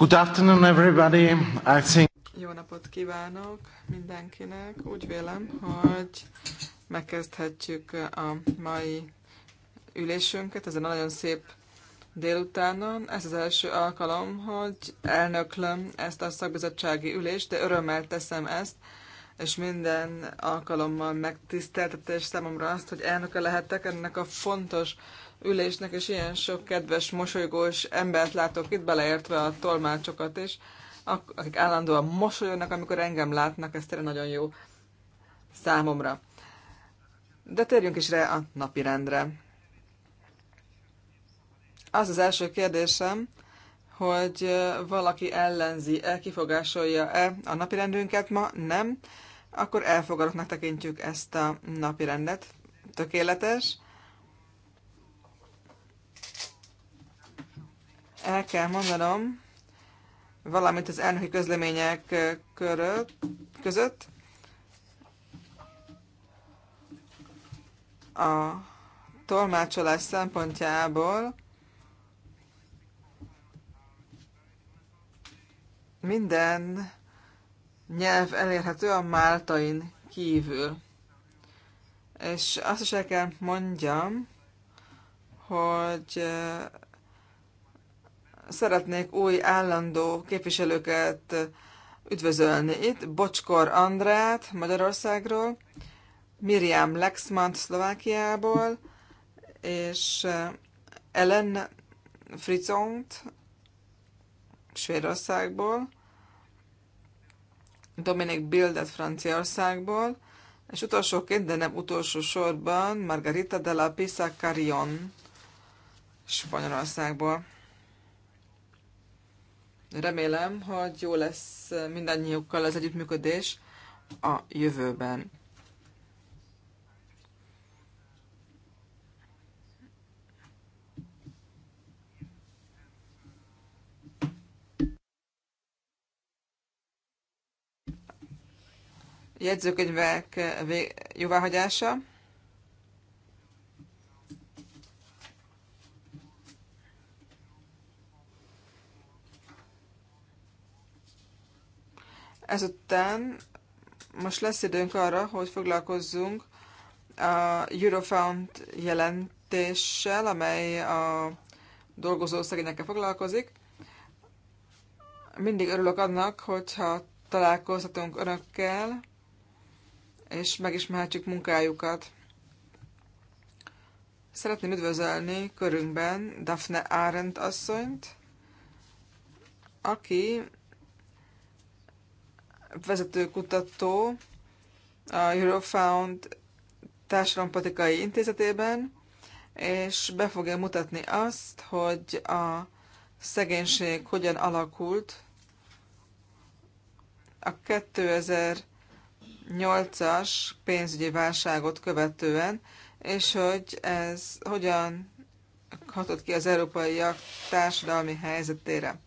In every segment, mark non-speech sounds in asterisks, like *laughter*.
Good afternoon, everybody. I think... Jó napot kívánok mindenkinek. Úgy vélem, hogy megkezdhetjük a mai ülésünket ezen a nagyon szép délutánon. Ez az első alkalom, hogy elnöklöm ezt a szakbizottsági ülést, de örömmel teszem ezt, és minden alkalommal megtiszteltetés számomra azt, hogy elnöke lehetek ennek a fontos ülésnek, és ilyen sok kedves, mosolygós embert látok itt, beleértve a tolmácsokat is, akik állandóan mosolyognak, amikor engem látnak, ez tényleg nagyon jó számomra. De térjünk is rá a napi rendre. Az az első kérdésem, hogy valaki ellenzi-e, kifogásolja-e a napirendünket ma? Nem. Akkor elfogadottnak tekintjük ezt a napirendet. Tökéletes. el kell mondanom, valamint az elnöki közlemények körött, között a tolmácsolás szempontjából minden nyelv elérhető a máltain kívül. És azt is el kell mondjam, hogy szeretnék új állandó képviselőket üdvözölni itt. Bocskor Andrát Magyarországról, Miriam Lexmant Szlovákiából, és eh, Ellen Frizont Svédországból, Dominik Bildet Franciaországból, és utolsóként, de nem utolsó sorban Margarita de la Pisa Carion Spanyolországból. Remélem, hogy jó lesz mindannyiukkal az együttműködés a jövőben. jegyzőkönyvek jóváhagyása. Ezután most lesz időnk arra, hogy foglalkozzunk a Eurofound jelentéssel, amely a dolgozó szegényekkel foglalkozik. Mindig örülök annak, hogyha találkozhatunk önökkel, és megismerhetjük munkájukat. Szeretném üdvözölni körünkben Daphne Arendt asszonyt, aki vezető kutató a Eurofound társadalompatikai intézetében, és be fogja mutatni azt, hogy a szegénység hogyan alakult a 2008-as pénzügyi válságot követően, és hogy ez hogyan hatott ki az európaiak társadalmi helyzetére.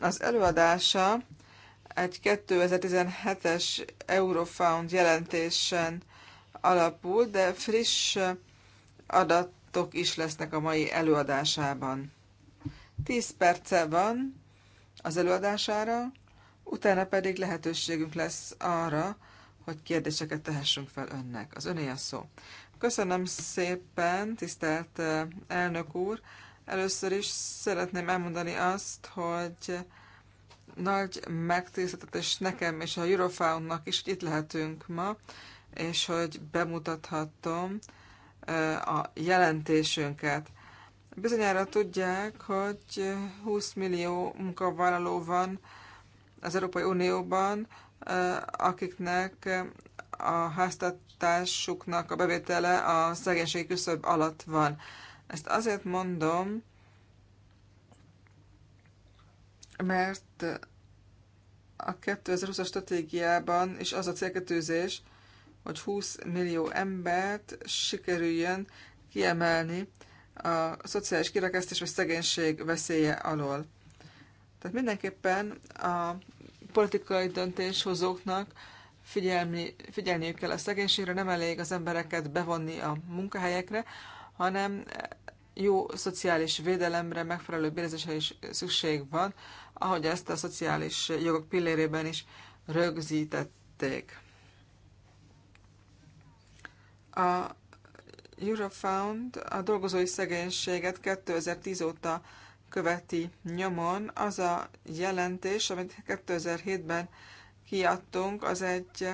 Az előadása egy 2017-es Eurofound jelentésen alapul, de friss adatok is lesznek a mai előadásában. 10 perce van az előadására, utána pedig lehetőségünk lesz arra, hogy kérdéseket tehessünk fel önnek. Az öné a szó. Köszönöm szépen, tisztelt eh, elnök úr! Először is szeretném elmondani azt, hogy nagy megtiszteltetés nekem és a Eurofoundnak is, hogy itt lehetünk ma, és hogy bemutathatom a jelentésünket. Bizonyára tudják, hogy 20 millió munkavállaló van az Európai Unióban, akiknek a háztartásuknak a bevétele a szegénység küszöb alatt van. Ezt azért mondom, mert a 2020-as stratégiában is az a célkötőzés, hogy 20 millió embert sikerüljön kiemelni a szociális kirekesztés vagy szegénység veszélye alól. Tehát mindenképpen a politikai döntéshozóknak figyelni, figyelniük kell a szegénységre, nem elég az embereket bevonni a munkahelyekre, hanem jó szociális védelemre, megfelelő bérezésre is szükség van, ahogy ezt a szociális jogok pillérében is rögzítették. A Eurofound a dolgozói szegénységet 2010 óta követi nyomon. Az a jelentés, amit 2007-ben kiadtunk, az egy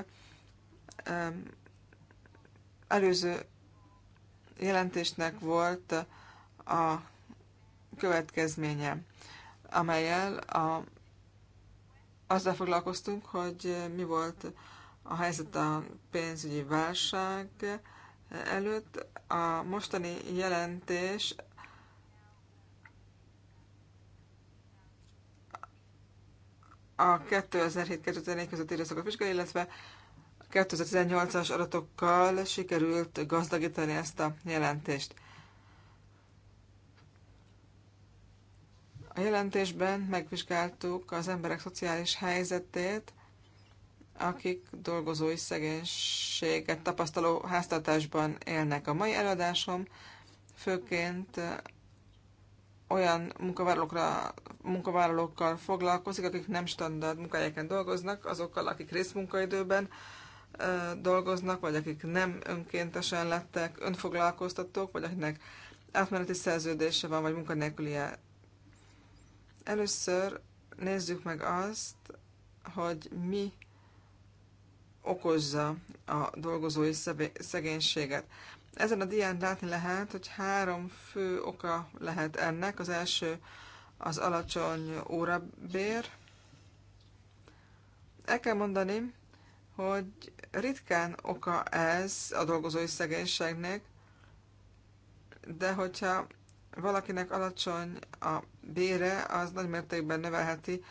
előző jelentésnek volt a következménye, amelyel a, azzal foglalkoztunk, hogy mi volt a helyzet a pénzügyi válság előtt. A mostani jelentés a 2007-2004 közötti a fiskai, illetve 2018-as adatokkal sikerült gazdagítani ezt a jelentést. A jelentésben megvizsgáltuk az emberek szociális helyzetét, akik dolgozói szegénységet tapasztaló háztartásban élnek. A mai előadásom főként olyan munkavállalókra, munkavállalókkal foglalkozik, akik nem standard munkahelyeken dolgoznak, azokkal, akik részmunkaidőben dolgoznak, vagy akik nem önkéntesen lettek önfoglalkoztatók, vagy akiknek átmeneti szerződése van, vagy munkanélkülie Először nézzük meg azt, hogy mi okozza a dolgozói szegénységet. Ezen a dián látni lehet, hogy három fő oka lehet ennek. Az első az alacsony órabér. El kell mondani, hogy ritkán oka ez a dolgozói szegénységnek, de hogyha valakinek alacsony a bére, az nagy mértékben növelheti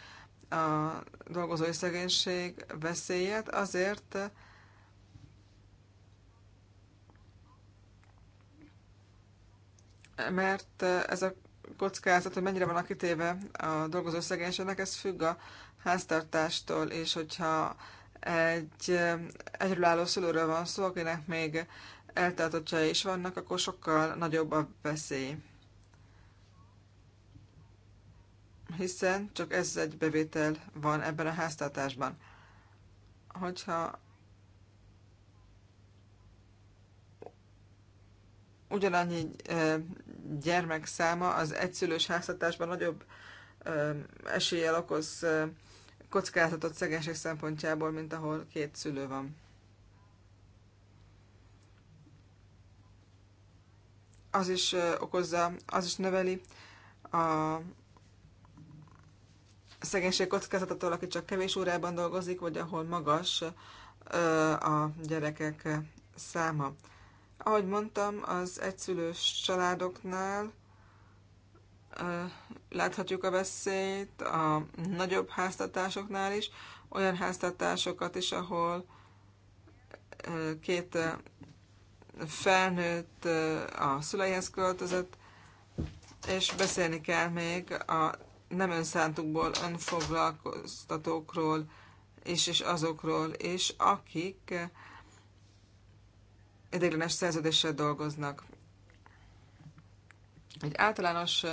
a dolgozói szegénység veszélyét, azért mert ez a kockázat, hogy mennyire van a kitéve a dolgozó szegénységnek, ez függ a háztartástól, és hogyha egy egyrülálló szülőről van szó, akinek még eltartottjai is vannak, akkor sokkal nagyobb a veszély. hiszen csak ez egy bevétel van ebben a háztartásban. Hogyha ugyanannyi gyermek száma az egyszülős háztartásban nagyobb eséllyel okoz kockázatot szegénység szempontjából, mint ahol két szülő van. Az is okozza, az is növeli a szegénység kockázatától, aki csak kevés órában dolgozik, vagy ahol magas a gyerekek száma. Ahogy mondtam, az egyszülős családoknál láthatjuk a veszélyt, a nagyobb háztartásoknál is, olyan háztartásokat is, ahol két felnőtt a szüleihez költözött, és beszélni kell még a nem önszántukból önfoglalkoztatókról és, és azokról és akik ideiglenes szerződéssel dolgoznak. Egy általános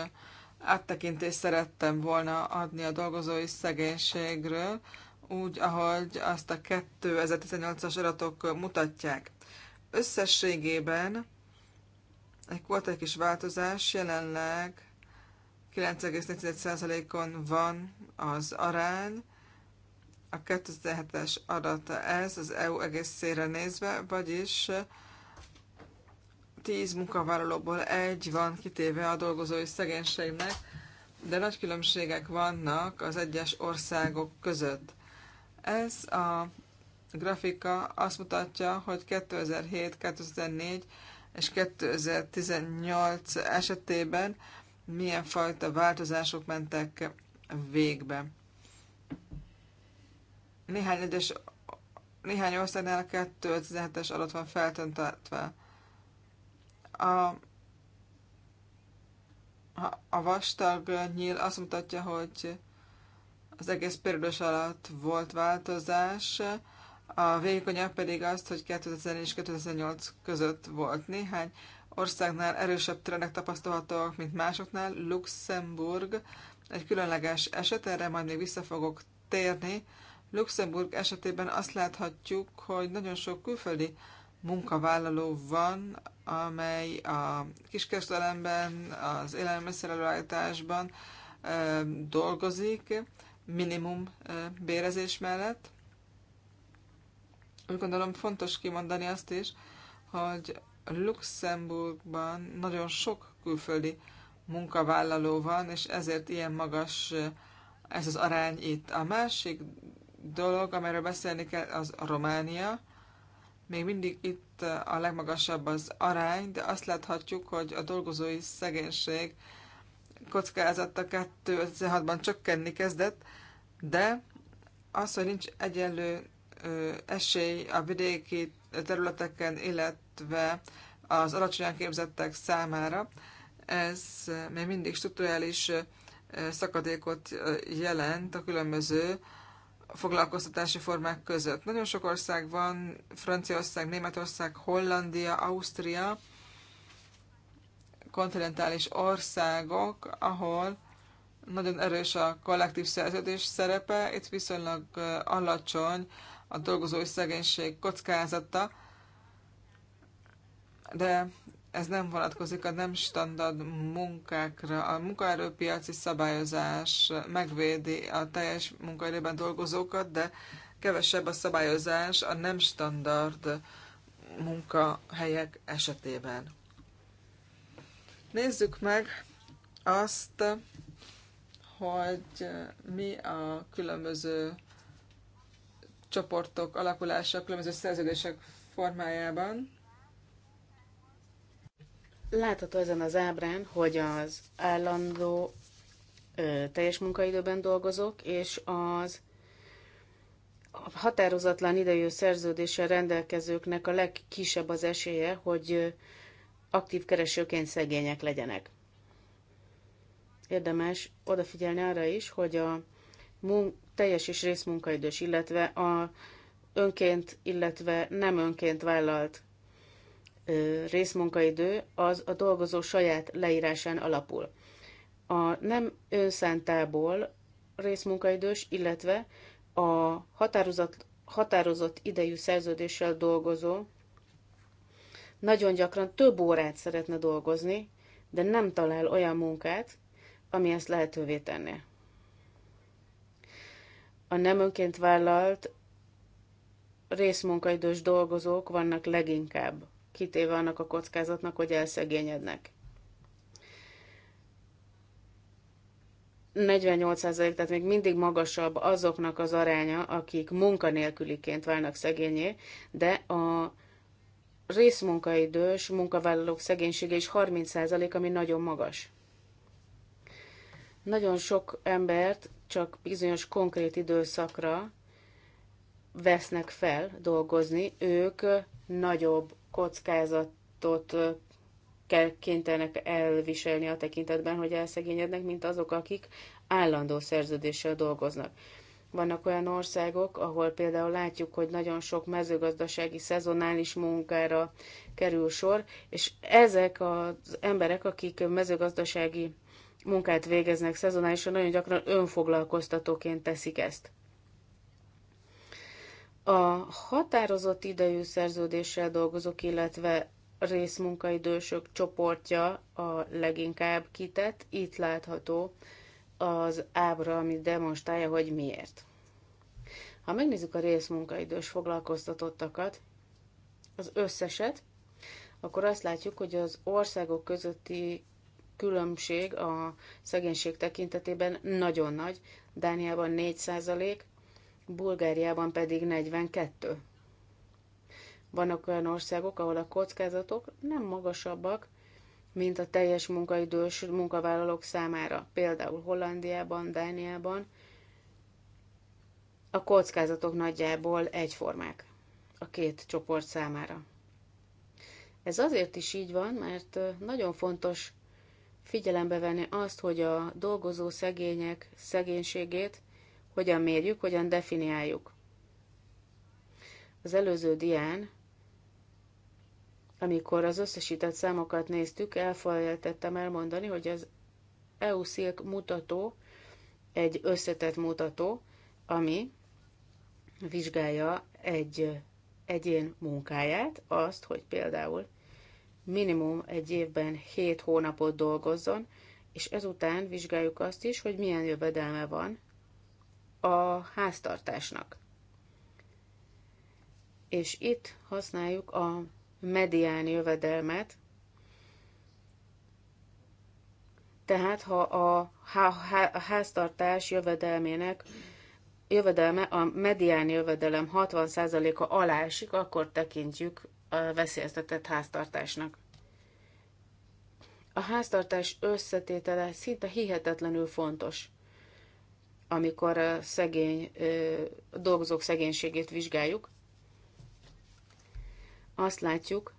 áttekintést szerettem volna adni a dolgozói szegénységről, úgy, ahogy azt a 2018-as adatok mutatják. Összességében egy volt egy kis változás, jelenleg 9,4%-on van az arány. A 2007-es adata ez az EU egészére nézve, vagyis 10 munkavállalóból egy van kitéve a dolgozói szegénységnek, de nagy különbségek vannak az egyes országok között. Ez a grafika azt mutatja, hogy 2007, 2004 és 2018 esetében milyen fajta változások mentek végbe. Néhány egyes néhány országnál a 2017-es adat van feltöntetve. A, a vastag nyíl azt mutatja, hogy az egész periódus alatt volt változás, a vékonyabb pedig azt, hogy 2000 és 2008 között volt néhány országnál erősebb trendek tapasztalhatóak, mint másoknál. Luxemburg egy különleges eset, erre majd még vissza fogok térni. Luxemburg esetében azt láthatjuk, hogy nagyon sok külföldi munkavállaló van, amely a kiskereskedelemben, az élelmiszerelőállításban dolgozik, minimum bérezés mellett. Úgy gondolom fontos kimondani azt is, hogy Luxemburgban nagyon sok külföldi munkavállaló van, és ezért ilyen magas eh, ez az arány itt. A másik dolog, amelyről beszélni kell, az a Románia. Még mindig itt eh, a legmagasabb az arány, de azt láthatjuk, hogy a dolgozói szegénység kockázata 2006-ban csökkenni kezdett, de az, hogy nincs egyenlő eh, esély a vidéki területeken, illetve illetve az alacsonyan képzettek számára. Ez még mindig strukturális szakadékot jelent a különböző foglalkoztatási formák között. Nagyon sok ország van, Franciaország, Németország, Hollandia, Ausztria, kontinentális országok, ahol nagyon erős a kollektív szerződés szerepe, itt viszonylag alacsony a dolgozói szegénység kockázata, de ez nem vonatkozik a nem standard munkákra. A munkaerőpiaci szabályozás megvédi a teljes munkaerőben dolgozókat, de kevesebb a szabályozás a nem standard munkahelyek esetében. Nézzük meg azt, hogy mi a különböző csoportok alakulása, különböző szerződések formájában. Látható ezen az ábrán, hogy az állandó ö, teljes munkaidőben dolgozók és az a határozatlan idejű szerződéssel rendelkezőknek a legkisebb az esélye, hogy aktív keresőként szegények legyenek. Érdemes odafigyelni arra is, hogy a mun- teljes és részmunkaidős, illetve a önként, illetve nem önként vállalt részmunkaidő az a dolgozó saját leírásán alapul. A nem önszántából részmunkaidős, illetve a határozott, határozott idejű szerződéssel dolgozó nagyon gyakran több órát szeretne dolgozni, de nem talál olyan munkát, ami ezt lehetővé tenné. A nem önként vállalt részmunkaidős dolgozók vannak leginkább kitéve annak a kockázatnak, hogy elszegényednek. 48%, tehát még mindig magasabb azoknak az aránya, akik munkanélküliként válnak szegényé, de a részmunkaidős munkavállalók szegénysége is 30%, ami nagyon magas. Nagyon sok embert csak bizonyos konkrét időszakra vesznek fel dolgozni, ők nagyobb kockázatot kell kénytelenek elviselni a tekintetben, hogy elszegényednek, mint azok, akik állandó szerződéssel dolgoznak. Vannak olyan országok, ahol például látjuk, hogy nagyon sok mezőgazdasági szezonális munkára kerül sor, és ezek az emberek, akik mezőgazdasági munkát végeznek szezonálisan, nagyon gyakran önfoglalkoztatóként teszik ezt. A határozott idejű szerződéssel dolgozók, illetve részmunkaidősök csoportja a leginkább kitett. Itt látható az ábra, ami demonstrálja, hogy miért. Ha megnézzük a részmunkaidős foglalkoztatottakat, az összeset, akkor azt látjuk, hogy az országok közötti különbség a szegénység tekintetében nagyon nagy. Dániában 4 százalék, Bulgáriában pedig 42. Vannak olyan országok, ahol a kockázatok nem magasabbak, mint a teljes munkaidős munkavállalók számára, például Hollandiában, Dániában, a kockázatok nagyjából egyformák a két csoport számára. Ez azért is így van, mert nagyon fontos figyelembe venni azt, hogy a dolgozó szegények szegénységét hogyan mérjük, hogyan definiáljuk. Az előző dián, amikor az összesített számokat néztük, elfelejtettem elmondani, hogy az EU-SZILK mutató egy összetett mutató, ami vizsgálja egy egyén munkáját, azt, hogy például minimum egy évben 7 hónapot dolgozzon, és ezután vizsgáljuk azt is, hogy milyen jövedelme van, a háztartásnak. És itt használjuk a medián jövedelmet, tehát ha a háztartás jövedelmének jövedelme, a medián jövedelem 60%-a alá esik, akkor tekintjük a veszélyeztetett háztartásnak. A háztartás összetétele szinte hihetetlenül fontos amikor a szegény, a dolgozók szegénységét vizsgáljuk, azt látjuk,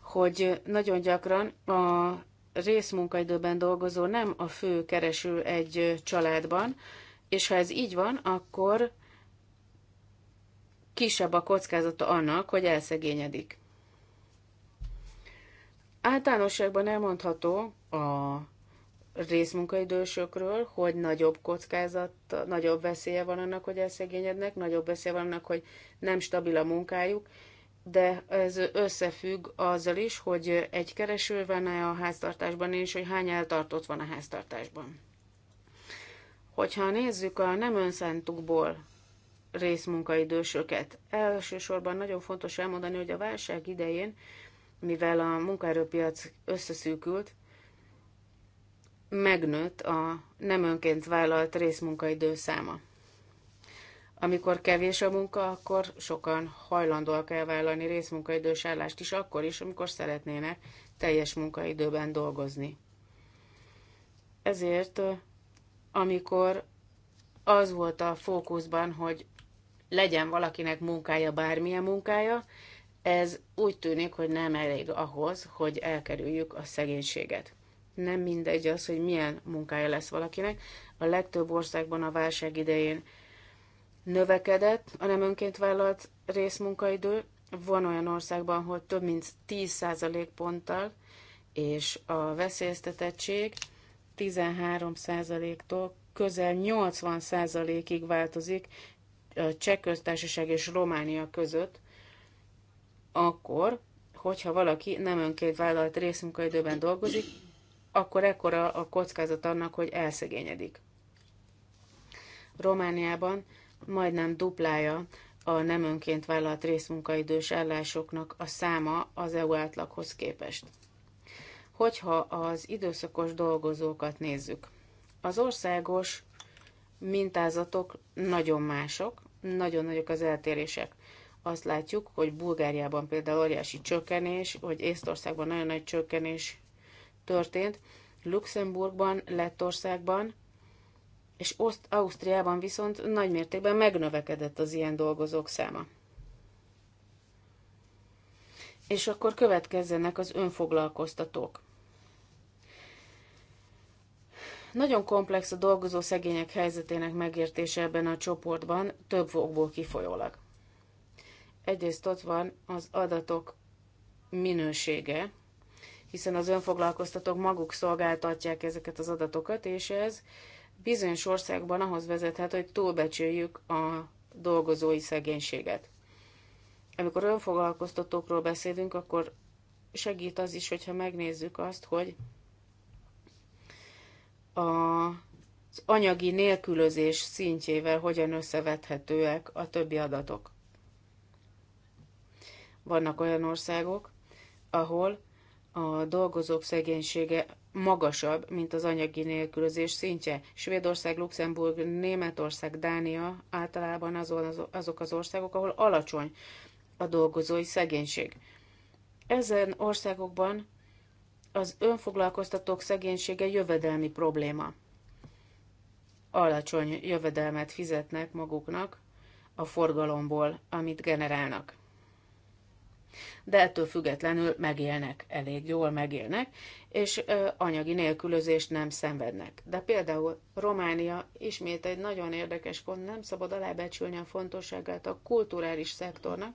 hogy nagyon gyakran a részmunkaidőben dolgozó nem a fő kereső egy családban, és ha ez így van, akkor kisebb a kockázata annak, hogy elszegényedik. Általánosságban elmondható a részmunkaidősökről, hogy nagyobb kockázat, nagyobb veszélye van annak, hogy elszegényednek, nagyobb veszélye van annak, hogy nem stabil a munkájuk, de ez összefügg azzal is, hogy egy kereső van-e a háztartásban, és hogy hány eltartott van a háztartásban. Hogyha nézzük a nem önszántukból részmunkaidősöket, elsősorban nagyon fontos elmondani, hogy a válság idején, mivel a munkaerőpiac összeszűkült, megnőtt a nem önként vállalt részmunkaidő száma. Amikor kevés a munka, akkor sokan hajlandóak elvállalni részmunkaidős állást is, akkor is, amikor szeretnének teljes munkaidőben dolgozni. Ezért, amikor az volt a fókuszban, hogy legyen valakinek munkája, bármilyen munkája, ez úgy tűnik, hogy nem elég ahhoz, hogy elkerüljük a szegénységet nem mindegy az, hogy milyen munkája lesz valakinek. A legtöbb országban a válság idején növekedett a nem önként vállalt részmunkaidő. Van olyan országban, hogy több mint 10% ponttal, és a veszélyeztetettség 13%-tól közel 80%-ig változik Cseh köztársaság és Románia között, akkor, hogyha valaki nem önként vállalt részmunkaidőben dolgozik, akkor ekkora a kockázat annak, hogy elszegényedik. Romániában majdnem duplája a nem önként vállalt részmunkaidős állásoknak a száma az EU átlaghoz képest. Hogyha az időszakos dolgozókat nézzük, az országos mintázatok nagyon mások, nagyon nagyok az eltérések. Azt látjuk, hogy Bulgáriában például óriási csökkenés, vagy Észtországban nagyon nagy csökkenés történt Luxemburgban, Lettországban, és Oszt Ausztriában viszont nagymértékben megnövekedett az ilyen dolgozók száma. És akkor következzenek az önfoglalkoztatók. Nagyon komplex a dolgozó szegények helyzetének megértése ebben a csoportban, több okból kifolyólag. Egyrészt ott van az adatok minősége, hiszen az önfoglalkoztatók maguk szolgáltatják ezeket az adatokat, és ez bizonyos országban ahhoz vezethet, hogy túlbecsüljük a dolgozói szegénységet. Amikor önfoglalkoztatókról beszélünk, akkor segít az is, hogyha megnézzük azt, hogy a, az anyagi nélkülözés szintjével hogyan összevethetőek a többi adatok. Vannak olyan országok, ahol a dolgozók szegénysége magasabb, mint az anyagi nélkülözés szintje. Svédország, Luxemburg, Németország, Dánia általában azon, azok az országok, ahol alacsony a dolgozói szegénység. Ezen országokban az önfoglalkoztatók szegénysége jövedelmi probléma. Alacsony jövedelmet fizetnek maguknak a forgalomból, amit generálnak de ettől függetlenül megélnek, elég jól megélnek, és anyagi nélkülözést nem szenvednek. De például Románia ismét egy nagyon érdekes pont, nem szabad alábecsülni a fontosságát a kulturális szektornak,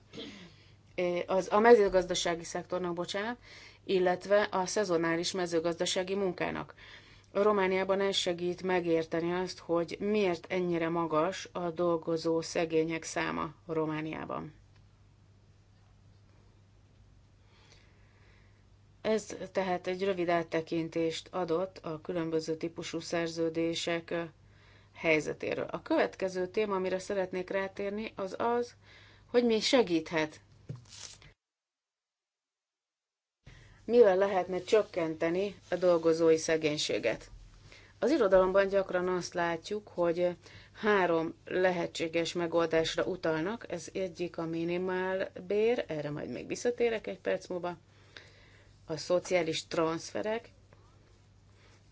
az, a mezőgazdasági szektornak, bocsánat, illetve a szezonális mezőgazdasági munkának. A Romániában ez segít megérteni azt, hogy miért ennyire magas a dolgozó szegények száma Romániában. Ez tehát egy rövid áttekintést adott a különböző típusú szerződések helyzetéről. A következő téma, amire szeretnék rátérni, az az, hogy mi segíthet. Mivel lehetne csökkenteni a dolgozói szegénységet? Az irodalomban gyakran azt látjuk, hogy három lehetséges megoldásra utalnak. Ez egyik a minimál bér, erre majd még visszatérek egy perc múlva a szociális transferek,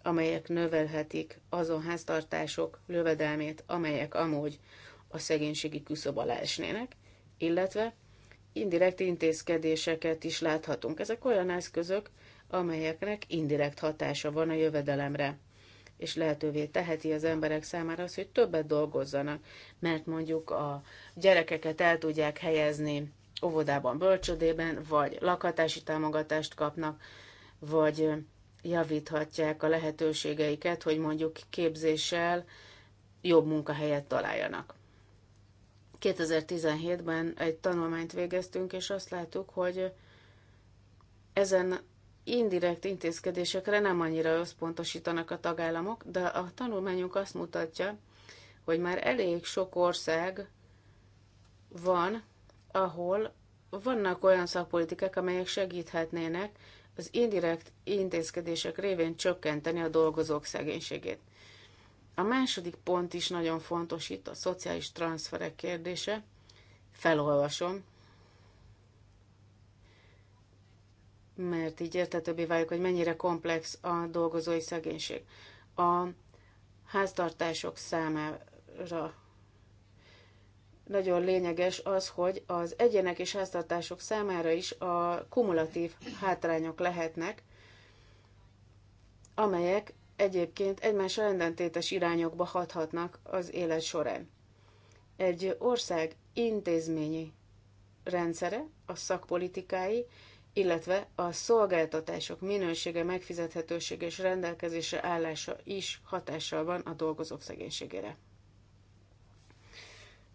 amelyek növelhetik azon háztartások lövedelmét, amelyek amúgy a szegénységi küszöb alá esnének, illetve indirekt intézkedéseket is láthatunk. Ezek olyan eszközök, amelyeknek indirekt hatása van a jövedelemre, és lehetővé teheti az emberek számára az, hogy többet dolgozzanak, mert mondjuk a gyerekeket el tudják helyezni óvodában, bölcsödében, vagy lakhatási támogatást kapnak, vagy javíthatják a lehetőségeiket, hogy mondjuk képzéssel jobb munkahelyet találjanak. 2017-ben egy tanulmányt végeztünk, és azt láttuk, hogy ezen indirekt intézkedésekre nem annyira összpontosítanak a tagállamok, de a tanulmányunk azt mutatja, hogy már elég sok ország van, ahol vannak olyan szakpolitikák, amelyek segíthetnének az indirekt intézkedések révén csökkenteni a dolgozók szegénységét. A második pont is nagyon fontos itt, a szociális transferek kérdése. Felolvasom, mert így értetőbbé váljuk, hogy mennyire komplex a dolgozói szegénység. A háztartások számára nagyon lényeges az, hogy az egyének és háztartások számára is a kumulatív hátrányok lehetnek, amelyek egyébként egymás ellentétes irányokba hathatnak az élet során. Egy ország intézményi rendszere, a szakpolitikái, illetve a szolgáltatások minősége, megfizethetősége és rendelkezésre állása is hatással van a dolgozók szegénységére.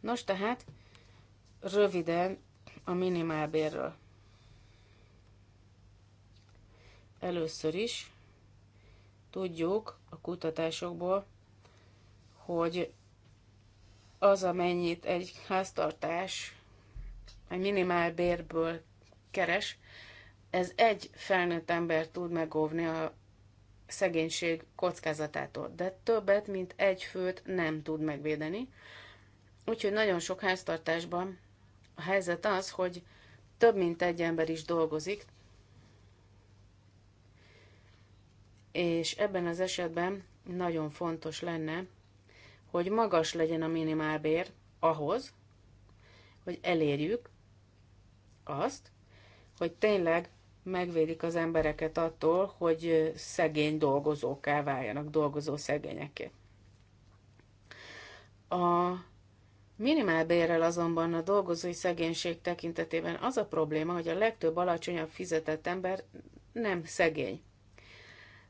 Nos tehát, röviden a minimálbérről. Először is tudjuk a kutatásokból, hogy az, amennyit egy háztartás egy minimálbérből keres, ez egy felnőtt ember tud megóvni a szegénység kockázatától, de többet, mint egy főt nem tud megvédeni, Úgyhogy nagyon sok háztartásban a helyzet az, hogy több mint egy ember is dolgozik, és ebben az esetben nagyon fontos lenne, hogy magas legyen a minimálbér ahhoz, hogy elérjük azt, hogy tényleg megvédik az embereket attól, hogy szegény dolgozóká váljanak, dolgozó szegényeké. A Minimálbérrel azonban a dolgozói szegénység tekintetében az a probléma, hogy a legtöbb alacsonyabb fizetett ember nem szegény.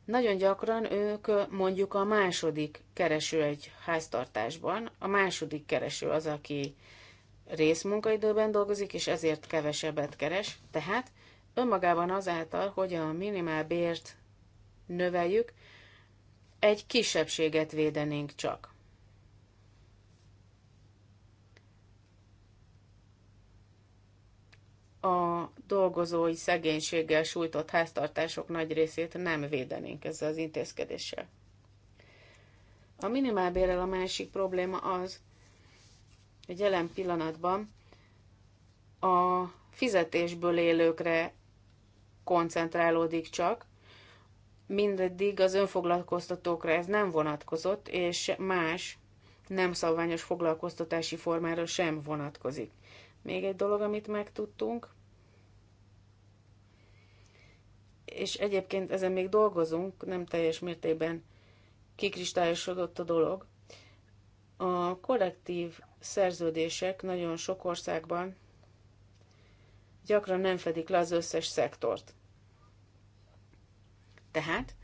Nagyon gyakran ők mondjuk a második kereső egy háztartásban, a második kereső az, aki részmunkaidőben dolgozik, és ezért kevesebbet keres, tehát önmagában azáltal, hogy a minimálbért növeljük, egy kisebbséget védenénk csak. a dolgozói szegénységgel sújtott háztartások nagy részét nem védenénk ezzel az intézkedéssel. A minimálbérrel a másik probléma az, hogy jelen pillanatban a fizetésből élőkre koncentrálódik csak, mindeddig az önfoglalkoztatókra ez nem vonatkozott, és más nem szabványos foglalkoztatási formára sem vonatkozik. Még egy dolog, amit megtudtunk, és egyébként ezen még dolgozunk, nem teljes mértékben kikristályosodott a dolog. A kollektív szerződések nagyon sok országban gyakran nem fedik le az összes szektort. Tehát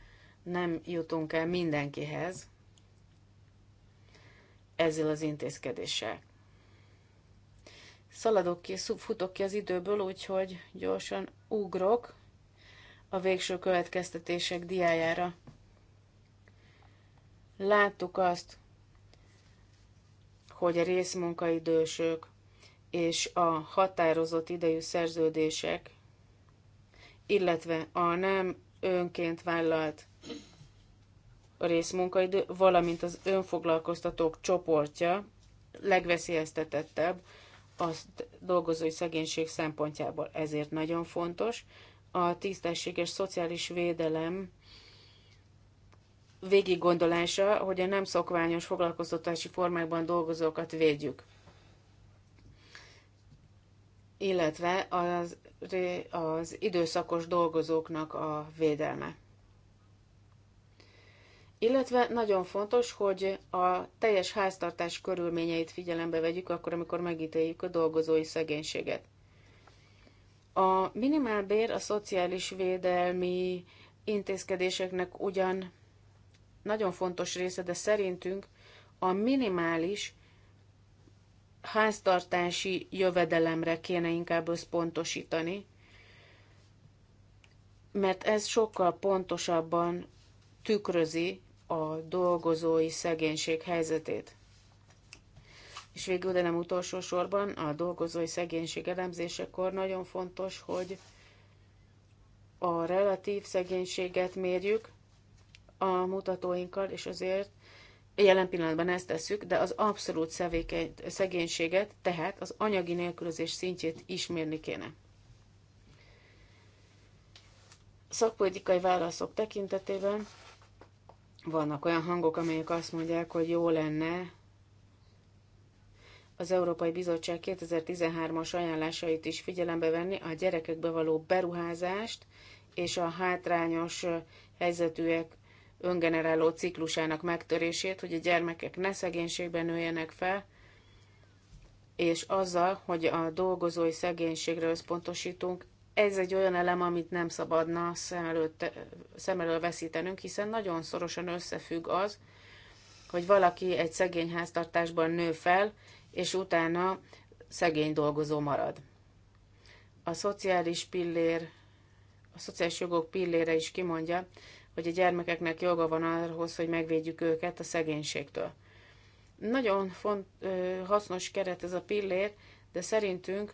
nem jutunk el mindenkihez ezzel az intézkedéssel. Szaladok ki, futok ki az időből, úgyhogy gyorsan ugrok a végső következtetések diájára. Láttuk azt, hogy a részmunkaidősök és a határozott idejű szerződések, illetve a nem önként vállalt részmunkaidő, valamint az önfoglalkoztatók csoportja legveszélyeztetettebb, a dolgozói szegénység szempontjából. Ezért nagyon fontos a tisztességes szociális védelem végiggondolása, hogy a nem szokványos foglalkoztatási formákban dolgozókat védjük. Illetve az, az időszakos dolgozóknak a védelme. Illetve nagyon fontos, hogy a teljes háztartás körülményeit figyelembe vegyük akkor, amikor megítéljük a dolgozói szegénységet. A minimálbér a szociális védelmi intézkedéseknek ugyan nagyon fontos része, de szerintünk a minimális háztartási jövedelemre kéne inkább összpontosítani, mert ez sokkal pontosabban tükrözi a dolgozói szegénység helyzetét. És végül, de nem utolsó sorban, a dolgozói szegénység elemzésekor nagyon fontos, hogy a relatív szegénységet mérjük a mutatóinkkal, és azért jelen pillanatban ezt tesszük, de az abszolút szegénységet, tehát az anyagi nélkülözés szintjét is mérni kéne. Szakpolitikai válaszok tekintetében vannak olyan hangok, amelyek azt mondják, hogy jó lenne az Európai Bizottság 2013-as ajánlásait is figyelembe venni, a gyerekekbe való beruházást és a hátrányos helyzetűek öngeneráló ciklusának megtörését, hogy a gyermekek ne szegénységben nőjenek fel, és azzal, hogy a dolgozói szegénységre összpontosítunk, ez egy olyan elem, amit nem szabadna szem, előtt, szem elől veszítenünk, hiszen nagyon szorosan összefügg az, hogy valaki egy szegény háztartásban nő fel, és utána szegény dolgozó marad. A szociális pillér, a szociális jogok pillére is kimondja, hogy a gyermekeknek joga van ahhoz, hogy megvédjük őket a szegénységtől. Nagyon font, hasznos keret ez a pillér, de szerintünk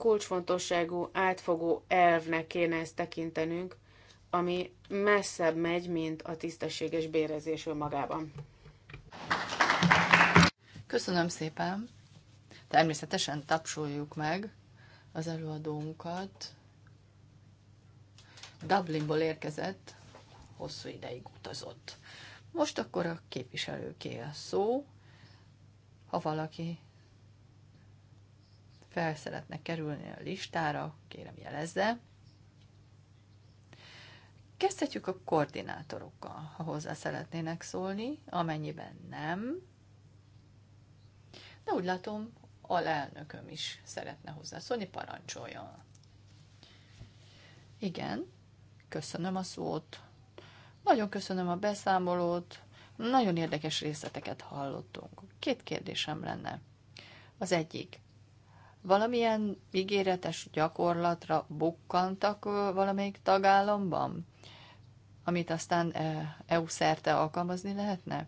kulcsfontosságú, átfogó elvnek kéne ezt tekintenünk, ami messzebb megy, mint a tisztességes bérezés önmagában. Köszönöm szépen! Természetesen tapsoljuk meg az előadónkat. Dublinból érkezett, hosszú ideig utazott. Most akkor a képviselőké a szó. Ha valaki fel szeretne kerülni a listára, kérem jelezze. Kezdhetjük a koordinátorokkal, ha hozzá szeretnének szólni, amennyiben nem. De úgy látom, a lelnököm is szeretne hozzászólni, parancsoljon. Igen, köszönöm a szót. Nagyon köszönöm a beszámolót. Nagyon érdekes részleteket hallottunk. Két kérdésem lenne. Az egyik, valamilyen ígéretes gyakorlatra bukkantak valamelyik tagállamban, amit aztán EU szerte alkalmazni lehetne?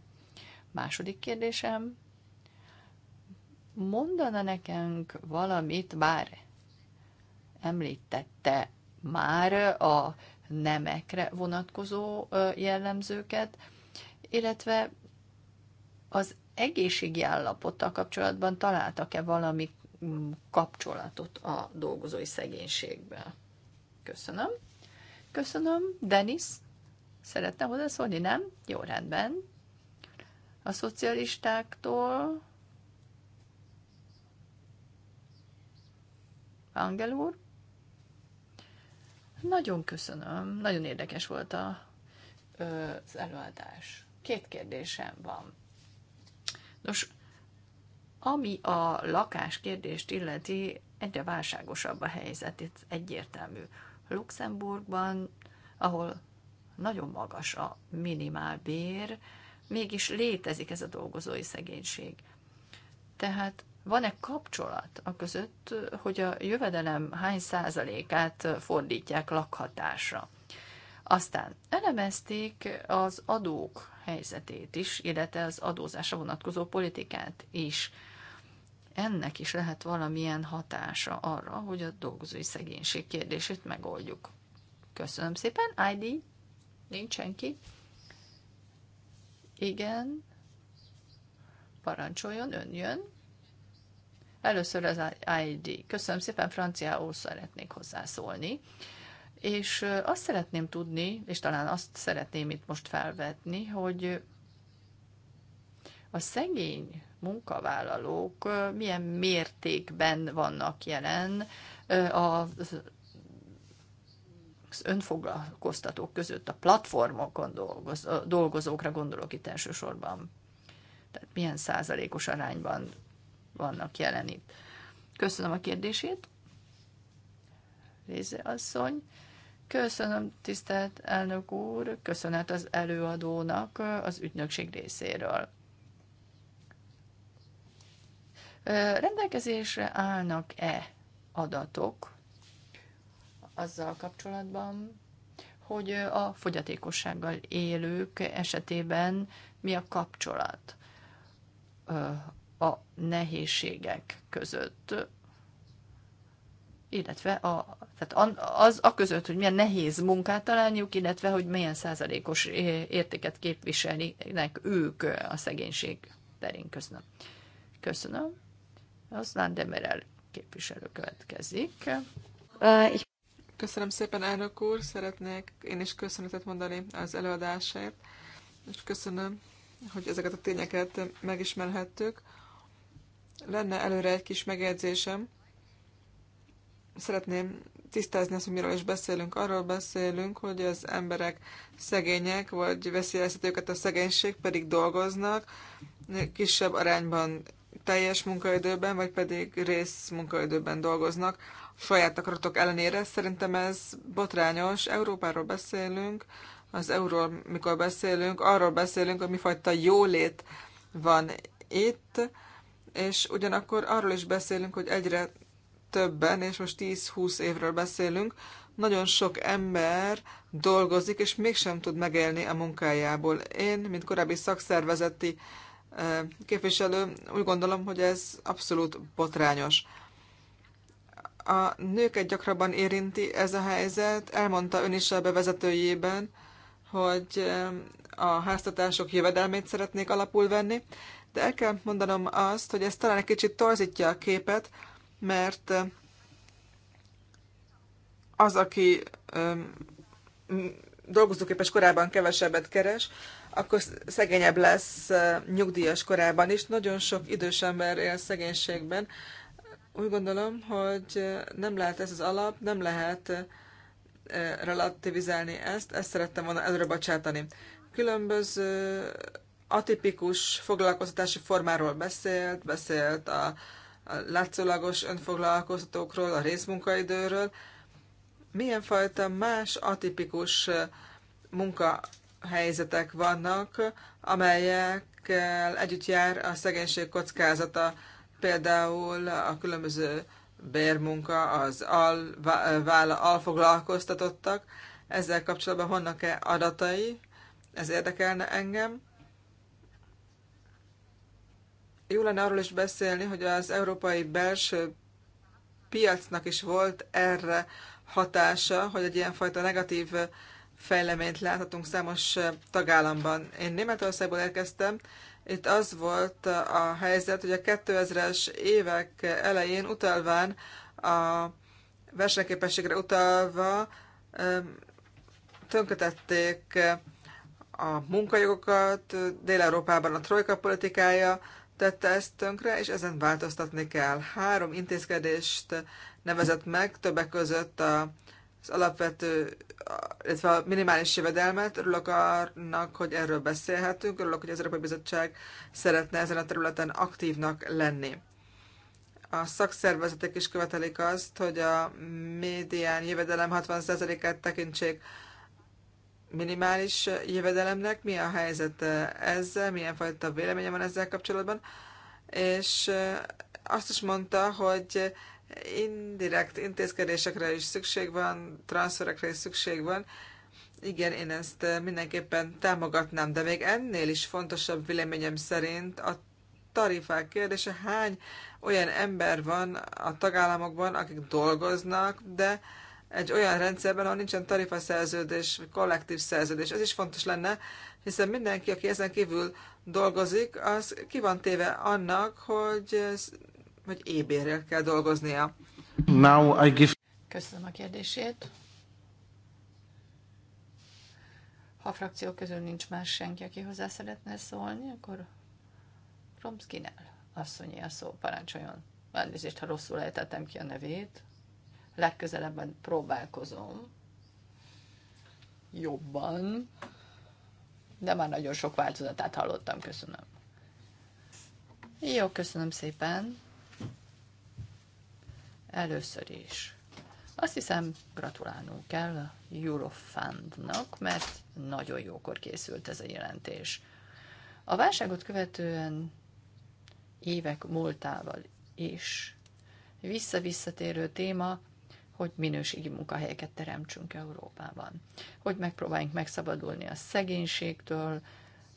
Második kérdésem, mondana nekünk valamit, bár említette már a nemekre vonatkozó jellemzőket, illetve az egészségi állapottal kapcsolatban találtak-e valami Mm, kapcsolatot a dolgozói szegénységbel. Köszönöm. Köszönöm. Denis, szeretne hozzászólni, nem? Jó, rendben. A szocialistáktól Angel úr. Nagyon köszönöm, nagyon érdekes volt a, az előadás. Két kérdésem van. Nos, ami a lakáskérdést illeti, egyre válságosabb a helyzet, itt egyértelmű. Luxemburgban, ahol nagyon magas a minimál bér, mégis létezik ez a dolgozói szegénység. Tehát van-e kapcsolat a között, hogy a jövedelem hány százalékát fordítják lakhatásra? Aztán elemezték az adók helyzetét is, illetve az adózásra vonatkozó politikát is ennek is lehet valamilyen hatása arra, hogy a dolgozói szegénység kérdését megoldjuk. Köszönöm szépen. ID? Nincs senki? Igen. Parancsoljon, ön jön. Először az ID. Köszönöm szépen, franciául szeretnék hozzászólni. És azt szeretném tudni, és talán azt szeretném itt most felvetni, hogy a szegény munkavállalók milyen mértékben vannak jelen az önfoglalkoztatók között, a platformokon dolgoz, dolgozókra gondolok itt elsősorban. Tehát milyen százalékos arányban vannak jelen itt. Köszönöm a kérdését. Léze asszony. Köszönöm, tisztelt elnök úr, köszönet az előadónak az ügynökség részéről. Rendelkezésre állnak-e adatok azzal kapcsolatban, hogy a fogyatékossággal élők esetében mi a kapcsolat a nehézségek között, illetve a, tehát az a között, hogy milyen nehéz munkát találniuk, illetve hogy milyen százalékos értéket képviselnek ők a szegénység terén. Köszönöm. Köszönöm. Aztán Demerel képviselő következik. Uh, köszönöm szépen, elnök úr, szeretnék én is köszönetet mondani az előadásért, és köszönöm, hogy ezeket a tényeket megismerhettük. Lenne előre egy kis megjegyzésem. Szeretném tisztázni azt, hogy miről is beszélünk. Arról beszélünk, hogy az emberek szegények, vagy veszélyeztetőket a szegénység, pedig dolgoznak, kisebb arányban teljes munkaidőben, vagy pedig rész munkaidőben dolgoznak saját akaratok ellenére. Szerintem ez botrányos. Európáról beszélünk, az euról, mikor beszélünk, arról beszélünk, hogy mifajta jólét van itt, és ugyanakkor arról is beszélünk, hogy egyre többen, és most 10-20 évről beszélünk, nagyon sok ember dolgozik, és mégsem tud megélni a munkájából. Én, mint korábbi szakszervezeti uh, képviselő, úgy gondolom, hogy ez abszolút botrányos. A nőket gyakrabban érinti ez a helyzet. Elmondta ön is a bevezetőjében, hogy a háztatások jövedelmét szeretnék alapul venni, de el kell mondanom azt, hogy ez talán egy kicsit torzítja a képet, mert az, aki dolgozóképes korában kevesebbet keres, akkor szegényebb lesz nyugdíjas korában is. Nagyon sok idős ember él szegénységben. Úgy gondolom, hogy nem lehet ez az alap, nem lehet relativizálni ezt, ezt szerettem volna előre bocsátani. Különböző atipikus foglalkoztatási formáról beszélt, beszélt a, a látszólagos önfoglalkoztatókról, a részmunkaidőről. Milyen fajta más atipikus munka helyzetek vannak, amelyekkel együtt jár a szegénység kockázata, például a különböző bérmunka, az al, alfoglalkoztatottak. Ezzel kapcsolatban vannak-e adatai? Ez érdekelne engem. Jó lenne arról is beszélni, hogy az európai belső piacnak is volt erre hatása, hogy egy ilyenfajta negatív uh, fejleményt láthatunk számos tagállamban. Én Németországból érkeztem, itt az volt a helyzet, hogy a 2000-es évek elején utalván a versenyképességre utalva tönkötették a munkajogokat, Dél-Európában a trojka politikája tette ezt tönkre, és ezen változtatni kell. Három intézkedést nevezett meg, többek között a az alapvető, illetve a minimális jövedelmet. Örülök annak, hogy erről beszélhetünk, örülök, hogy az Európai Bizottság szeretne ezen a területen aktívnak lenni. A szakszervezetek is követelik azt, hogy a médián jövedelem 60%-át tekintsék minimális jövedelemnek, mi a helyzet ezzel, milyen fajta véleménye van ezzel kapcsolatban, és azt is mondta, hogy indirekt intézkedésekre is szükség van, transferekre is szükség van. Igen, én ezt eh, mindenképpen támogatnám, de még ennél is fontosabb véleményem szerint a tarifák kérdése, hány olyan ember van a tagállamokban, akik dolgoznak, de egy olyan rendszerben, ahol nincsen tarifaszerződés, vagy kollektív szerződés. Ez is fontos lenne, hiszen mindenki, aki ezen kívül dolgozik, az ki van téve annak, hogy vagy ébérrel e kell dolgoznia. Now I give... Köszönöm a kérdését. Ha a frakció közül nincs más senki, aki hozzá szeretne szólni, akkor Romszkinel asszonyi a szó, parancsoljon. Elnézést, ha rosszul ejtettem ki a nevét. Legközelebben próbálkozom. Jobban. De már nagyon sok változatát hallottam, köszönöm. Jó, köszönöm szépen. Először is. Azt hiszem, gratulálnunk kell a Eurofundnak, mert nagyon jókor készült ez a jelentés. A válságot követően évek múltával is visszavisszatérő téma, hogy minőségi munkahelyeket teremtsünk Európában. Hogy megpróbáljunk megszabadulni a szegénységtől,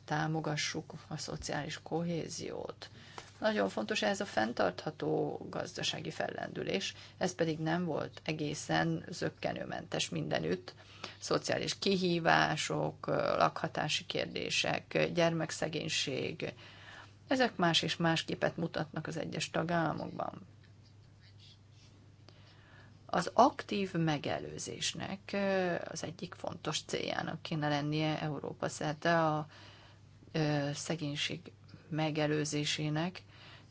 támogassuk a szociális kohéziót. Nagyon fontos ez a fenntartható gazdasági fellendülés, ez pedig nem volt egészen zöggenőmentes mindenütt. Szociális kihívások, lakhatási kérdések, gyermekszegénység, ezek más és más képet mutatnak az egyes tagállamokban. Az aktív megelőzésnek az egyik fontos céljának kéne lennie Európa szerte a szegénység megelőzésének,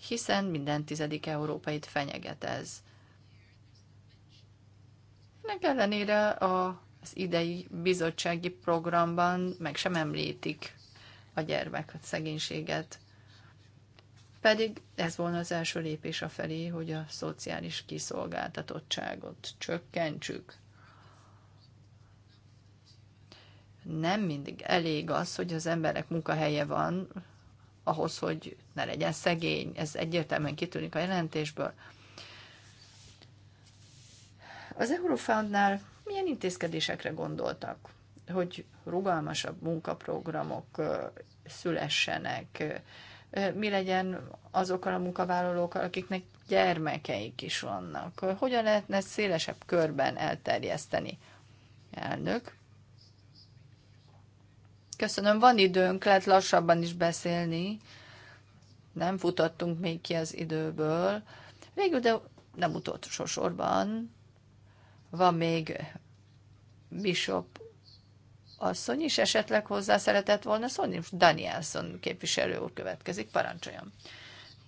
hiszen minden tizedik európait fenyeget ez. Ennek ellenére a, az idei bizottsági programban meg sem említik a gyermeket, szegénységet. Pedig ez volna az első lépés a felé, hogy a szociális kiszolgáltatottságot csökkentsük. Nem mindig elég az, hogy az emberek munkahelye van, ahhoz, hogy ne legyen szegény. Ez egyértelműen kitűnik a jelentésből. Az Eurofoundnál milyen intézkedésekre gondoltak, hogy rugalmasabb munkaprogramok szülessenek, mi legyen azokkal a munkavállalókkal, akiknek gyermekeik is vannak, hogyan lehetne szélesebb körben elterjeszteni. Elnök, Köszönöm, van időnk, lehet lassabban is beszélni. Nem futottunk még ki az időből. Végül, de nem utolsó sorban van még Bishop asszony is esetleg hozzá szeretett volna szólni. Most Danielson képviselő úr következik, parancsoljon.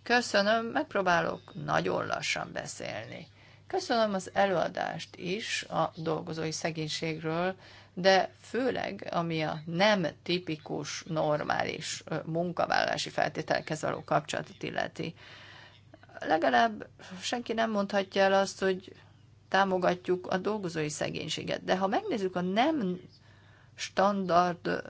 Köszönöm, megpróbálok nagyon lassan beszélni. Köszönöm az előadást is a dolgozói szegénységről, de főleg ami a nem tipikus, normális munkavállalási feltételekhez való kapcsolatot illeti. Legalább senki nem mondhatja el azt, hogy támogatjuk a dolgozói szegénységet, de ha megnézzük a nem standard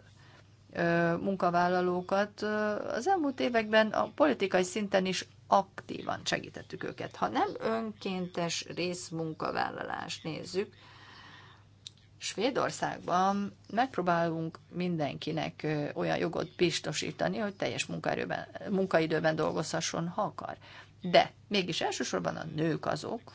munkavállalókat, az elmúlt években a politikai szinten is aktívan segítettük őket. Ha nem önkéntes részmunkavállalást nézzük, Svédországban megpróbálunk mindenkinek olyan jogot biztosítani, hogy teljes munkaerőben, munkaidőben dolgozhasson, ha akar. De mégis elsősorban a nők azok,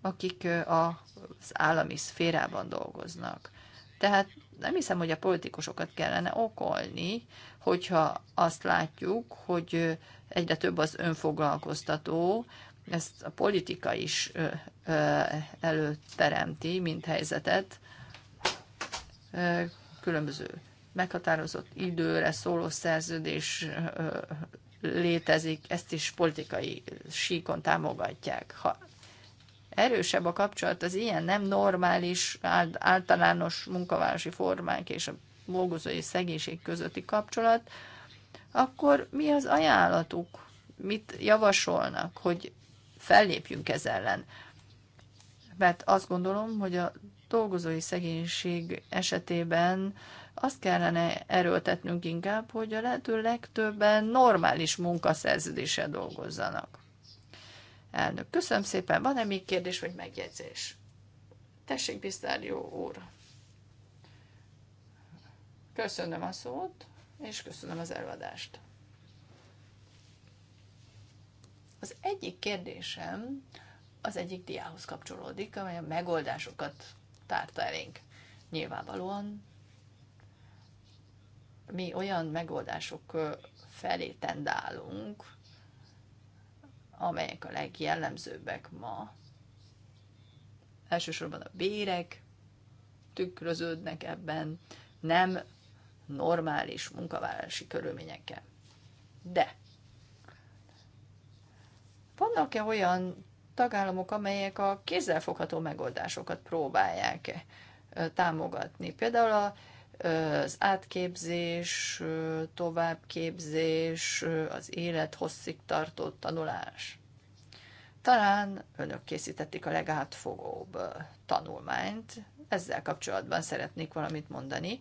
akik az állami szférában dolgoznak. Tehát nem hiszem, hogy a politikusokat kellene okolni, hogyha azt látjuk, hogy egyre több az önfoglalkoztató, ezt a politika is előteremti, mint helyzetet, különböző meghatározott időre szóló szerződés létezik, ezt is politikai síkon támogatják. Ha erősebb a kapcsolat az ilyen nem normális, általános munkavárosi formák és a dolgozói szegénység közötti kapcsolat, akkor mi az ajánlatuk? Mit javasolnak, hogy fellépjünk ez ellen? Mert azt gondolom, hogy a dolgozói szegénység esetében azt kellene erőltetnünk inkább, hogy a lehető legtöbben normális munkaszerződéssel dolgozzanak. Elnök, köszönöm szépen. Van-e még kérdés vagy megjegyzés? Tessék, jó úr. Köszönöm a szót, és köszönöm az előadást. Az egyik kérdésem az egyik diához kapcsolódik, amely a megoldásokat tárta elénk. Nyilvánvalóan mi olyan megoldások felé tendálunk, amelyek a legjellemzőbbek ma. Elsősorban a bérek tükröződnek ebben, nem normális munkavállalási körülményekkel. De vannak-e olyan tagállamok, amelyek a kézzelfogható megoldásokat próbálják eh, támogatni. Például eh, az átképzés, eh, továbbképzés, az élet hosszig tartó tanulás. Talán önök készítették a legátfogóbb tanulmányt, ezzel kapcsolatban szeretnék valamit mondani,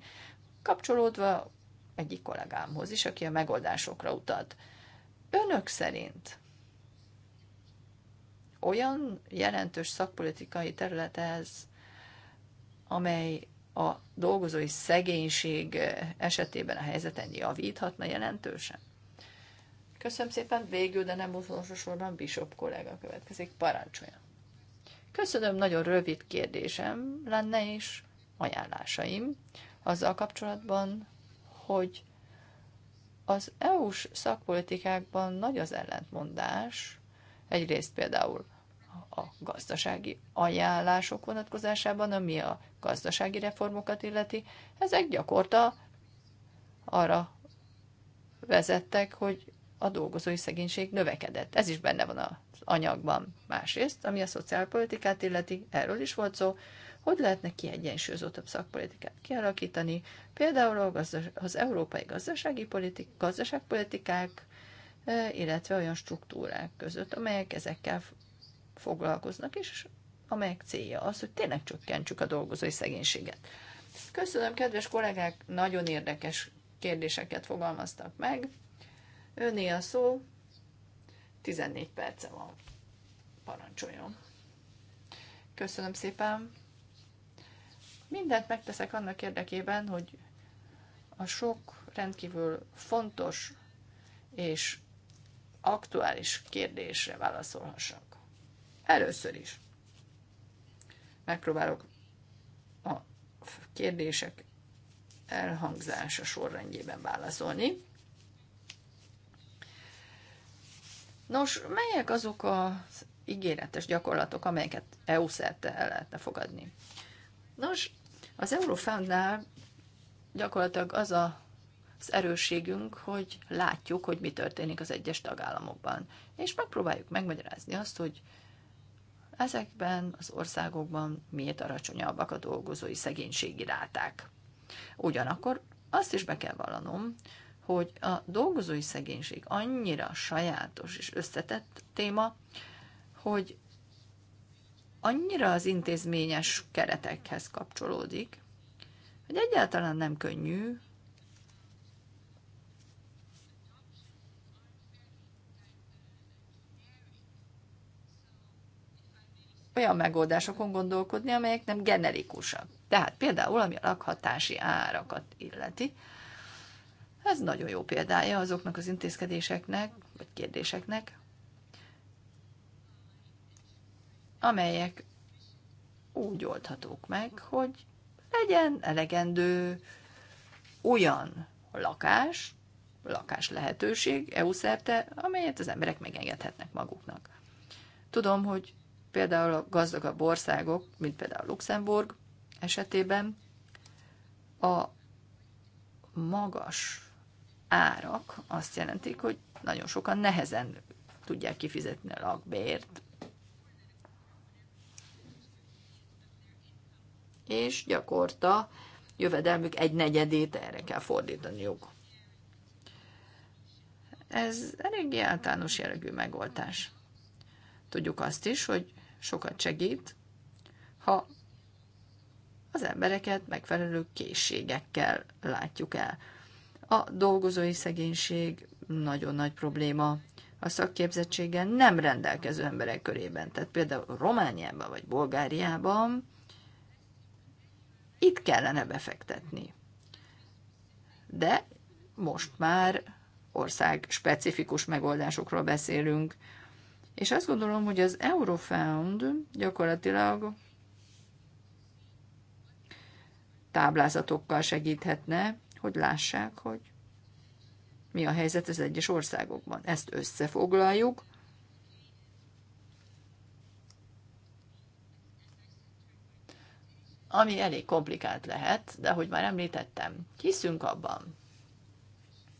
kapcsolódva egyik kollégámhoz is, aki a megoldásokra utat. Önök szerint olyan jelentős szakpolitikai terület ez, amely a dolgozói szegénység esetében a helyzeten javíthatna jelentősen. Köszönöm szépen, végül, de nem utolsó sorban Bishop kollega következik, parancsolja. Köszönöm, nagyon rövid kérdésem lenne is, ajánlásaim azzal kapcsolatban, hogy az EU-s szakpolitikákban nagy az ellentmondás, egyrészt például a gazdasági ajánlások vonatkozásában, ami a gazdasági reformokat illeti, ezek gyakorta arra vezettek, hogy a dolgozói szegénység növekedett. Ez is benne van az anyagban. Másrészt, ami a szociálpolitikát illeti, erről is volt szó, hogy lehetne kiegyensúlyozottabb szakpolitikát kialakítani, például az európai gazdasági politik, gazdaságpolitikák, eh, illetve olyan struktúrák között, amelyek ezekkel foglalkoznak, és amelyek célja az, hogy tényleg csökkentsük a dolgozói szegénységet. Köszönöm, kedves kollégák, nagyon érdekes kérdéseket fogalmaztak meg. Öné a szó, 14 perce van. Parancsoljon. Köszönöm szépen. Mindent megteszek annak érdekében, hogy a sok rendkívül fontos és aktuális kérdésre válaszolhassak. Először is megpróbálok a kérdések elhangzása sorrendjében válaszolni. Nos, melyek azok az ígéretes gyakorlatok, amelyeket EU szerte el lehetne fogadni? Nos, az Eurofoundnál gyakorlatilag az a az erősségünk, hogy látjuk, hogy mi történik az egyes tagállamokban. És megpróbáljuk megmagyarázni azt, hogy Ezekben az országokban miért alacsonyabbak a dolgozói szegénységi ráták? Ugyanakkor azt is be kell vallanom, hogy a dolgozói szegénység annyira sajátos és összetett téma, hogy annyira az intézményes keretekhez kapcsolódik, hogy egyáltalán nem könnyű olyan megoldásokon gondolkodni, amelyek nem generikusak. Tehát például, ami a lakhatási árakat illeti, ez nagyon jó példája azoknak az intézkedéseknek, vagy kérdéseknek, amelyek úgy oldhatók meg, hogy legyen elegendő olyan lakás, lakás lehetőség EU szerte, amelyet az emberek megengedhetnek maguknak. Tudom, hogy például a gazdagabb országok, mint például Luxemburg esetében, a magas árak azt jelentik, hogy nagyon sokan nehezen tudják kifizetni a lakbért, és gyakorta jövedelmük egy negyedét erre kell fordítaniuk. Ez eléggé általános jellegű megoldás. Tudjuk azt is, hogy sokat segít, ha az embereket megfelelő készségekkel látjuk el. A dolgozói szegénység nagyon nagy probléma a szakképzettséggel nem rendelkező emberek körében. Tehát például Romániában vagy Bulgáriában itt kellene befektetni. De most már ország specifikus megoldásokról beszélünk, és azt gondolom, hogy az Eurofound gyakorlatilag táblázatokkal segíthetne, hogy lássák, hogy mi a helyzet az egyes országokban. Ezt összefoglaljuk, ami elég komplikált lehet, de ahogy már említettem, hiszünk abban,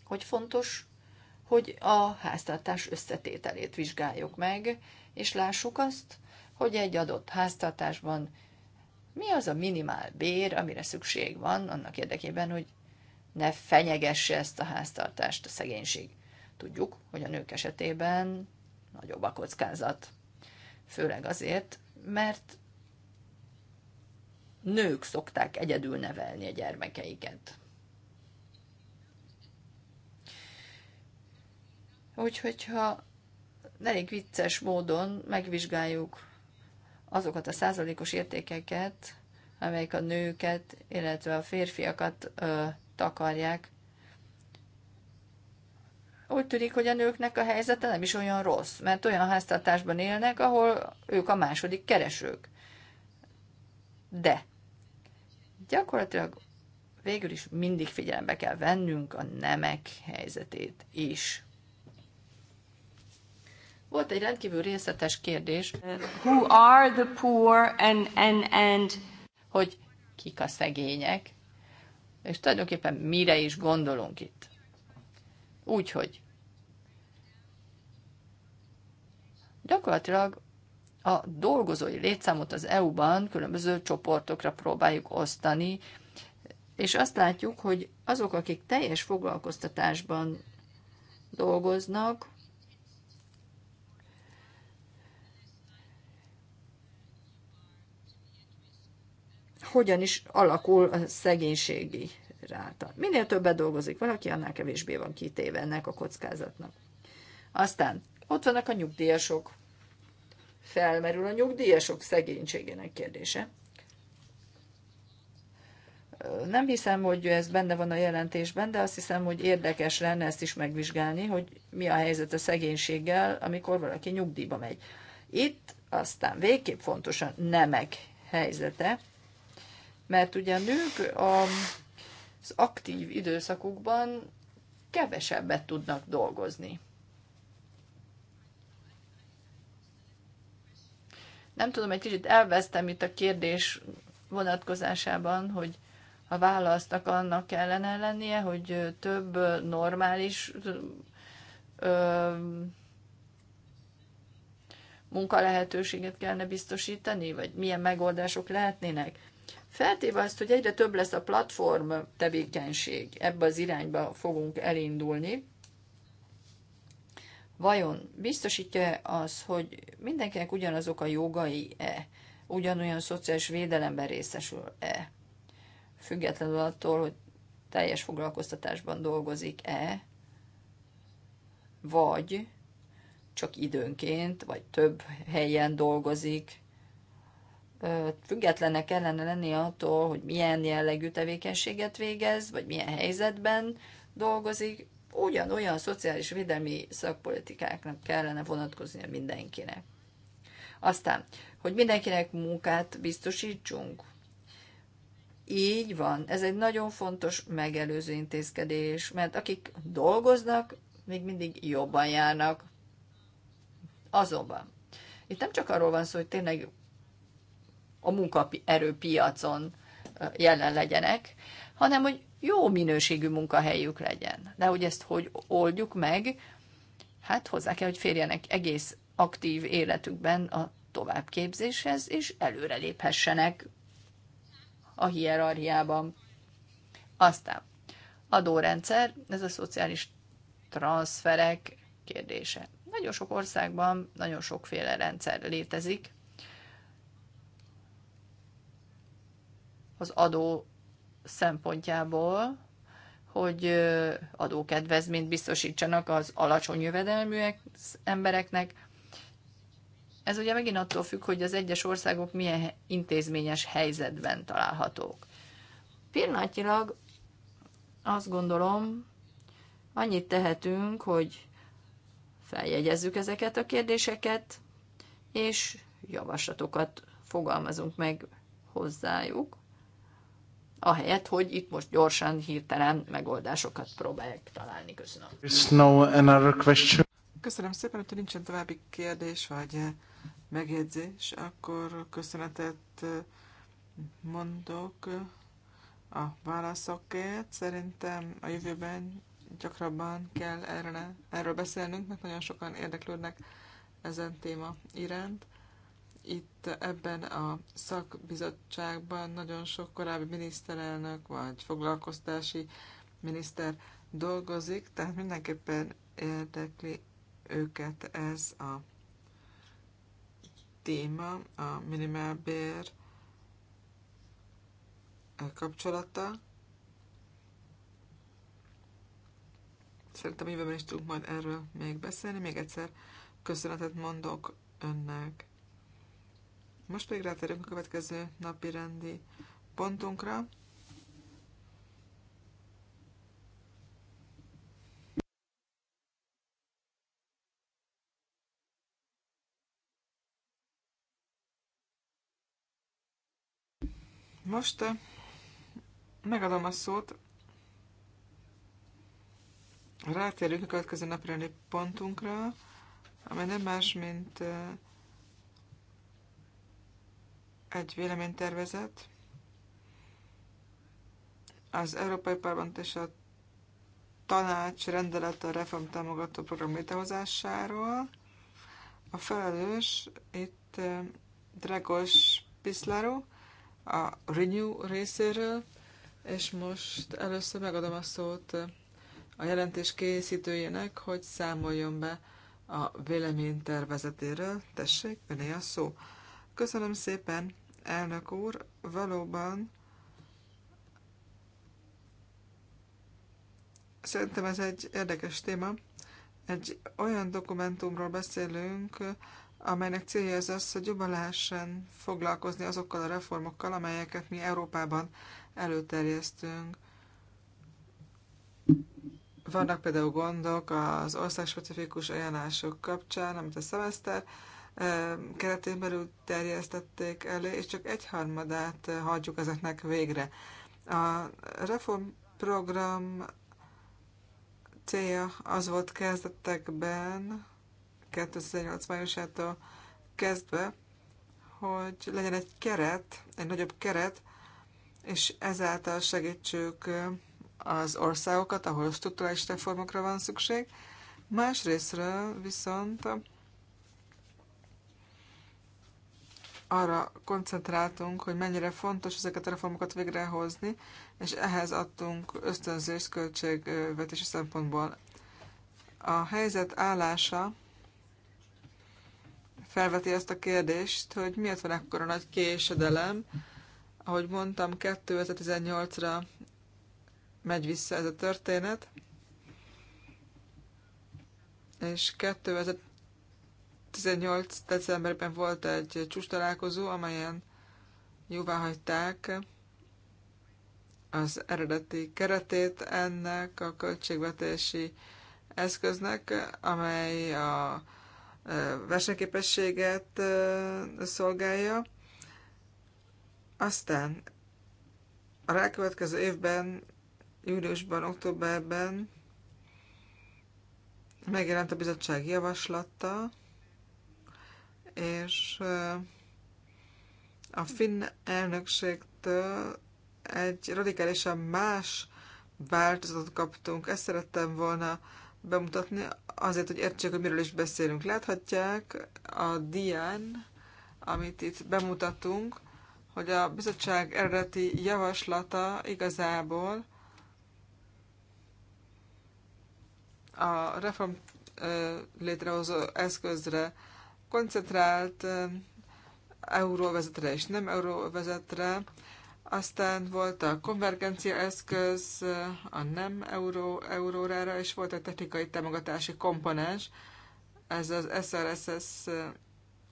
hogy fontos hogy a háztartás összetételét vizsgáljuk meg, és lássuk azt, hogy egy adott háztartásban mi az a minimál bér, amire szükség van annak érdekében, hogy ne fenyegesse ezt a háztartást a szegénység. Tudjuk, hogy a nők esetében nagyobb a kockázat. Főleg azért, mert nők szokták egyedül nevelni a gyermekeiket. Úgyhogy ha elég vicces módon megvizsgáljuk azokat a százalékos értékeket, amelyek a nőket, illetve a férfiakat ö, takarják. Úgy tűnik, hogy a nőknek a helyzete nem is olyan rossz, mert olyan háztartásban élnek, ahol ők a második keresők. De gyakorlatilag végül is mindig figyelembe kell vennünk a nemek helyzetét is. Volt egy rendkívül részletes kérdés. Who are the poor and, and, and... Hogy kik a szegények, és tulajdonképpen mire is gondolunk itt. Úgyhogy gyakorlatilag a dolgozói létszámot az EU-ban különböző csoportokra próbáljuk osztani, és azt látjuk, hogy azok, akik teljes foglalkoztatásban dolgoznak, hogyan is alakul a szegénységi ráta. Minél többet dolgozik valaki, annál kevésbé van kitéve ennek a kockázatnak. Aztán ott vannak a nyugdíjasok. Felmerül a nyugdíjasok szegénységének kérdése. Nem hiszem, hogy ez benne van a jelentésben, de azt hiszem, hogy érdekes lenne ezt is megvizsgálni, hogy mi a helyzet a szegénységgel, amikor valaki nyugdíjba megy. Itt aztán végképp fontos a nemek helyzete, mert ugye a nők a, az aktív időszakukban kevesebbet tudnak dolgozni. Nem tudom, egy kicsit elvesztem itt a kérdés vonatkozásában, hogy a választnak annak kellene lennie, hogy több normális ö, munkalehetőséget kellene biztosítani, vagy milyen megoldások lehetnének. Feltéve azt, hogy egyre több lesz a platform tevékenység, ebbe az irányba fogunk elindulni, vajon biztosítja az, hogy mindenkinek ugyanazok a jogai-e, ugyanolyan szociális védelemben részesül-e, függetlenül attól, hogy teljes foglalkoztatásban dolgozik-e, vagy csak időnként, vagy több helyen dolgozik, függetlenek kellene lenni attól, hogy milyen jellegű tevékenységet végez, vagy milyen helyzetben dolgozik, ugyanolyan szociális védelmi szakpolitikáknak kellene vonatkoznia mindenkinek. Aztán, hogy mindenkinek munkát biztosítsunk. Így van, ez egy nagyon fontos megelőző intézkedés, mert akik dolgoznak, még mindig jobban járnak. Azonban, itt nem csak arról van szó, hogy tényleg a munkaerőpiacon jelen legyenek, hanem hogy jó minőségű munkahelyük legyen. De hogy ezt hogy oldjuk meg, hát hozzá kell, hogy férjenek egész aktív életükben a továbbképzéshez, és előreléphessenek a hierarchiában. Aztán adórendszer, ez a szociális transferek kérdése. Nagyon sok országban nagyon sokféle rendszer létezik, az adó szempontjából, hogy adókedvezményt biztosítsanak az alacsony jövedelműek embereknek. Ez ugye megint attól függ, hogy az egyes országok milyen intézményes helyzetben találhatók. Pillanatilag azt gondolom, annyit tehetünk, hogy feljegyezzük ezeket a kérdéseket, és javaslatokat fogalmazunk meg hozzájuk ahelyett, hogy itt most gyorsan, hirtelen megoldásokat próbálják találni. Köszönöm. no another question. Köszönöm szépen, hogyha nincsen további kérdés vagy megjegyzés, akkor köszönetet mondok a válaszokért. Szerintem a jövőben gyakrabban kell erre, erről beszélnünk, mert nagyon sokan érdeklődnek ezen téma iránt itt ebben a szakbizottságban nagyon sok korábbi miniszterelnök vagy foglalkoztási miniszter dolgozik, tehát mindenképpen érdekli őket ez a téma, a minimálbér kapcsolata. Szerintem jövőben is tudunk majd erről még beszélni. Még egyszer köszönetet mondok önnek. Most pedig rátérünk a következő napi rendi pontunkra. Most megadom a szót. Rátérünk a következő napi rendi pontunkra, amely nem más, mint egy véleménytervezet az Európai Parlament és a Tanács rendelet a reform támogató program létrehozásáról. A felelős itt eh, Dragos Piszláró a Renew részéről, és most először megadom a szót eh, a jelentés készítőjének, hogy számoljon be a vélemény tervezetéről. Tessék, öné a szó. Köszönöm szépen! elnök úr. Valóban szerintem ez egy érdekes téma. Egy olyan dokumentumról beszélünk, amelynek célja az az, hogy jobban lehessen foglalkozni azokkal a reformokkal, amelyeket mi Európában előterjesztünk. Vannak például gondok az országspecifikus ajánlások kapcsán, amit a szemeszter keretén belül terjesztették elő, és csak egyharmadát hagyjuk ezeknek végre. A reformprogram célja az volt kezdetekben, 2008 májusától kezdve, hogy legyen egy keret, egy nagyobb keret, és ezáltal segítsük az országokat, ahol struktúrális reformokra van szükség. Másrésztről viszont arra koncentráltunk, hogy mennyire fontos ezeket a reformokat végrehozni, és ehhez adtunk ösztönzést költségvetési szempontból. A helyzet állása felveti ezt a kérdést, hogy miért van ekkora nagy késedelem. Ahogy mondtam, 2018-ra megy vissza ez a történet, és 18 decemberben volt egy csúcs találkozó, amelyen jóvá hagyták az eredeti keretét ennek a költségvetési eszköznek, amely a e, versenyképességet e, szolgálja. Aztán a rákövetkező évben, júliusban, októberben megjelent a bizottság javaslata, és a finn elnökségtől egy radikálisan más változatot kaptunk. Ezt szerettem volna bemutatni, azért, hogy értsék, hogy miről is beszélünk. Láthatják a dián, amit itt bemutatunk, hogy a bizottság eredeti javaslata igazából a reform létrehozó eszközre koncentrált euróvezetre és nem euróvezetre, aztán volt a konvergencia eszköz a nem euró, eurórára, és volt a technikai támogatási komponens, ez az SRSS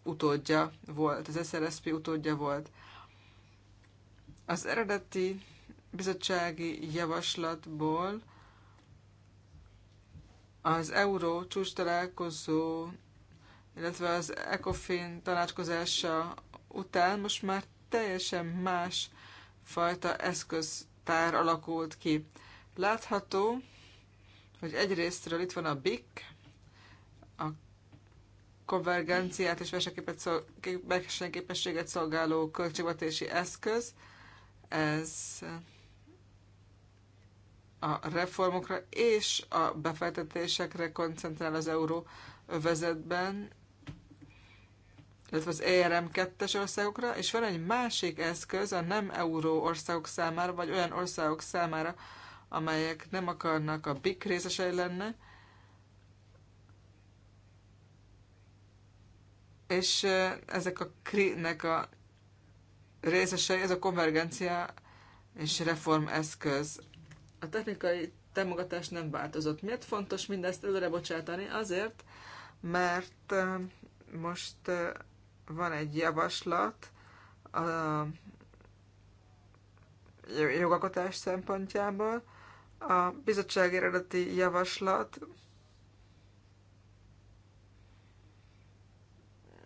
utódja volt, az SRSP utódja volt. Az eredeti bizottsági javaslatból az euró csúcs találkozó illetve az ECOFIN tanácskozása után most már teljesen más fajta eszköztár alakult ki. Látható, hogy egyrésztről itt van a BIC, a konvergenciát és versenyképességet szolgáló költségvetési eszköz. Ez a reformokra és a befektetésekre koncentrál az euró övezetben, illetve az ERM 2-es országokra, és van egy másik eszköz a nem euró országok számára, vagy olyan országok számára, amelyek nem akarnak a BIC részesei lenne, és ezek a KRI-nek a részesei, ez a konvergencia és reform eszköz. A technikai támogatás nem változott. Miért fontos mindezt előre bocsátani? Azért, mert most van egy javaslat a jogalkotás szempontjából. A bizottság eredeti javaslat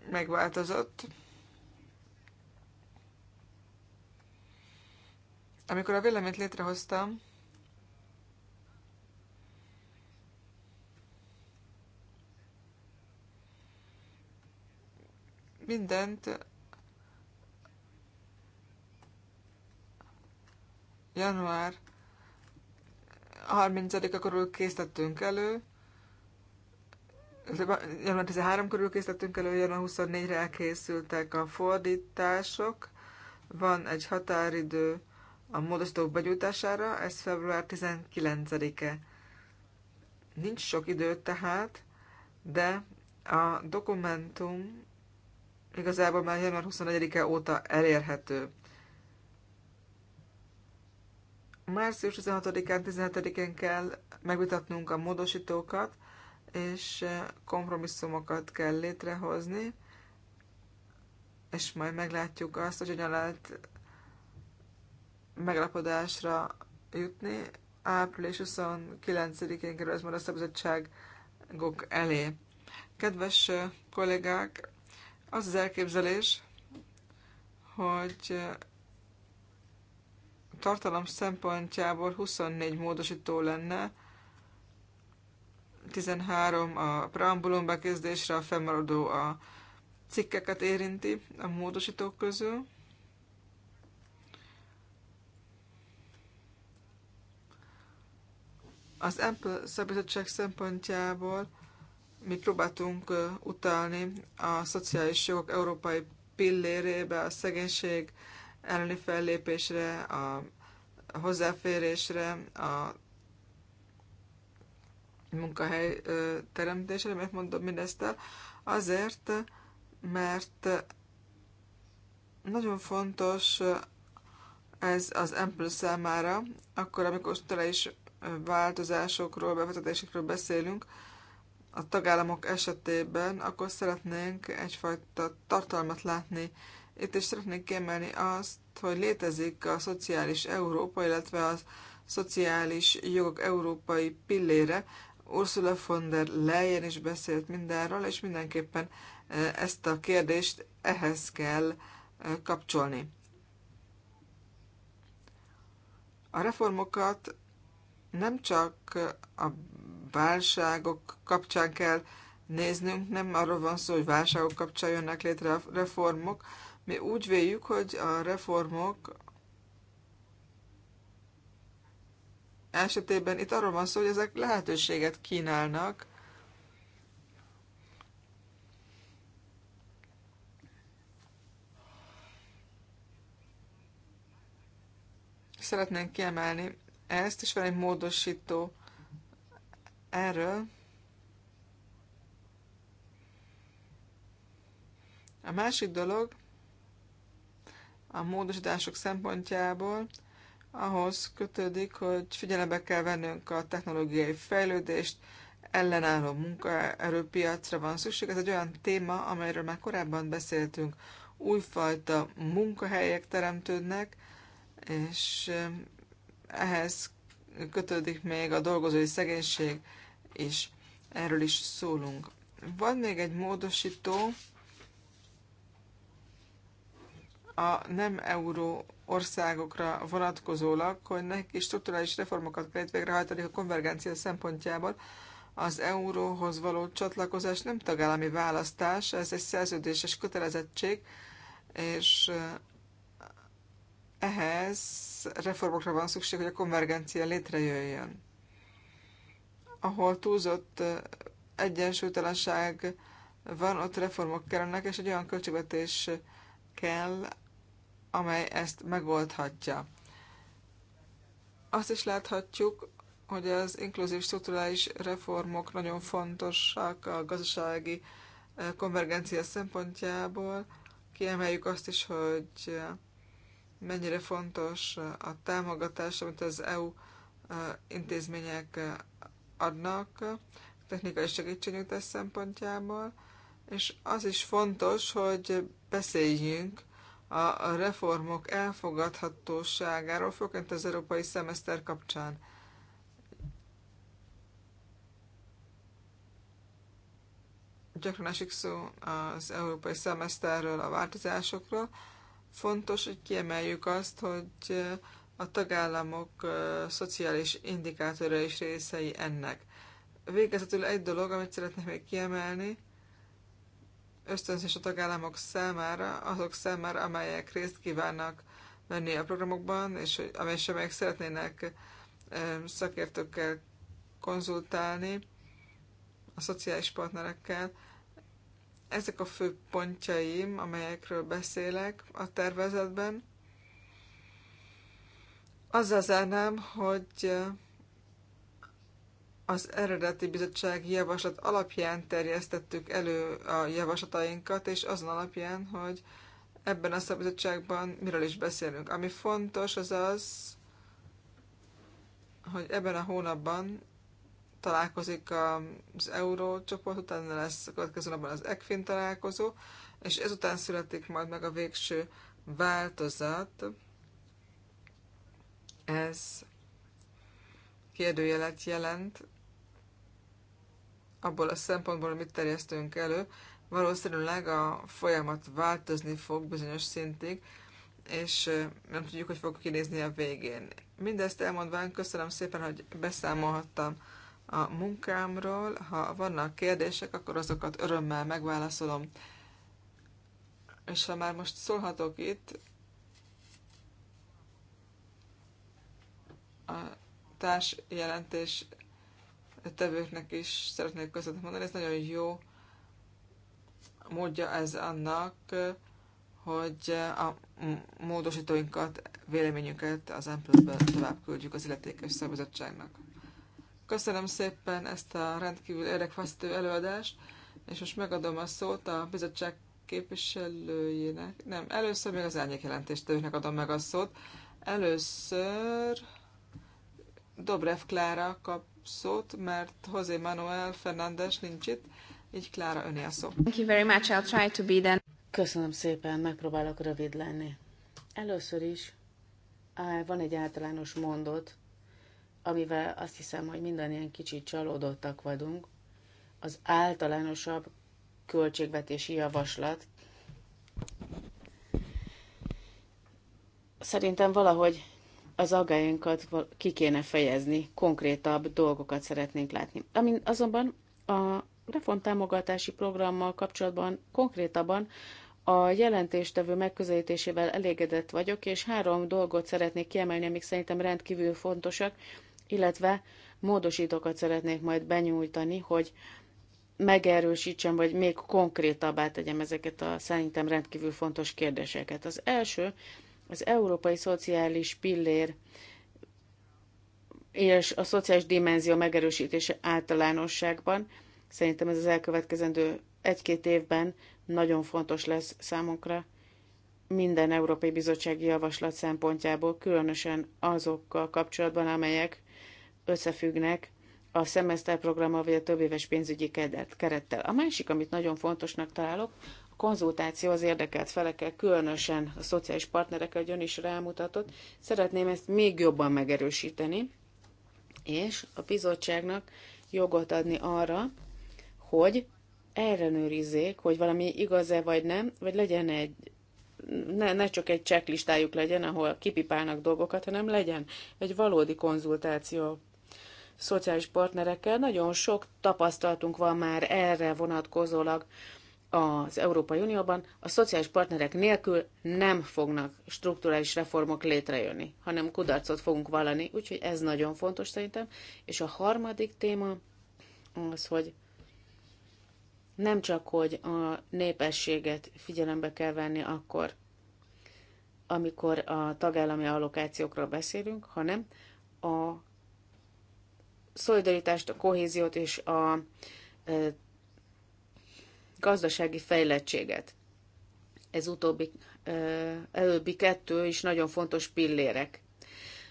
megváltozott. Amikor a véleményt létrehoztam, mindent január 30-a körül készítettünk elő, január 13 körül készítettünk elő, január 24-re elkészültek a fordítások, van egy határidő a módosítók begyújtására, ez február 19-e. Nincs sok idő tehát, de a dokumentum igazából már január 24-e óta elérhető. Március 16-án, 17-én kell megvitatnunk a módosítókat, és kompromisszumokat kell létrehozni, és majd meglátjuk azt, hogy hogyan lehet meglapodásra jutni. Április 29-én kerül ez már a szabadságok elé. Kedves kollégák, az az elképzelés, hogy tartalom szempontjából 24 módosító lenne, 13 a preambulum bekezdésre, a fennmaradó a cikkeket érinti a módosítók közül. Az Apple szabadság szempontjából mi próbáltunk utalni a szociális jogok európai pillérébe, a szegénység elleni fellépésre, a hozzáférésre, a munkahely teremtésre, mert mondom mindezt el, azért, mert nagyon fontos ez az Apple számára, akkor, amikor tele is változásokról, befektetésekről beszélünk, a tagállamok esetében, akkor szeretnénk egyfajta tartalmat látni. Itt is szeretnénk kiemelni azt, hogy létezik a szociális Európa, illetve a szociális jogok európai pillére. Ursula von der Leyen is beszélt mindenről, és mindenképpen e, ezt a kérdést ehhez kell e, kapcsolni. A reformokat nem csak a válságok kapcsán kell néznünk, nem arról van szó, hogy válságok kapcsán jönnek létre a reformok. Mi úgy véljük, hogy a reformok esetében itt arról van szó, hogy ezek lehetőséget kínálnak, Szeretnénk kiemelni ezt, és van egy módosító erről. A másik dolog a módosítások szempontjából ahhoz kötődik, hogy figyelembe kell vennünk a technológiai fejlődést, ellenálló munkaerőpiacra van szükség. Ez egy olyan téma, amelyről már korábban beszéltünk. Újfajta munkahelyek teremtődnek, és ehhez kötődik még a dolgozói szegénység és erről is szólunk. Van még egy módosító a nem euró országokra vonatkozólag, hogy neki strukturális reformokat kellett végrehajtani a konvergencia szempontjából. Az euróhoz való csatlakozás nem tagállami választás, ez egy szerződéses kötelezettség, és eh, ehhez reformokra van szükség, hogy a konvergencia létrejöjjön ahol túlzott egyensúlytalanság van, ott reformok kellenek, és egy olyan költségvetés kell, amely ezt megoldhatja. Azt is láthatjuk, hogy az inkluzív strukturális reformok nagyon fontosak a gazdasági konvergencia szempontjából. Kiemeljük azt is, hogy mennyire fontos a támogatás, amit az EU intézmények adnak technikai segítségnyújtás szempontjából, és az is fontos, hogy beszéljünk a reformok elfogadhatóságáról, főként az európai szemeszter kapcsán. Gyakran esik szó az európai szemeszterről, a változásokról. Fontos, hogy kiemeljük azt, hogy a tagállamok szociális indikátora is részei ennek. Végezetül egy dolog, amit szeretnék még kiemelni, ösztönzés a tagállamok számára, azok számára, amelyek részt kívánnak venni a programokban, és amely amelyek szeretnének szakértőkkel konzultálni, a szociális partnerekkel. Ezek a fő pontjaim, amelyekről beszélek a tervezetben. Azzal zárnám, hogy az eredeti bizottsági javaslat alapján terjesztettük elő a javaslatainkat, és azon alapján, hogy ebben a szabadságban miről is beszélünk. Ami fontos, az az, hogy ebben a hónapban találkozik az Eurócsoport, utána lesz a következő napban az ECFIN találkozó, és ezután születik majd meg a végső változat, ez kérdőjelet jelent abból a szempontból, amit terjesztünk elő. Valószínűleg a folyamat változni fog bizonyos szintig, és nem tudjuk, hogy fog kinézni a végén. Mindezt elmondván köszönöm szépen, hogy beszámolhattam a munkámról. Ha vannak kérdések, akkor azokat örömmel megválaszolom. És ha már most szólhatok itt, a társ jelentés tevőknek is szeretnék köszönet mondani. Ez nagyon jó módja ez annak, hogy a módosítóinkat, véleményünket az emplőből tovább küldjük az illetékes szabadságnak. Köszönöm szépen ezt a rendkívül érdekfeszítő előadást, és most megadom a szót a bizottság képviselőjének. Nem, először még az elnyék jelentéstevőnek adom meg a szót. Először Dobrev Klára kap szót, mert José Manuel Fernández nincs itt, így Klára öné a szó. Thank you very much, I'll try to be then. Köszönöm szépen, megpróbálok rövid lenni. Először is van egy általános mondat, amivel azt hiszem, hogy mindannyian kicsit csalódottak vagyunk. Az általánosabb költségvetési javaslat szerintem valahogy az aggályunkat ki kéne fejezni, konkrétabb dolgokat szeretnénk látni. Amin azonban a reformtámogatási programmal kapcsolatban konkrétabban a jelentéstevő megközelítésével elégedett vagyok, és három dolgot szeretnék kiemelni, amik szerintem rendkívül fontosak, illetve módosítókat szeretnék majd benyújtani, hogy megerősítsem, vagy még konkrétabbá tegyem ezeket a szerintem rendkívül fontos kérdéseket. Az első az európai szociális pillér és a szociális dimenzió megerősítése általánosságban. Szerintem ez az elkövetkezendő egy-két évben nagyon fontos lesz számunkra minden Európai Bizottsági Javaslat szempontjából, különösen azokkal kapcsolatban, amelyek összefüggnek a szemeszterprogrammal vagy a többéves pénzügyi pénzügyi kerettel. A másik, amit nagyon fontosnak találok, konzultáció az érdekelt felekkel, különösen a szociális partnerekkel ön is rámutatott. Szeretném ezt még jobban megerősíteni, és a bizottságnak jogot adni arra, hogy ellenőrizzék, hogy valami igaz-e vagy nem, vagy legyen egy, ne, ne csak egy checklistájuk legyen, ahol kipipálnak dolgokat, hanem legyen egy valódi konzultáció szociális partnerekkel. Nagyon sok tapasztalatunk van már erre vonatkozólag, az Európai Unióban a szociális partnerek nélkül nem fognak strukturális reformok létrejönni, hanem kudarcot fogunk vallani, úgyhogy ez nagyon fontos szerintem. És a harmadik téma az, hogy nem csak, hogy a népességet figyelembe kell venni akkor, amikor a tagállami allokációkról beszélünk, hanem a szolidaritást, a kohéziót és a gazdasági fejlettséget. Ez utóbbi, előbbi kettő is nagyon fontos pillérek.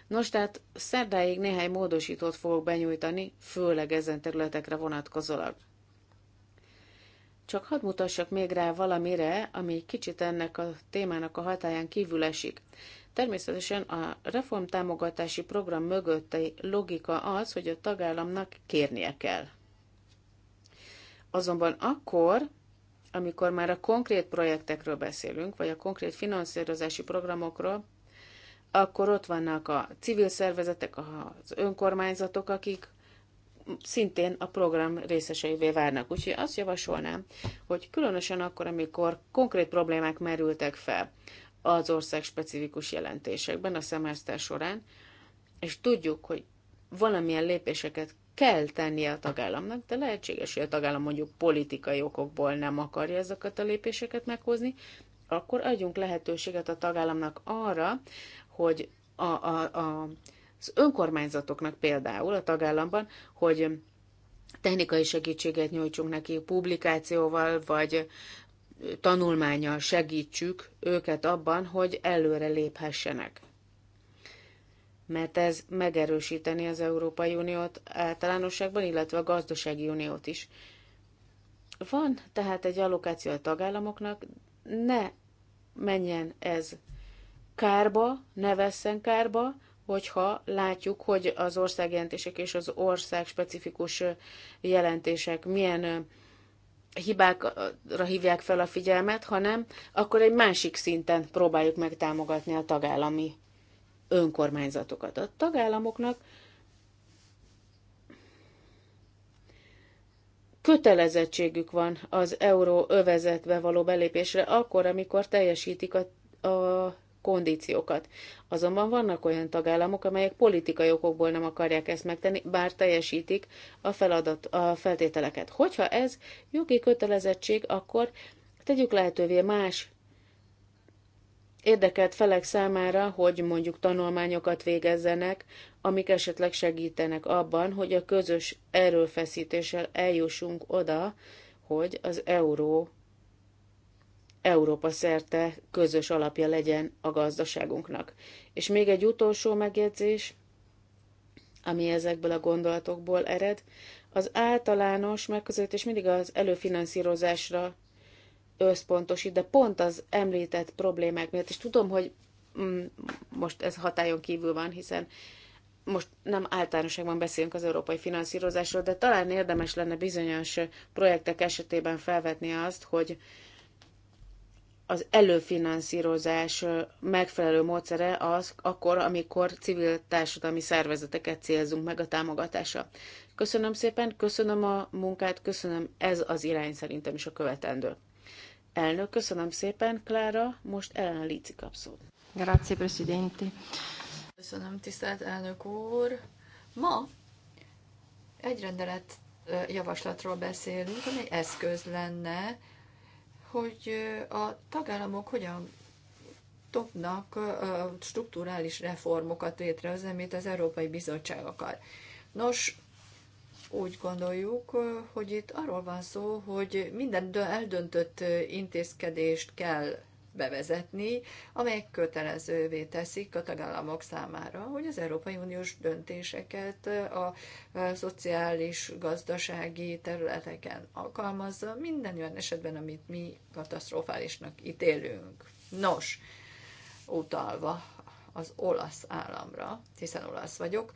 Nos, tehát szerdáig néhány módosítót fogok benyújtani, főleg ezen területekre vonatkozólag. Csak hadd mutassak még rá valamire, ami kicsit ennek a témának a hatáján kívül esik. Természetesen a reformtámogatási program mögötti logika az, hogy a tagállamnak kérnie kell. Azonban akkor, amikor már a konkrét projektekről beszélünk, vagy a konkrét finanszírozási programokról, akkor ott vannak a civil szervezetek, az önkormányzatok, akik szintén a program részeseivé várnak. Úgyhogy azt javasolnám, hogy különösen akkor, amikor konkrét problémák merültek fel az ország specifikus jelentésekben a szemeszter során, és tudjuk, hogy valamilyen lépéseket kell tennie a tagállamnak, de lehetséges, hogy a tagállam mondjuk politikai okokból nem akarja ezeket a lépéseket meghozni, akkor adjunk lehetőséget a tagállamnak arra, hogy a, a, a, az önkormányzatoknak például a tagállamban, hogy technikai segítséget nyújtsunk neki publikációval, vagy tanulmányal segítsük őket abban, hogy előre léphessenek mert ez megerősíteni az Európai Uniót általánosságban, illetve a gazdasági uniót is. Van tehát egy allokáció a tagállamoknak, ne menjen ez kárba, ne vesszen kárba, hogyha látjuk, hogy az országjelentések és az ország specifikus jelentések milyen hibákra hívják fel a figyelmet, hanem akkor egy másik szinten próbáljuk meg támogatni a tagállami önkormányzatokat. A tagállamoknak kötelezettségük van az euró övezetbe való belépésre akkor, amikor teljesítik a, a kondíciókat. Azonban vannak olyan tagállamok, amelyek politikai okokból nem akarják ezt megtenni, bár teljesítik a, feladat, a feltételeket. Hogyha ez jogi kötelezettség, akkor tegyük lehetővé más érdekelt felek számára, hogy mondjuk tanulmányokat végezzenek, amik esetleg segítenek abban, hogy a közös erőfeszítéssel eljussunk oda, hogy az euró Európa szerte közös alapja legyen a gazdaságunknak. És még egy utolsó megjegyzés, ami ezekből a gondolatokból ered, az általános megközelítés mindig az előfinanszírozásra összpontosít, de pont az említett problémák miatt, és tudom, hogy mm, most ez hatályon kívül van, hiszen most nem általánosságban beszélünk az európai finanszírozásról, de talán érdemes lenne bizonyos projektek esetében felvetni azt, hogy az előfinanszírozás megfelelő módszere az akkor, amikor civil társadalmi szervezeteket célzunk meg a támogatása. Köszönöm szépen, köszönöm a munkát, köszönöm, ez az irány szerintem is a követendő. Elnök, köszönöm szépen, Klára, most Ellen Lici szót. Grazie, Presidente. Köszönöm, tisztelt elnök úr. Ma egy rendelet javaslatról beszélünk, ami eszköz lenne, hogy a tagállamok hogyan topnak strukturális reformokat létre az, amit az Európai Bizottság akar. Nos, úgy gondoljuk, hogy itt arról van szó, hogy minden eldöntött intézkedést kell bevezetni, amelyek kötelezővé teszik a tagállamok számára, hogy az Európai Uniós döntéseket a szociális, gazdasági területeken alkalmazza, minden olyan esetben, amit mi katasztrofálisnak ítélünk. Nos, utalva az olasz államra, hiszen olasz vagyok,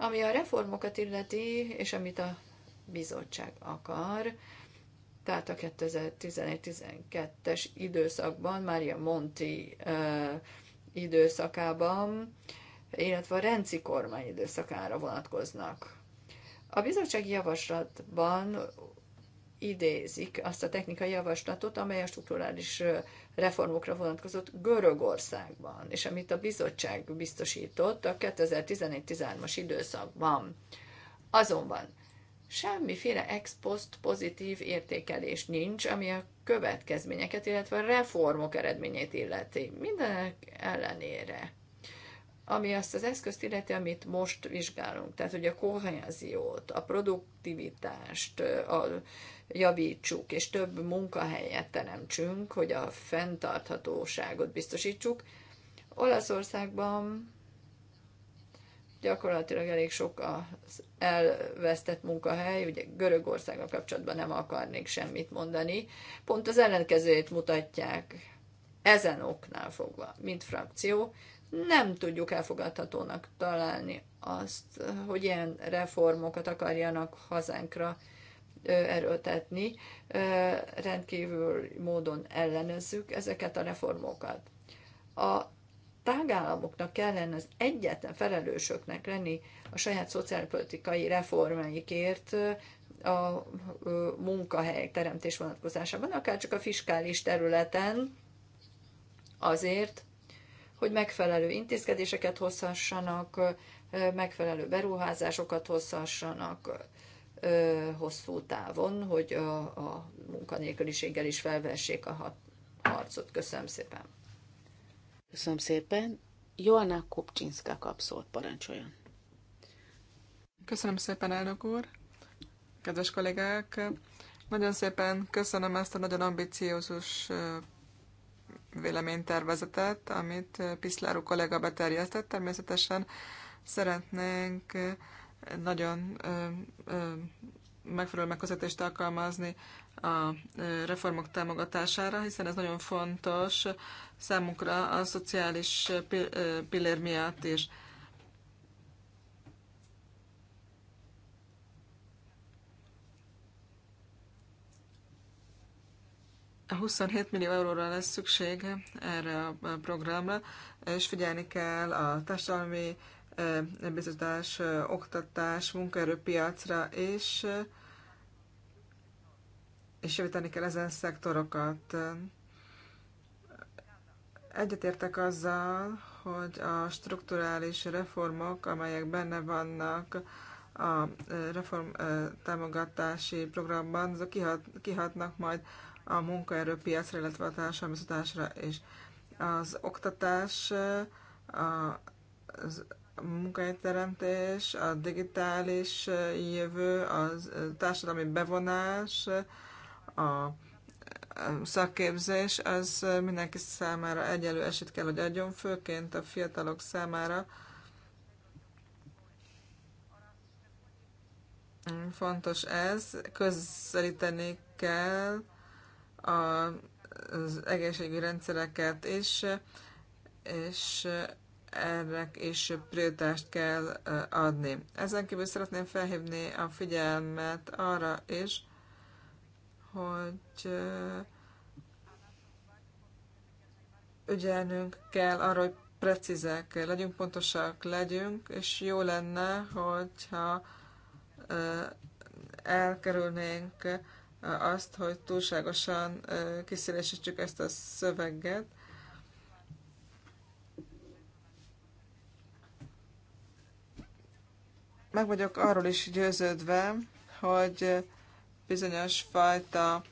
ami a reformokat illeti, és amit a bizottság akar, tehát a 2011-12-es időszakban, Mária Monti időszakában, illetve a Renci kormány időszakára vonatkoznak. A bizottság javaslatban idézik azt a technikai javaslatot, amely a strukturális reformokra vonatkozott Görögországban, és amit a bizottság biztosított a 2011-13-as időszakban. Azonban semmiféle ex post pozitív értékelés nincs, ami a következményeket, illetve a reformok eredményét illeti. Mindenek ellenére ami azt az eszközt illeti, amit most vizsgálunk, tehát hogy a kohenziót, a produktivitást a, javítsuk, és több munkahelyet teremtsünk, hogy a fenntarthatóságot biztosítsuk. Olaszországban gyakorlatilag elég sok az elvesztett munkahely, ugye Görögországgal kapcsolatban nem akarnék semmit mondani, pont az ellenkezőjét mutatják ezen oknál fogva, mint frakció, nem tudjuk elfogadhatónak találni azt, hogy ilyen reformokat akarjanak hazánkra erőltetni. Rendkívül módon ellenezzük ezeket a reformokat. A tagállamoknak kellene az egyetlen felelősöknek lenni a saját szociálpolitikai reformáikért a munkahelyek teremtés vonatkozásában, akár csak a fiskális területen, azért, hogy megfelelő intézkedéseket hozhassanak, megfelelő beruházásokat hozhassanak hosszú távon, hogy a, a munkanélküliséggel is felvessék a harcot. Köszönöm szépen. Köszönöm szépen. Joanna Kupcsinszka kap szót, parancsoljon. Köszönöm szépen, elnök úr. Kedves kollégák, nagyon szépen köszönöm ezt a nagyon ambiciózus véleménytervezetet, amit eh, Piszláru kollega beterjesztett. Természetesen szeretnénk eh, nagyon eh, megfelelő megközelítést alkalmazni a reformok támogatására, hiszen ez nagyon fontos számunkra a szociális pillér miatt is. 27 millió euróra lesz szükség erre a programra, és figyelni kell a társadalmi biztosítás, oktatás, munkaerőpiacra, és, és javítani kell ezen szektorokat. Egyetértek azzal, hogy a strukturális reformok, amelyek benne vannak a reform támogatási programban, azok kihat, kihatnak majd a munkaerőpiacra, illetve a társadalmi szutásra és Az oktatás, a, az munkahelyteremtés, a digitális jövő, a társadalmi bevonás, a szakképzés, az mindenki számára egyelő esélyt kell, hogy adjon, főként a fiatalok számára. Fontos ez, közelíteni kell az egészségügyi rendszereket is, és erre is prioritást kell adni. Ezen kívül szeretném felhívni a figyelmet arra is, hogy ügyelnünk kell arra, hogy precízek, legyünk pontosak, legyünk, és jó lenne, hogyha elkerülnénk azt, hogy túlságosan kiszélesítsük ezt a szöveget. Meg vagyok arról is győződve, hogy bizonyos fajta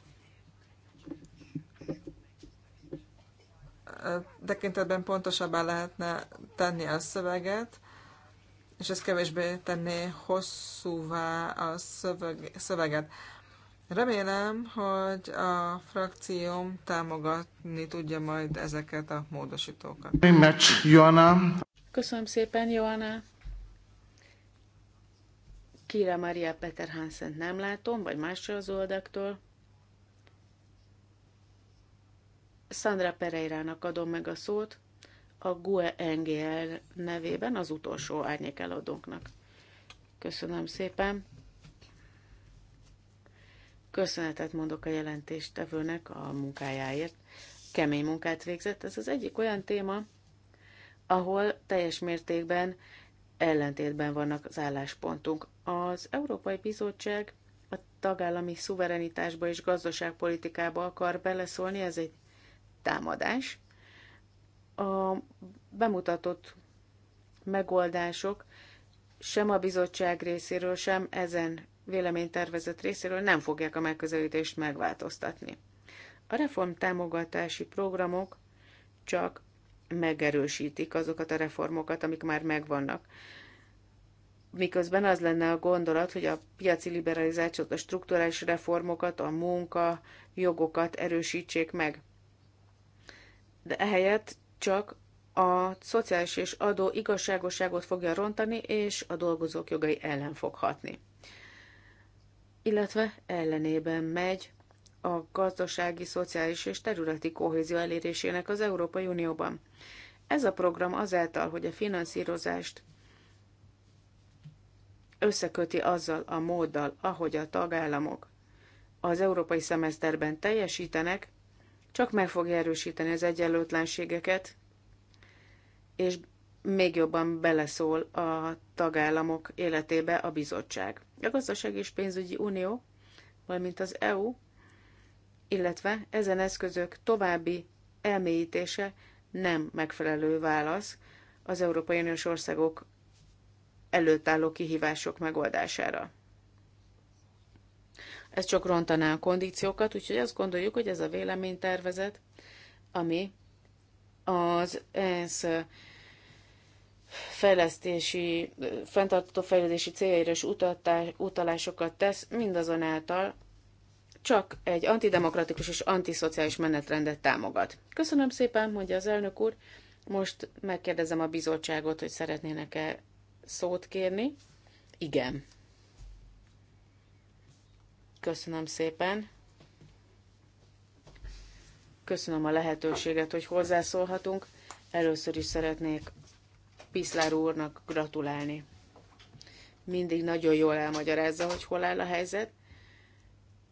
tekintetben pontosabbá lehetne tenni a szöveget, és ez kevésbé tenné hosszúvá a szöveg, szöveget. Remélem, hogy a frakcióm támogatni tudja majd ezeket a módosítókat. Köszönöm szépen, Joana. Kira Maria Peter Hansen nem látom, vagy másra az oldaktól. Sandra Pereirának adom meg a szót a GUE NGL nevében az utolsó árnyék eladónknak. Köszönöm szépen. Köszönetet mondok a jelentéstevőnek a munkájáért. Kemény munkát végzett. Ez az egyik olyan téma, ahol teljes mértékben ellentétben vannak az álláspontunk. Az Európai Bizottság a tagállami szuverenitásba és gazdaságpolitikába akar beleszólni, ez egy támadás. A bemutatott megoldások sem a bizottság részéről, sem ezen véleménytervezet részéről nem fogják a megközelítést megváltoztatni. A reform támogatási programok csak megerősítik azokat a reformokat, amik már megvannak. Miközben az lenne a gondolat, hogy a piaci liberalizációt, a strukturális reformokat, a munka, jogokat erősítsék meg. De ehelyett csak a szociális és adó igazságosságot fogja rontani, és a dolgozók jogai ellen fog hatni illetve ellenében megy a gazdasági, szociális és területi kohézió elérésének az Európai Unióban. Ez a program azáltal, hogy a finanszírozást összeköti azzal a móddal, ahogy a tagállamok az európai szemeszterben teljesítenek, csak meg fogja erősíteni az egyenlőtlenségeket, és még jobban beleszól a tagállamok életébe a bizottság. A Gazdaság és Pénzügyi Unió, valamint az EU, illetve ezen eszközök további elmélyítése nem megfelelő válasz az Európai Uniós országok előtt álló kihívások megoldására. Ez csak rontaná a kondíciókat, úgyhogy azt gondoljuk, hogy ez a véleménytervezet, ami az ENSZ fejlesztési, fenntartató fejlődési céljaira is utalásokat tesz, mindazonáltal csak egy antidemokratikus és antiszociális menetrendet támogat. Köszönöm szépen, mondja az elnök úr. Most megkérdezem a bizottságot, hogy szeretnének-e szót kérni. Igen. Köszönöm szépen. Köszönöm a lehetőséget, hogy hozzászólhatunk. Először is szeretnék Piszlár úrnak gratulálni. Mindig nagyon jól elmagyarázza, hogy hol áll a helyzet.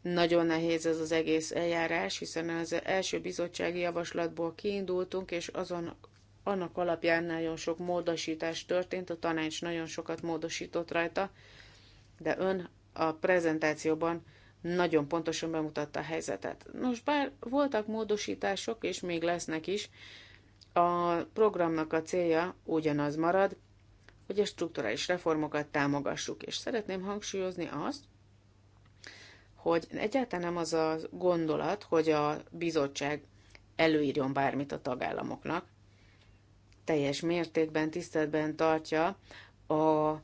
Nagyon nehéz ez az egész eljárás, hiszen az első bizottsági javaslatból kiindultunk, és azon annak alapján nagyon sok módosítás történt, a tanács nagyon sokat módosított rajta, de ön a prezentációban nagyon pontosan bemutatta a helyzetet. Nos, bár voltak módosítások, és még lesznek is, a programnak a célja ugyanaz marad, hogy a strukturális reformokat támogassuk, és szeretném hangsúlyozni azt, hogy egyáltalán nem az a gondolat, hogy a bizottság előírjon bármit a tagállamoknak, teljes mértékben tiszteletben tartja a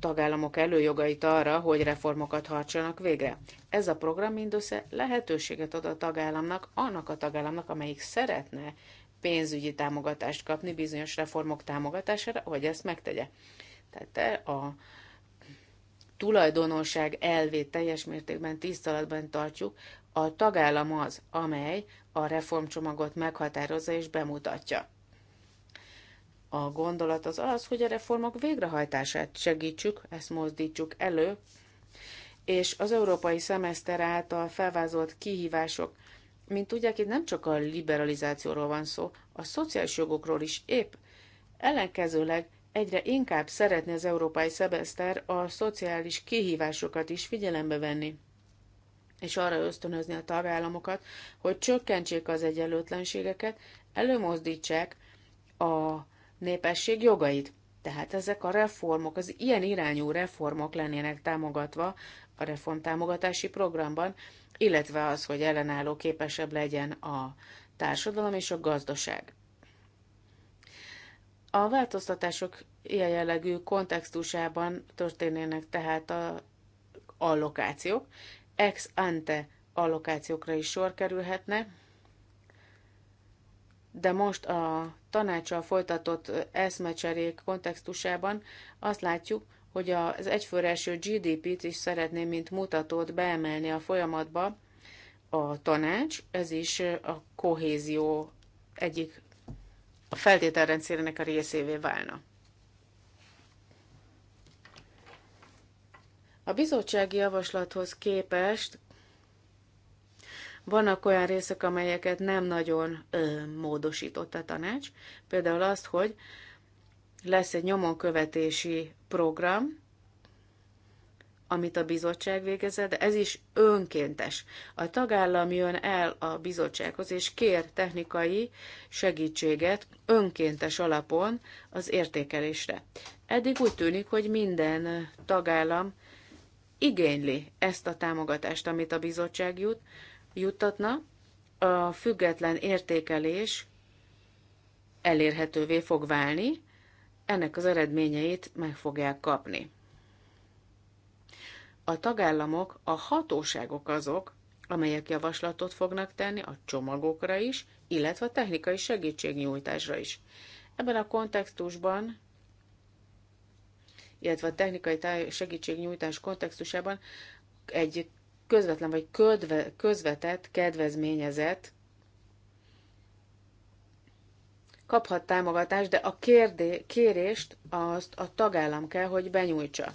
tagállamok előjogait arra, hogy reformokat hartsanak végre. Ez a program mindössze lehetőséget ad a tagállamnak, annak a tagállamnak, amelyik szeretne pénzügyi támogatást kapni bizonyos reformok támogatására, hogy ezt megtegye. Tehát a tulajdonosság elvét teljes mértékben tiszteletben tartjuk, a tagállam az, amely a reformcsomagot meghatározza és bemutatja. A gondolat az az, hogy a reformok végrehajtását segítsük, ezt mozdítsuk elő, és az európai szemeszter által felvázolt kihívások mint tudják, itt nem csak a liberalizációról van szó, a szociális jogokról is épp. Ellenkezőleg egyre inkább szeretné az európai szebeszter a szociális kihívásokat is figyelembe venni és arra ösztönözni a tagállamokat, hogy csökkentsék az egyenlőtlenségeket, előmozdítsák a népesség jogait. Tehát ezek a reformok, az ilyen irányú reformok lennének támogatva a reformtámogatási programban, illetve az, hogy ellenálló képesebb legyen a társadalom és a gazdaság. A változtatások ilyen jellegű kontextusában történnének tehát a allokációk, ex ante allokációkra is sor kerülhetne, de most a tanácsal folytatott eszmecserék kontextusában azt látjuk, hogy az egyforrású GDP-t is szeretném, mint mutatót beemelni a folyamatba a tanács, ez is a kohézió egyik a feltételrendszerének a részévé válna. A bizottsági javaslathoz képest vannak olyan részek, amelyeket nem nagyon ö, módosított a tanács, például azt, hogy lesz egy nyomonkövetési program, amit a bizottság végezett, de ez is önkéntes. A tagállam jön el a bizottsághoz, és kér technikai segítséget önkéntes alapon az értékelésre. Eddig úgy tűnik, hogy minden tagállam igényli ezt a támogatást, amit a bizottság jut, juttatna. A független értékelés elérhetővé fog válni, ennek az eredményeit meg fogják kapni. A tagállamok, a hatóságok azok, amelyek javaslatot fognak tenni a csomagokra is, illetve a technikai segítségnyújtásra is. Ebben a kontextusban, illetve a technikai segítségnyújtás kontextusában egy közvetlen vagy közvetett, kedvezményezett kaphat támogatást, de a kérdé, kérést azt a tagállam kell, hogy benyújtsa.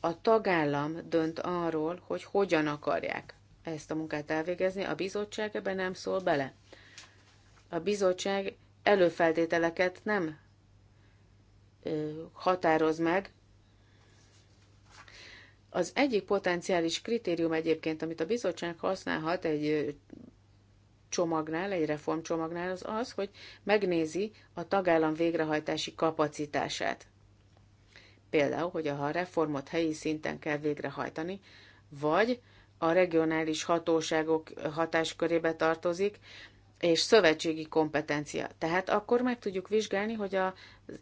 A tagállam dönt arról, hogy hogyan akarják ezt a munkát elvégezni, a bizottság ebben nem szól bele. A bizottság előfeltételeket nem ö, határoz meg. Az egyik potenciális kritérium egyébként, amit a bizottság használhat egy csomagnál, egy reformcsomagnál az az, hogy megnézi a tagállam végrehajtási kapacitását. Például, hogy ha a reformot helyi szinten kell végrehajtani, vagy a regionális hatóságok hatáskörébe tartozik, és szövetségi kompetencia. Tehát akkor meg tudjuk vizsgálni, hogy az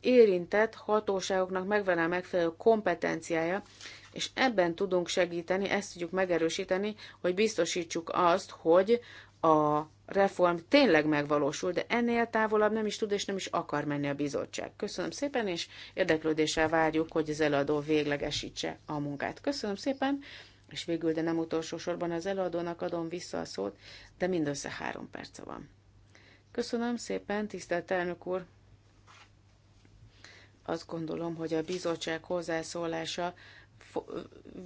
érintett hatóságoknak megvan a megfelelő kompetenciája, és ebben tudunk segíteni, ezt tudjuk megerősíteni, hogy biztosítsuk azt, hogy a reform tényleg megvalósul, de ennél távolabb nem is tud és nem is akar menni a bizottság. Köszönöm szépen, és érdeklődéssel várjuk, hogy az eladó véglegesítse a munkát. Köszönöm szépen, és végül, de nem utolsó sorban az eladónak adom vissza a szót, de mindössze három perce van. Köszönöm szépen, tisztelt elnök úr! Azt gondolom, hogy a bizottság hozzászólása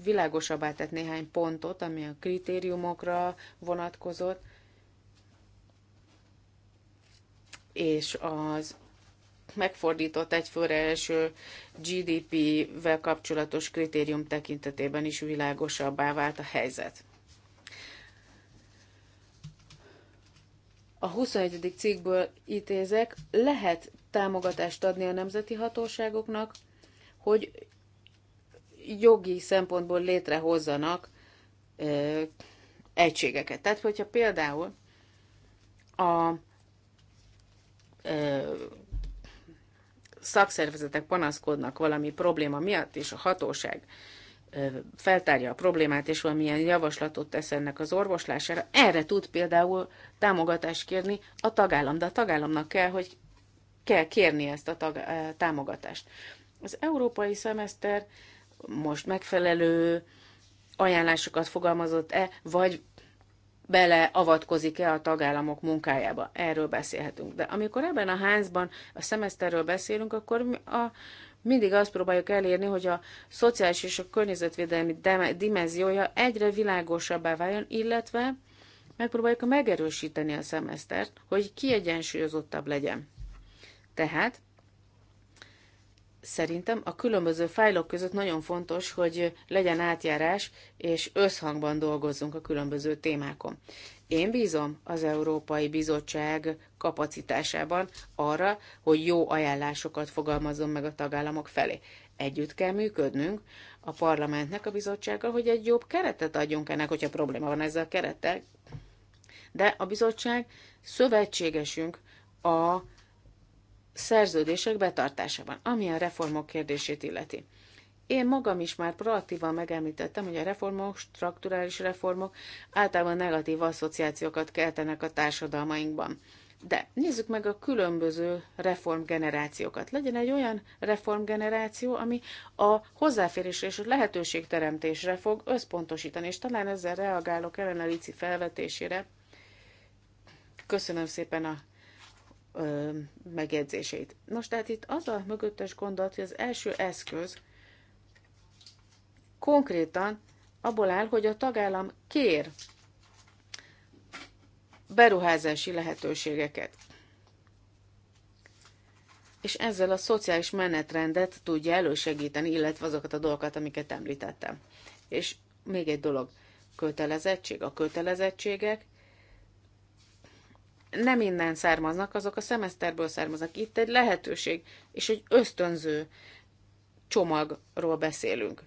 világosabbá tett néhány pontot, ami a kritériumokra vonatkozott, és az megfordított egyfőre első GDP-vel kapcsolatos kritérium tekintetében is világosabbá vált a helyzet. A 21. cikkből ítézek, lehet támogatást adni a nemzeti hatóságoknak, hogy jogi szempontból létrehozzanak egységeket. Tehát, hogyha például a szakszervezetek panaszkodnak valami probléma miatt, és a hatóság feltárja a problémát, és valamilyen javaslatot tesz ennek az orvoslására, erre tud például támogatást kérni a tagállam, de a tagállamnak kell, hogy kell kérni ezt a tag, támogatást. Az európai szemeszter most megfelelő ajánlásokat fogalmazott-e, vagy beleavatkozik-e a tagállamok munkájába. Erről beszélhetünk. De amikor ebben a házban a szemeszterről beszélünk, akkor a, mindig azt próbáljuk elérni, hogy a szociális és a környezetvédelmi dimenziója egyre világosabbá váljon, illetve megpróbáljuk megerősíteni a szemesztert, hogy kiegyensúlyozottabb legyen. Tehát szerintem a különböző fájlok között nagyon fontos, hogy legyen átjárás, és összhangban dolgozzunk a különböző témákon. Én bízom az Európai Bizottság kapacitásában arra, hogy jó ajánlásokat fogalmazzon meg a tagállamok felé. Együtt kell működnünk a parlamentnek, a bizottsággal, hogy egy jobb keretet adjunk ennek, hogyha probléma van ezzel a kerettel. De a bizottság szövetségesünk a szerződések betartásában, ami a reformok kérdését illeti. Én magam is már proaktívan megemlítettem, hogy a reformok, strukturális reformok általában negatív asszociációkat keltenek a társadalmainkban. De nézzük meg a különböző reformgenerációkat. Legyen egy olyan reformgeneráció, ami a hozzáférés és a lehetőségteremtésre fog összpontosítani, és talán ezzel reagálok Elena Lici felvetésére. Köszönöm szépen a ö, megjegyzéseit. Nos, tehát itt az a mögöttes gondolat, hogy az első eszköz konkrétan abból áll, hogy a tagállam kér beruházási lehetőségeket. És ezzel a szociális menetrendet tudja elősegíteni, illetve azokat a dolgokat, amiket említettem. És még egy dolog, kötelezettség. A kötelezettségek nem innen származnak, azok a szemeszterből származnak. Itt egy lehetőség és egy ösztönző csomagról beszélünk,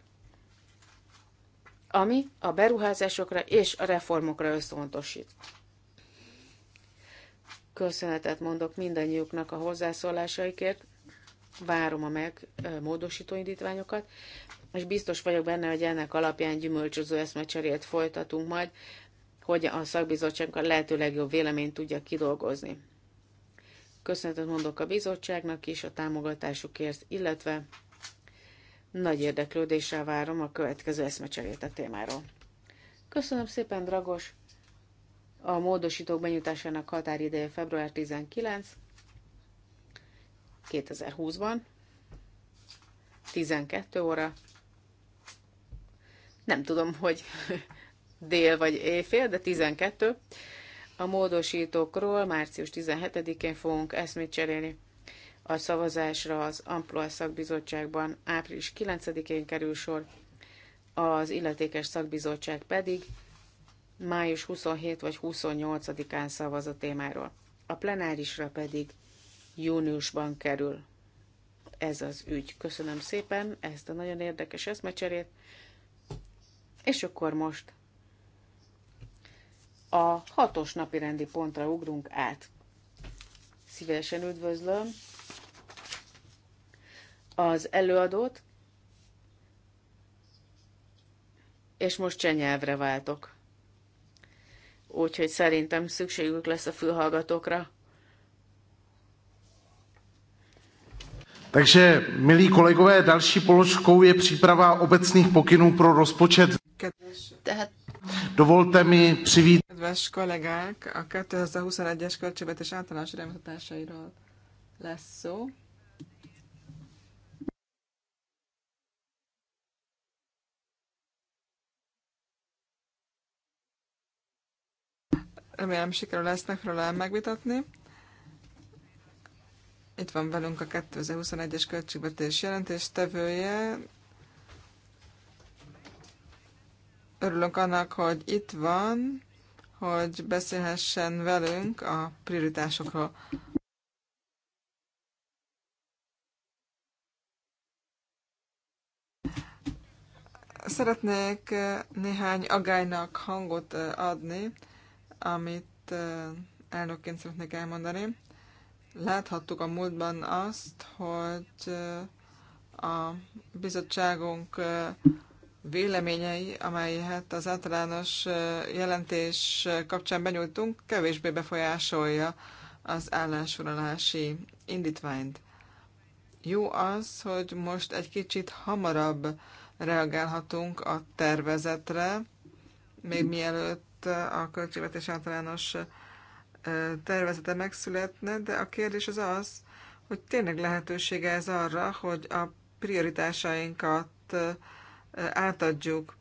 ami a beruházásokra és a reformokra összpontosít. Köszönetet mondok mindannyiuknak a hozzászólásaikért, várom a meg módosító indítványokat, és biztos vagyok benne, hogy ennek alapján gyümölcsöző eszmecserét folytatunk majd, hogy a szakbizottság a lehető legjobb véleményt tudja kidolgozni. Köszönetet mondok a bizottságnak is a támogatásukért, illetve nagy érdeklődéssel várom a következő eszmecserét a témáról. Köszönöm szépen, Dragos! A módosítók benyújtásának határideje február 19, 2020-ban, 12 óra. Nem tudom, hogy dél vagy éjfél, de 12. A módosítókról március 17-én fogunk eszmét cserélni. A szavazásra az Amploa szakbizottságban április 9-én kerül sor, az illetékes szakbizottság pedig május 27 vagy 28-án szavaz a témáról. A plenárisra pedig júniusban kerül ez az ügy. Köszönöm szépen ezt a nagyon érdekes eszmecserét, és akkor most a hatos napi rendi pontra ugrunk át. Szívesen üdvözlöm az előadót, és most csenyelvre váltok. Úgyhogy szerintem szükségük lesz a fülhallgatókra. Takže, milí kolegové, další položkou je příprava obecných pokynů pro rozpočet. Tehát Dovolte mi přivít... Kedves kollégák, a 2021-es költségvetés általános iránymutatásairól lesz szó. Remélem sikerül lesznek róla megvitatni. Itt van velünk a 2021-es költségvetés jelentéstevője, örülök annak, hogy itt van, hogy beszélhessen velünk a prioritásokról. Szeretnék eh, néhány agálynak hangot eh, adni, amit eh, elnökként szeretnék elmondani. Láthattuk a múltban azt, hogy a bizottságunk véleményei, amelyet az általános jelentés kapcsán benyújtunk, kevésbé befolyásolja az állásfoglalási indítványt. Jó az, hogy most egy kicsit hamarabb reagálhatunk a tervezetre, még mielőtt a költségvetés általános tervezete megszületne, de a kérdés az az, hogy tényleg lehetősége ez arra, hogy a prioritásainkat átadjuk.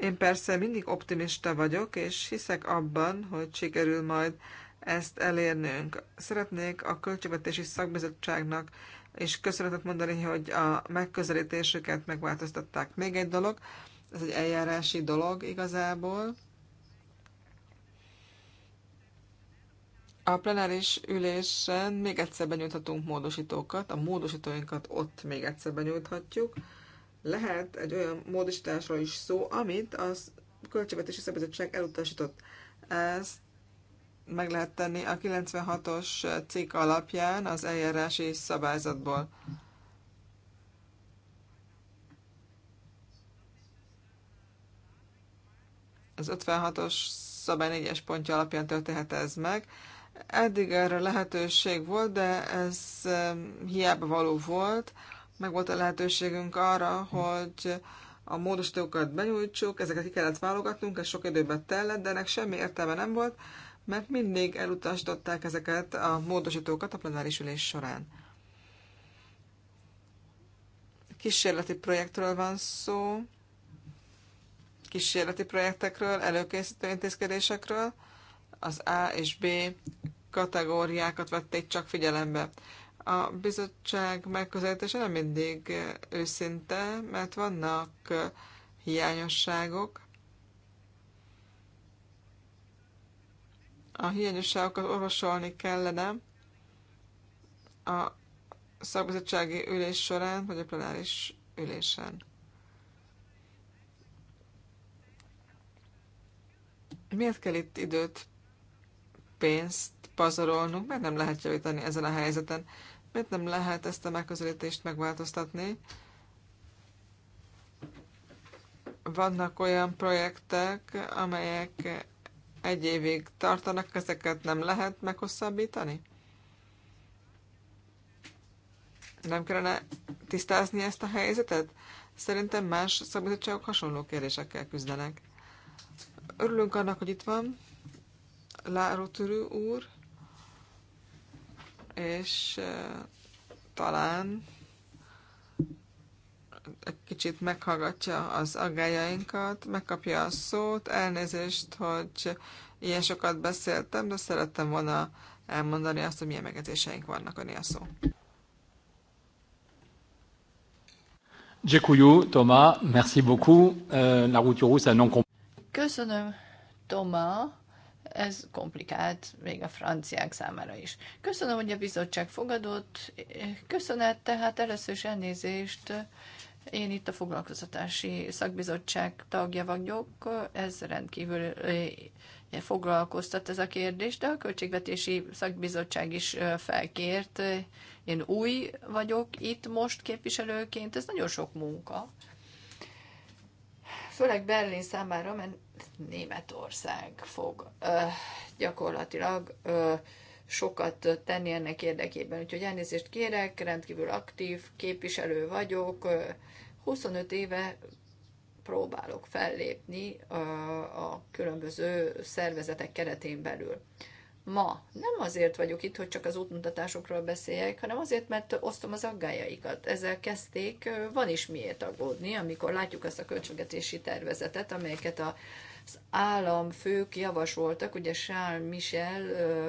Én persze mindig optimista vagyok, és hiszek abban, hogy sikerül majd ezt elérnünk. Szeretnék a Költségvetési Szakbizottságnak és köszönetet mondani, hogy a megközelítésüket megváltoztatták. Még egy dolog, ez egy eljárási dolog igazából. A plenáris ülésen még egyszer benyújthatunk módosítókat, a módosítóinkat ott még egyszer benyújthatjuk lehet egy olyan módosításról is szó, amit az Költségvetési Szabadság elutasított. Ezt meg lehet tenni a 96-os cikk alapján az eljárási szabályzatból. Az 56-os szabály 4 pontja alapján történhet ez meg. Eddig erre lehetőség volt, de ez um, hiába való volt meg volt a lehetőségünk arra, hogy a módosítókat benyújtsuk, ezeket ki kellett válogatnunk, ez sok időbe tellett, de ennek semmi értelme nem volt, mert mindig elutasították ezeket a módosítókat a plenáris ülés során. Kísérleti projektről van szó, kísérleti projektekről, előkészítő intézkedésekről, az A és B kategóriákat vették csak figyelembe a bizottság megközelítése nem mindig őszinte, mert vannak hiányosságok. A hiányosságokat orvosolni kellene a szakbizottsági ülés során, vagy a plenáris ülésen. Miért kell itt időt, pénzt pazarolnunk, mert nem lehet javítani ezen a helyzeten. Miért nem lehet ezt a megközelítést megváltoztatni? Vannak olyan projektek, amelyek egy évig tartanak, ezeket nem lehet meghosszabbítani? Nem kellene tisztázni ezt a helyzetet? Szerintem más szabadságok hasonló kérdésekkel küzdenek. Örülünk annak, hogy itt van Láró úr és talán egy kicsit meghallgatja az aggájainkat, megkapja a szót, elnézést, hogy ilyen sokat beszéltem, de szerettem volna elmondani azt, hogy milyen megjegyzéseink vannak, a szó. Dziękuję, Thomas. Merci beaucoup. Euh, la route rousse, non Köszönöm, Thomas ez komplikált még a franciák számára is. Köszönöm, hogy a bizottság fogadott. Köszönet tehát először is elnézést. Én itt a foglalkoztatási szakbizottság tagja vagyok, ez rendkívül eh, foglalkoztat ez a kérdés, de a költségvetési szakbizottság is eh, felkért. Én új vagyok itt most képviselőként, ez nagyon sok munka főleg Berlin számára, mert Németország fog ö, gyakorlatilag ö, sokat tenni ennek érdekében. Úgyhogy elnézést kérek, rendkívül aktív képviselő vagyok, 25 éve próbálok fellépni a különböző szervezetek keretén belül ma. Nem azért vagyok itt, hogy csak az útmutatásokról beszéljek, hanem azért, mert osztom az aggájaikat. Ezzel kezdték, van is miért aggódni, amikor látjuk azt a költségetési tervezetet, amelyeket a az államfők javasoltak, ugye Charles Michel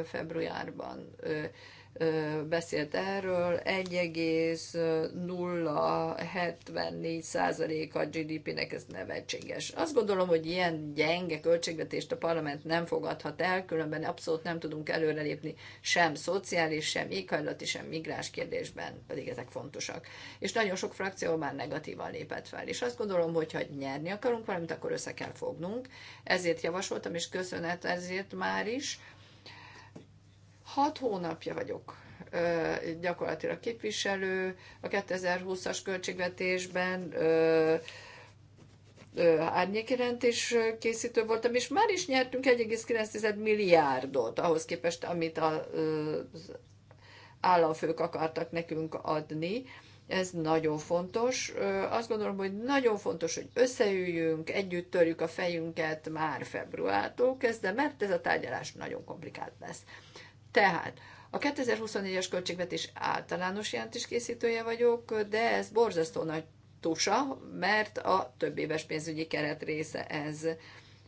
februárban beszélt erről, 1,074% a GDP-nek ez nevetséges. Azt gondolom, hogy ilyen gyenge költségvetést a parlament nem fogadhat el, különben abszolút nem tudunk előrelépni sem szociális, sem éghajlati, sem migráns kérdésben, pedig ezek fontosak. És nagyon sok frakció már negatívan lépett fel, és azt gondolom, hogy ha nyerni akarunk valamit, akkor össze kell fognunk. Ezért javasoltam, és köszönet ezért már is, Hat hónapja vagyok gyakorlatilag képviselő a 2020-as költségvetésben, árnyékjelentés készítő voltam, és már is nyertünk 1,9 milliárdot ahhoz képest, amit az államfők akartak nekünk adni. Ez nagyon fontos. Azt gondolom, hogy nagyon fontos, hogy összeüljünk, együtt törjük a fejünket már februártól kezdve, mert ez a tárgyalás nagyon komplikált lesz. Tehát a 2024-es költségvetés általános jelentéskészítője vagyok, de ez borzasztó nagy tusa, mert a több éves pénzügyi keret része ez.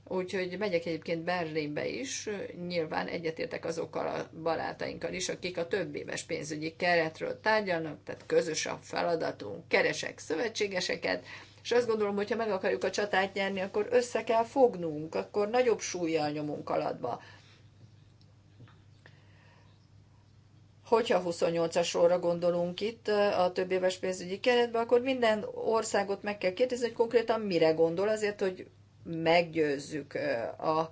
Úgyhogy megyek egyébként Berlinbe is, nyilván egyetértek azokkal a barátainkkal is, akik a több éves pénzügyi keretről tárgyalnak, tehát közös a feladatunk, keresek szövetségeseket, és azt gondolom, hogy ha meg akarjuk a csatát nyerni, akkor össze kell fognunk, akkor nagyobb súlyjal nyomunk alatba. hogyha 28-as sorra gondolunk itt a több éves pénzügyi keretben, akkor minden országot meg kell kérdezni, hogy konkrétan mire gondol, azért, hogy meggyőzzük a,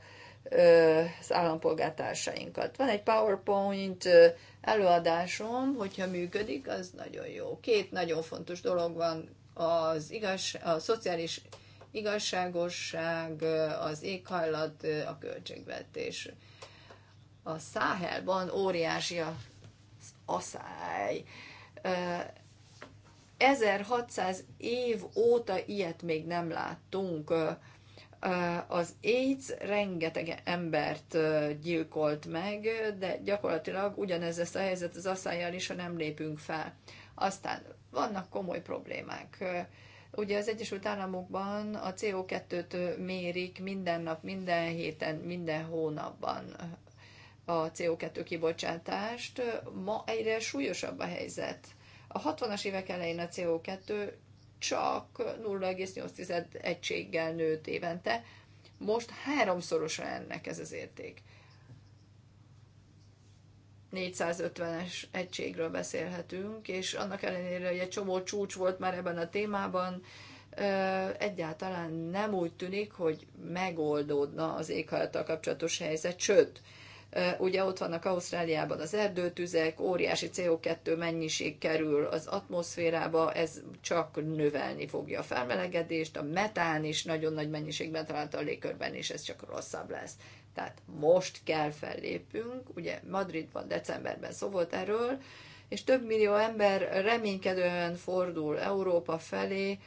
az állampolgártársainkat. Van egy PowerPoint előadásom, hogyha működik, az nagyon jó. Két nagyon fontos dolog van, az igaz, a szociális igazságosság, az éghajlat, a költségvetés. A Száhelban óriási a asszály. 1600 év óta ilyet még nem láttunk. Az AIDS rengeteg embert gyilkolt meg, de gyakorlatilag ugyanez lesz a helyzet az asszályjal is, ha nem lépünk fel. Aztán vannak komoly problémák. Ugye az Egyesült Államokban a CO2-t mérik minden nap, minden héten, minden hónapban a CO2 kibocsátást. Ma egyre súlyosabb a helyzet. A 60-as évek elején a CO2 csak 0,8 egységgel nőtt évente, most háromszorosa ennek ez az érték. 450-es egységről beszélhetünk, és annak ellenére, hogy egy csomó csúcs volt már ebben a témában, egyáltalán nem úgy tűnik, hogy megoldódna az éghajlattal kapcsolatos helyzet, sőt, Ugye ott vannak Ausztráliában az erdőtüzek, óriási CO2 mennyiség kerül az atmoszférába, ez csak növelni fogja a felmelegedést, a metán is nagyon nagy mennyiségben talált a légkörben, és ez csak rosszabb lesz. Tehát most kell fellépünk, ugye Madridban decemberben szó volt erről, és több millió ember reménykedően fordul Európa felé,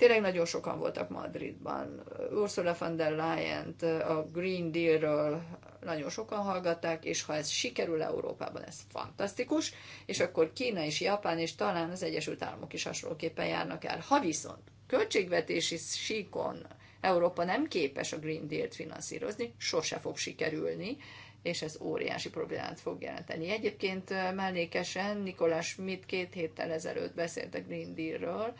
Tényleg nagyon sokan voltak Madridban. Ursula von der leyen a Green Deal-ről nagyon sokan hallgatták, és ha ez sikerül Európában, ez fantasztikus, és akkor Kína és Japán és talán az Egyesült Államok is hasonlóképpen járnak el. Ha viszont költségvetési síkon Európa nem képes a Green Deal-t finanszírozni, sose fog sikerülni, és ez óriási problémát fog jelenteni. Egyébként eh, mellékesen Nikolás mit két héttel ezelőtt beszélt a Green Deal-ről,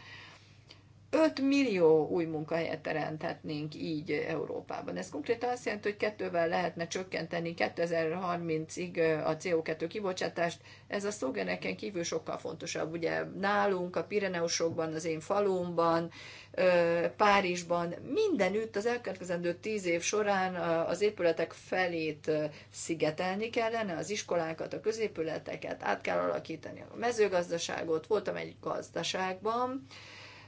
5 millió új munkahelyet teremthetnénk így Európában. Ez konkrétan azt jelenti, hogy kettővel lehetne csökkenteni 2030-ig a CO2 kibocsátást. Ez a szlogeneken kívül sokkal fontosabb. Ugye nálunk, a Pireneusokban, az én falumban, Párizsban, mindenütt az elkövetkezendő tíz év során az épületek felét szigetelni kellene, az iskolákat, a középületeket, át kell alakítani a mezőgazdaságot. Voltam egy gazdaságban,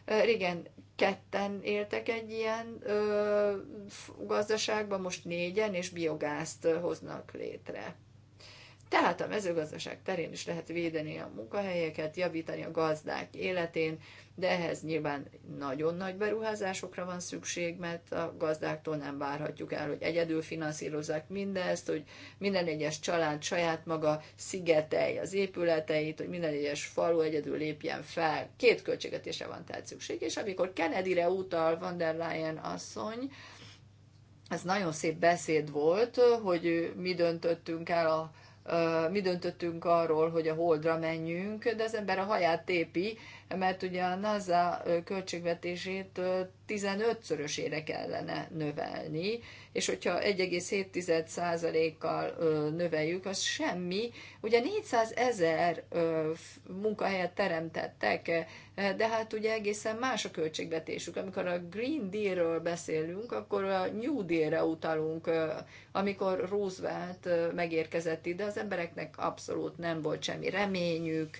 Régen ketten éltek egy ilyen ö, gazdaságban, most négyen, és biogázt hoznak létre. Tehát a mezőgazdaság terén is lehet védeni a munkahelyeket, javítani a gazdák életén, de ehhez nyilván nagyon nagy beruházásokra van szükség, mert a gazdáktól nem várhatjuk el, hogy egyedül finanszírozzák mindezt, hogy minden egyes család saját maga szigetelj az épületeit, hogy minden egyes falu egyedül lépjen fel. Két költségetése van tehát szükség, és amikor Kennedyre utal van der Leyen asszony, ez nagyon szép beszéd volt, hogy mi döntöttünk el a mi döntöttünk arról, hogy a holdra menjünk, de az ember a haját tépi, mert ugye a NASA költségvetését 15-szörösére kellene növelni, és hogyha 1,7%-kal növeljük, az semmi. Ugye 400 ezer munkahelyet teremtettek, de hát ugye egészen más a költségvetésük. Amikor a Green Deal-ről beszélünk, akkor a New Deal-re utalunk, amikor Roosevelt megérkezett ide, az embereknek abszolút nem volt semmi reményük,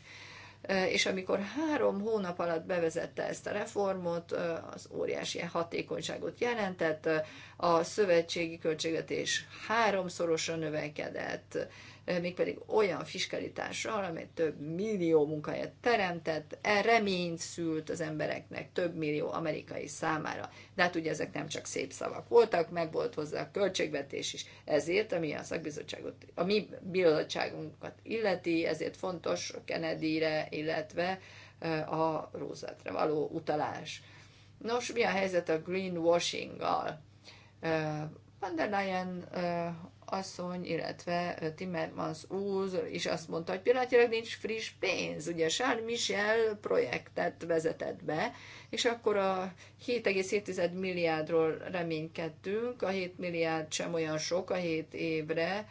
és amikor három hónap alatt bevezette ezt a reformot, az óriási hatékonyságot jelentett, a szövetségi költségvetés háromszorosan növekedett, Eh, mégpedig olyan fiskalitással, amely több millió munkahelyet teremtett, e reményt szült az embereknek több millió amerikai számára. De hát ugye ezek nem csak szép szavak voltak, meg volt hozzá a költségvetés is. Ezért, ami a szakbizottságot, a mi bizottságunkat illeti, ezért fontos Kennedy-re, illetve eh, a Rooseveltre való utalás. Nos, mi a helyzet a greenwashing-gal? Eh, van der Leyen asszony, illetve Timmermans úr is azt mondta, hogy pillanatilag nincs friss pénz. Ugye Charles Michel projektet vezetett be, és akkor a 7,7 milliárdról reménykedtünk, a 7 milliárd sem olyan sok a 7 évre,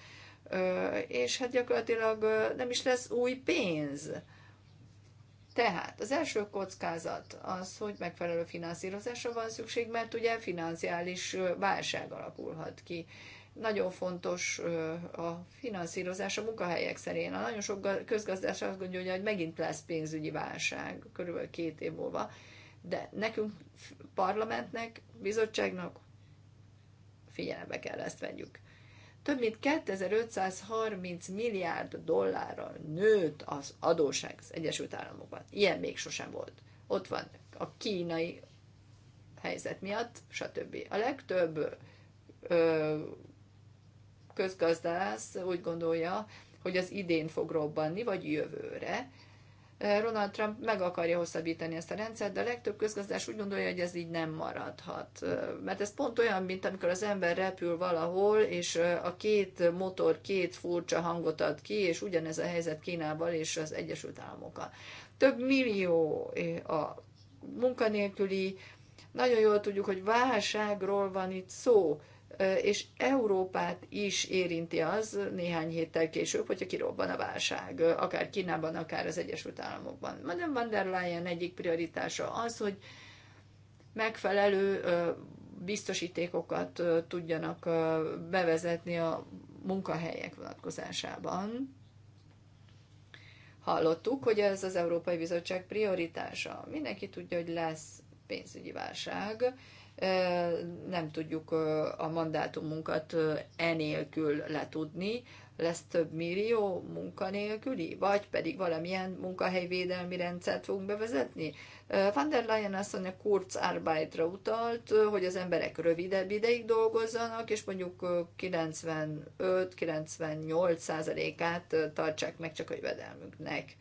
és hát gyakorlatilag nem is lesz új pénz. Tehát az első kockázat az, hogy megfelelő finanszírozásra van szükség, mert ugye financiális válság alakulhat ki nagyon fontos a finanszírozás a munkahelyek szerint. A nagyon sok közgazdás azt gondolja, hogy megint lesz pénzügyi válság, körülbelül két év múlva. De nekünk, parlamentnek, bizottságnak figyelembe kell ezt vegyük. Több mint 2530 milliárd dollárra nőtt az adóság az Egyesült Államokban. Ilyen még sosem volt. Ott van a kínai helyzet miatt, stb. A legtöbb ö, közgazdász úgy gondolja, hogy az idén fog robbanni, vagy jövőre. Ronald Trump meg akarja hosszabbítani ezt a rendszert, de a legtöbb közgazdás úgy gondolja, hogy ez így nem maradhat. Mert ez pont olyan, mint amikor az ember repül valahol, és a két motor két furcsa hangot ad ki, és ugyanez a helyzet Kínával és az Egyesült Államokkal. Több millió a munkanélküli, nagyon jól tudjuk, hogy válságról van itt szó, és Európát is érinti az néhány héttel később, hogyha kirobban a válság, akár Kínában, akár az Egyesült Államokban. Madame van der Leyen egyik prioritása az, hogy megfelelő biztosítékokat tudjanak bevezetni a munkahelyek vonatkozásában. Hallottuk, hogy ez az Európai Bizottság prioritása. Mindenki tudja, hogy lesz pénzügyi válság, nem tudjuk a mandátumunkat enélkül letudni, lesz több millió munkanélküli, vagy pedig valamilyen munkahelyvédelmi rendszert fogunk bevezetni. Van der Leyen mondja, kurz arbeitra utalt, hogy az emberek rövidebb ideig dolgozzanak, és mondjuk 95-98 százalékát tartsák meg csak a jövedelmüknek.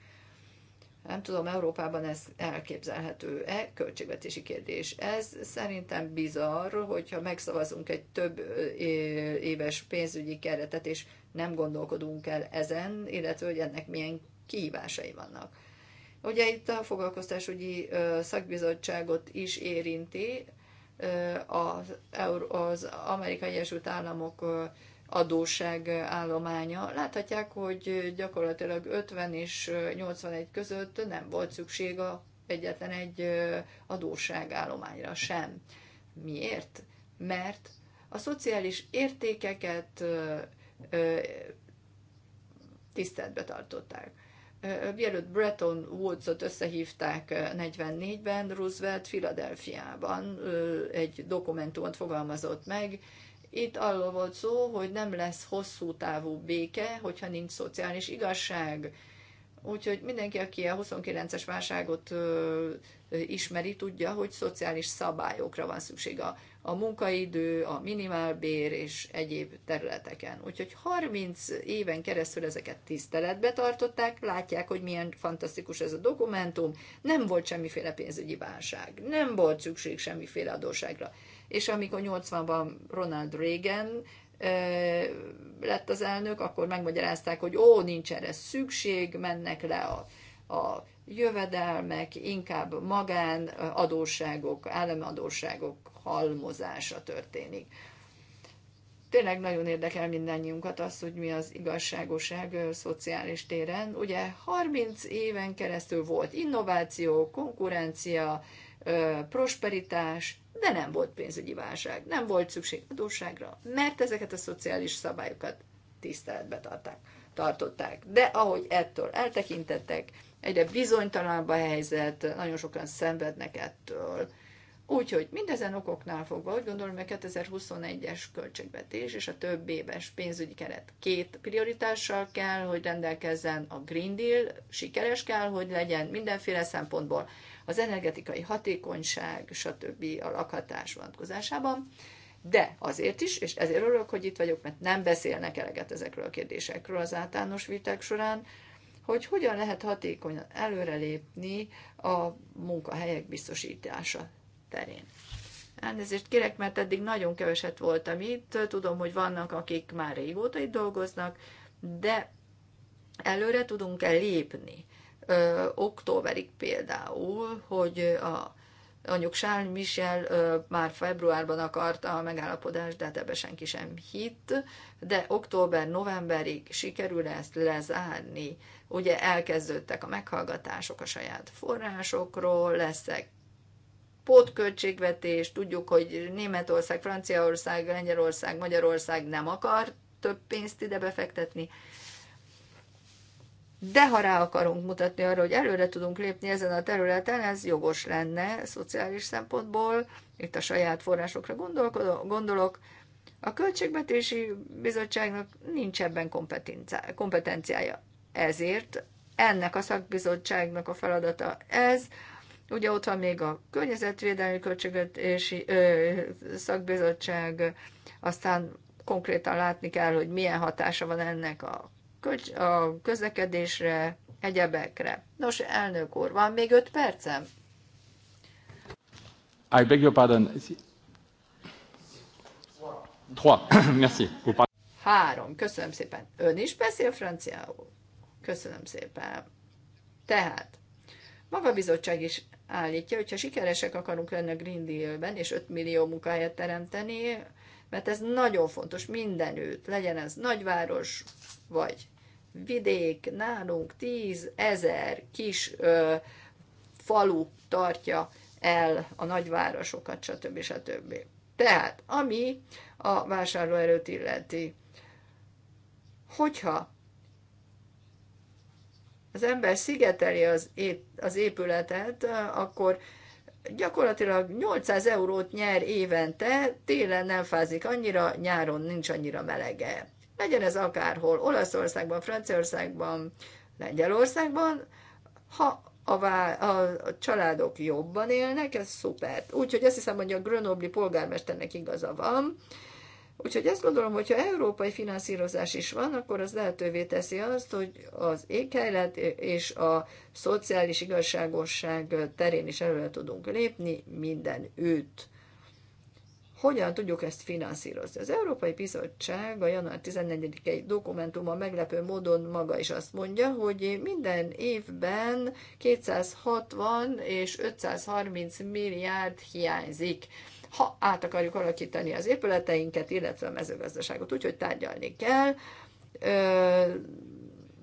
Nem tudom, Európában ez elképzelhető-e, költségvetési kérdés. Ez szerintem bizarr, hogyha megszavazunk egy több éves pénzügyi keretet, és nem gondolkodunk el ezen, illetve hogy ennek milyen kihívásai vannak. Ugye itt a foglalkoztásügyi szakbizottságot is érinti az Amerikai Egyesült Államok adósság állománya. Láthatják, hogy gyakorlatilag 50 és 81 között nem volt szükség a egyetlen egy állományra sem. Miért? Mert a szociális értékeket tiszteletbe tartották. Mielőtt Bretton Woods-ot összehívták 44-ben, Roosevelt Filadelfiában egy dokumentumot fogalmazott meg, itt arról volt szó, hogy nem lesz hosszú távú béke, hogyha nincs szociális igazság. Úgyhogy mindenki, aki a 29-es válságot ö, ö, ismeri, tudja, hogy szociális szabályokra van szükség a, a munkaidő, a minimálbér és egyéb területeken. Úgyhogy 30 éven keresztül ezeket tiszteletbe tartották, látják, hogy milyen fantasztikus ez a dokumentum, nem volt semmiféle pénzügyi válság, nem volt szükség semmiféle adóságra és amikor 80-ban Ronald Reagan lett az elnök, akkor megmagyarázták, hogy ó, nincs erre szükség, mennek le a, a jövedelmek, inkább magán adósságok, állami adósságok halmozása történik. Tényleg nagyon érdekel mindannyiunkat az, hogy mi az igazságoság szociális téren. Ugye 30 éven keresztül volt innováció, konkurencia, prosperitás, de nem volt pénzügyi válság, nem volt szükség adósságra, mert ezeket a szociális szabályokat tiszteletbe tarták, tartották. De ahogy ettől eltekintettek, egyre bizonytalanabb a helyzet, nagyon sokan szenvednek ettől, Úgyhogy mindezen okoknál fogva úgy gondolom, hogy a 2021-es költségvetés és a több éves pénzügyi keret két prioritással kell, hogy rendelkezzen a Green Deal, sikeres kell, hogy legyen mindenféle szempontból az energetikai hatékonyság, stb. a lakhatás vonatkozásában. De azért is, és ezért örülök, hogy itt vagyok, mert nem beszélnek eleget ezekről a kérdésekről az általános viták során, hogy hogyan lehet hatékonyan előrelépni a munkahelyek biztosítása terén. Elnézést kérek, mert eddig nagyon keveset voltam itt. Tudom, hogy vannak, akik már régóta itt dolgoznak, de előre tudunk-e lépni? Ö, októberig például, hogy a mondjuk Charles Michel ö, már februárban akarta a megállapodást, de hát ebbe senki sem hitt, de október-novemberig sikerül ezt lezárni. Ugye elkezdődtek a meghallgatások a saját forrásokról, leszek pótköltségvetés, tudjuk, hogy Németország, Franciaország, Lengyelország, Magyarország nem akar több pénzt ide befektetni, de ha rá akarunk mutatni arra, hogy előre tudunk lépni ezen a területen, ez jogos lenne szociális szempontból, itt a saját forrásokra gondolok, a Költségvetési Bizottságnak nincs ebben kompetenciája. Ezért ennek a szakbizottságnak a feladata ez, Ugye ott van még a környezetvédelmi költségvetési ö, szakbizottság, aztán konkrétan látni kell, hogy milyen hatása van ennek a, köcs, a közlekedésre, egyebekre. Nos, elnök úr, van még öt percem? I beg your pardon. *coughs* Merci. Három. Köszönöm szépen. Ön is beszél franciául? Köszönöm szépen. Tehát, maga bizottság is állítja, hogyha sikeresek akarunk lenni a Green Deal-ben, és 5 millió munkahelyet teremteni, mert ez nagyon fontos mindenütt, legyen ez nagyváros, vagy vidék, nálunk 10 ezer kis ö, falu tartja el a nagyvárosokat, stb. stb. Tehát, ami a vásárlóerőt illeti, hogyha az ember szigeteli az, ép, az épületet, akkor gyakorlatilag 800 eurót nyer évente, télen nem fázik annyira, nyáron nincs annyira melege. Legyen ez akárhol, Olaszországban, Franciaországban, Lengyelországban, ha a, vá- a családok jobban élnek, ez szuper. Úgyhogy azt hiszem, hogy a Grönobli polgármesternek igaza van, Úgyhogy azt gondolom, hogyha európai finanszírozás is van, akkor az lehetővé teszi azt, hogy az éghelylet és a szociális igazságosság terén is előre tudunk lépni mindenütt. Hogyan tudjuk ezt finanszírozni? Az Európai Bizottság a január 14-i dokumentuma meglepő módon maga is azt mondja, hogy minden évben 260 és 530 milliárd hiányzik ha át akarjuk alakítani az épületeinket, illetve a mezőgazdaságot. Úgyhogy tárgyalni kell. Ö,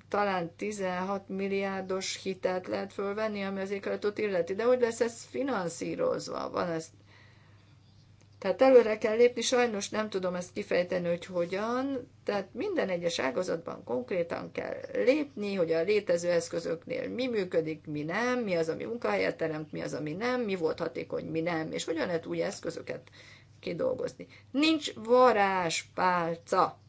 talán 16 milliárdos hitelt lehet fölvenni, ami az éghajlatot illeti, de hogy lesz ez finanszírozva? Van ez tehát előre kell lépni, sajnos nem tudom ezt kifejteni, hogy hogyan, tehát minden egyes ágazatban konkrétan kell lépni, hogy a létező eszközöknél mi működik, mi nem, mi az, ami munkahelyet teremt, mi az, ami nem, mi volt hatékony, mi nem, és hogyan lehet új eszközöket kidolgozni. Nincs varázspálca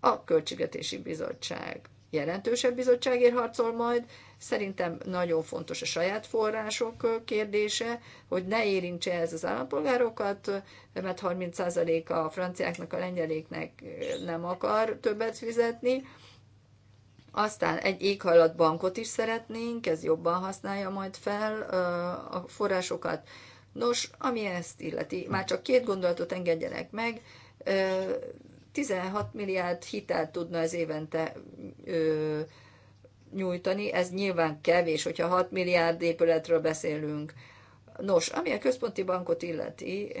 a Költségetési Bizottság jelentősebb bizottságért harcol majd. Szerintem nagyon fontos a saját források kérdése, hogy ne érintse ez az állampolgárokat, mert 30% a franciáknak, a lengyeléknek nem akar többet fizetni. Aztán egy éghajlatbankot is szeretnénk, ez jobban használja majd fel a forrásokat. Nos, ami ezt illeti, már csak két gondolatot engedjenek meg, 16 milliárd hitelt tudna ez évente ö, nyújtani, ez nyilván kevés, hogyha 6 milliárd épületről beszélünk. Nos, ami a központi bankot illeti,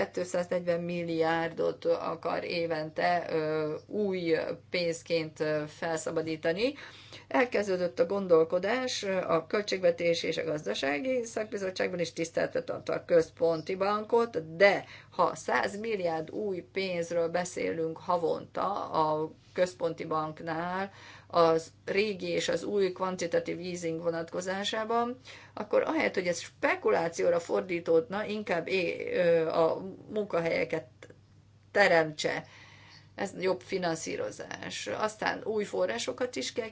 240 milliárdot akar évente új pénzként felszabadítani. Elkezdődött a gondolkodás a Költségvetés és a Gazdasági Szakbizottságban is tiszteltetett a központi bankot, de ha 100 milliárd új pénzről beszélünk havonta a központi banknál, az régi és az új kvantitatív easing vonatkozásában, akkor ahelyett, hogy ez spekulációra fordítódna, inkább é, a munkahelyeket teremtse. Ez jobb finanszírozás. Aztán új forrásokat is kell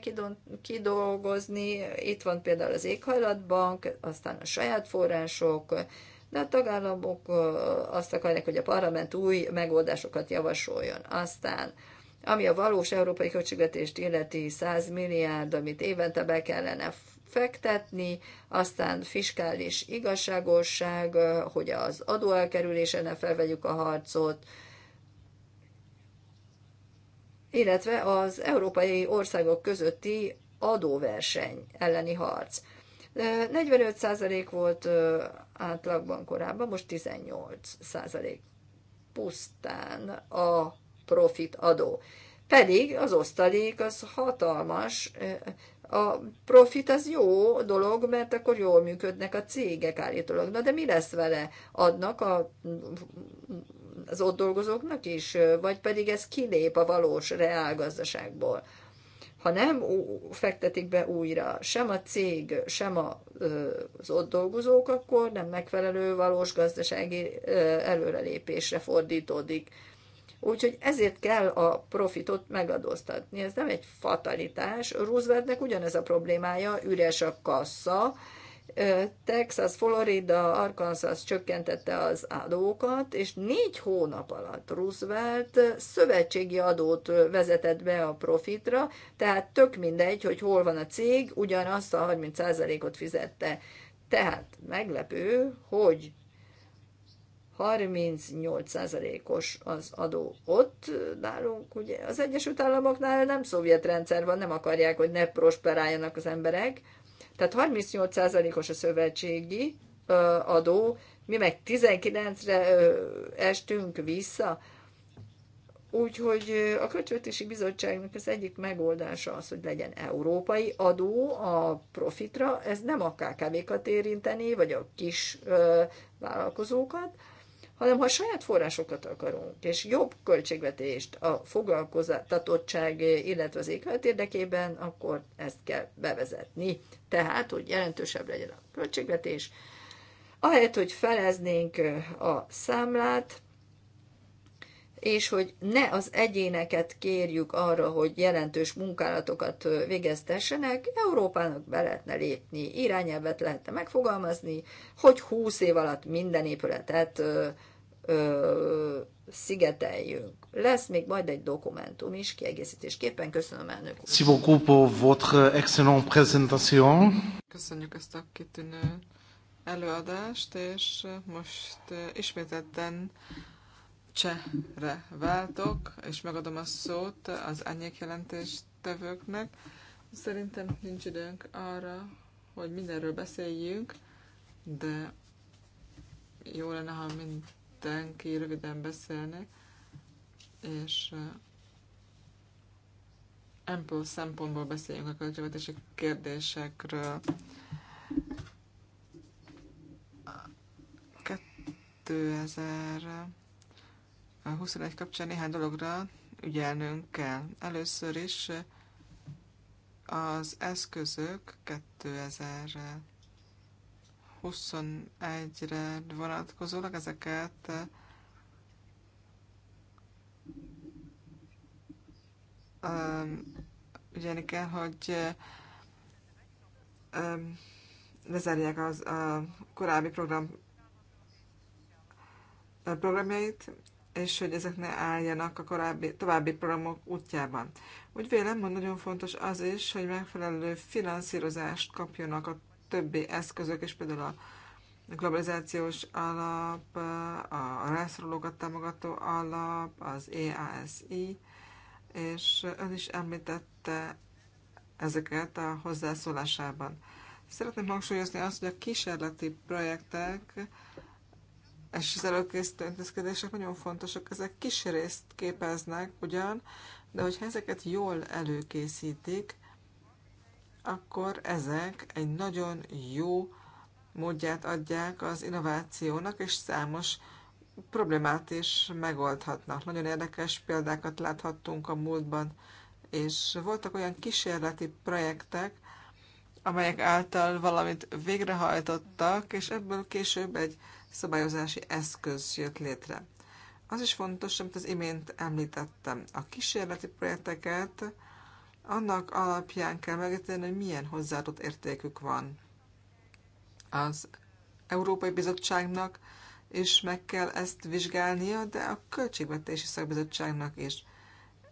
kidolgozni. Itt van például az éghajlatbank, aztán a saját források, de a tagállamok azt akarják, hogy a parlament új megoldásokat javasoljon. Aztán ami a valós európai költségvetést illeti 100 milliárd, amit évente be kellene fektetni, aztán fiskális igazságosság, hogy az adóelkerülés ne felvegyük a harcot, illetve az európai országok közötti adóverseny elleni harc. 45% volt átlagban korábban, most 18% pusztán a profit adó. Pedig az osztalék az hatalmas, a profit az jó dolog, mert akkor jól működnek a cégek állítólag. Na de mi lesz vele? Adnak a, az ott dolgozóknak is, vagy pedig ez kilép a valós reál gazdaságból? Ha nem fektetik be újra sem a cég, sem az ott dolgozók, akkor nem megfelelő valós gazdasági előrelépésre fordítódik Úgyhogy ezért kell a profitot megadóztatni. Ez nem egy fatalitás. Rooseveltnek ugyanez a problémája, üres a kassa. Texas, Florida, Arkansas csökkentette az adókat, és négy hónap alatt Roosevelt szövetségi adót vezetett be a profitra, tehát tök mindegy, hogy hol van a cég, ugyanazt a 30%-ot fizette. Tehát meglepő, hogy 38%-os az adó ott nálunk, ugye az Egyesült Államoknál nem szovjet rendszer van, nem akarják, hogy ne prosperáljanak az emberek. Tehát 38%-os a szövetségi adó, mi meg 19-re estünk vissza, Úgyhogy a Költségvetési Bizottságnak az egyik megoldása az, hogy legyen európai adó a profitra, ez nem a KKV-kat érinteni, vagy a kis ö, vállalkozókat, hanem ha saját forrásokat akarunk, és jobb költségvetést a foglalkoztatottság, illetve az éghajlat érdekében, akkor ezt kell bevezetni. Tehát, hogy jelentősebb legyen a költségvetés, ahelyett, hogy feleznénk eh, a számlát, és hogy ne az egyéneket kérjük arra, hogy jelentős munkálatokat eh, végeztessenek, Európának be lehetne lépni, irányelvet lehetne megfogalmazni, hogy 20 év alatt minden épületet eh, ö, szigeteljünk. Lesz még majd egy dokumentum is kiegészítésképpen. Köszönöm, elnök úr. Si beaucoup pour votre excellent présentation. Köszönjük ezt a kitűnő előadást, és most ismételten csehre váltok, és megadom a szót az árnyék jelentéstevőknek. Szerintem nincs időnk arra, hogy mindenről beszéljünk, de jó lenne, ha mind kértem ki röviden beszélni, és eh, ebből szempontból beszéljünk a költségvetési kérdésekről. 21 eh, kapcsán néhány dologra ügyelnünk kell. Először is eh, az eszközök 2000 21-re vonatkozólag ezeket um, ügyelni kell, hogy um, lezárják az a korábbi program programjait, és hogy ezek ne álljanak a korábbi, további programok útjában. Úgy vélem, hogy nagyon fontos az is, hogy megfelelő finanszírozást kapjanak a többi eszközök, és például a globalizációs alap, a rászorulókat támogató alap, az EASI, és ön is említette ezeket a hozzászólásában. Szeretném hangsúlyozni azt, hogy a kísérleti projektek és az előkészítő intézkedések nagyon fontosak. Ezek kis részt képeznek ugyan, de hogyha ezeket jól előkészítik, akkor ezek egy nagyon jó módját adják az innovációnak, és számos problémát is megoldhatnak. Nagyon érdekes példákat láthattunk a múltban, és voltak olyan kísérleti projektek, amelyek által valamit végrehajtottak, és ebből később egy szabályozási eszköz jött létre. Az is fontos, amit az imént említettem. A kísérleti projekteket annak alapján kell megítélni, hogy milyen hozzáadott értékük van. Az Európai Bizottságnak is meg kell ezt vizsgálnia, de a Költségvetési Szakbizottságnak is.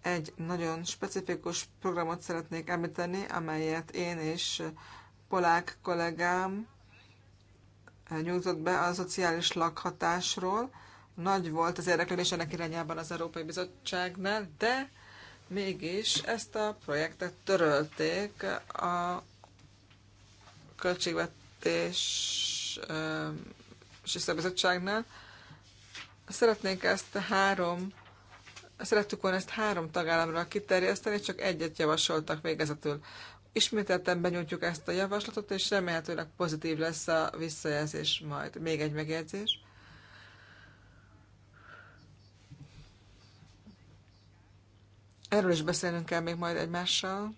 Egy nagyon specifikus programot szeretnék említeni, amelyet én és polák kollégám nyújtott be a szociális lakhatásról. Nagy volt az érdeklődés ennek irányában az Európai Bizottságnál, de Mégis ezt a projektet törölték a költségvetés és szabizottságnál. Szeretnénk ezt három, szerettük volna ezt három tagállamra kiterjeszteni, csak egyet javasoltak végezetül. Ismételten benyújtjuk ezt a javaslatot, és remélhetőleg pozitív lesz a visszajelzés majd. Még egy megjegyzés. Erről is beszélnünk kell még majd egymással.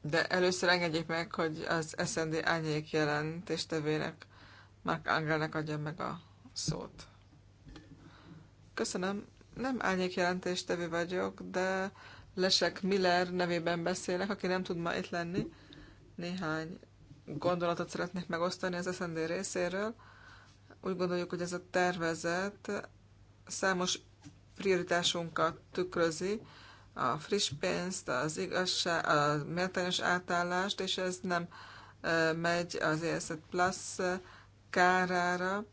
De először engedjék meg, hogy az SND ányék jelentéstevének, Mark Angelnek adja meg a szót. Köszönöm. Nem árnyék jelentéstevő vagyok, de Lesek Miller nevében beszélek, aki nem tud ma itt lenni. Néhány gondolatot szeretnék megosztani az SND részéről. Úgy gondoljuk, hogy ez a tervezet számos prioritásunkat tükrözi, a friss pénzt, az igazság, a méltányos átállást, és ez nem megy az ESZ Plus kárára.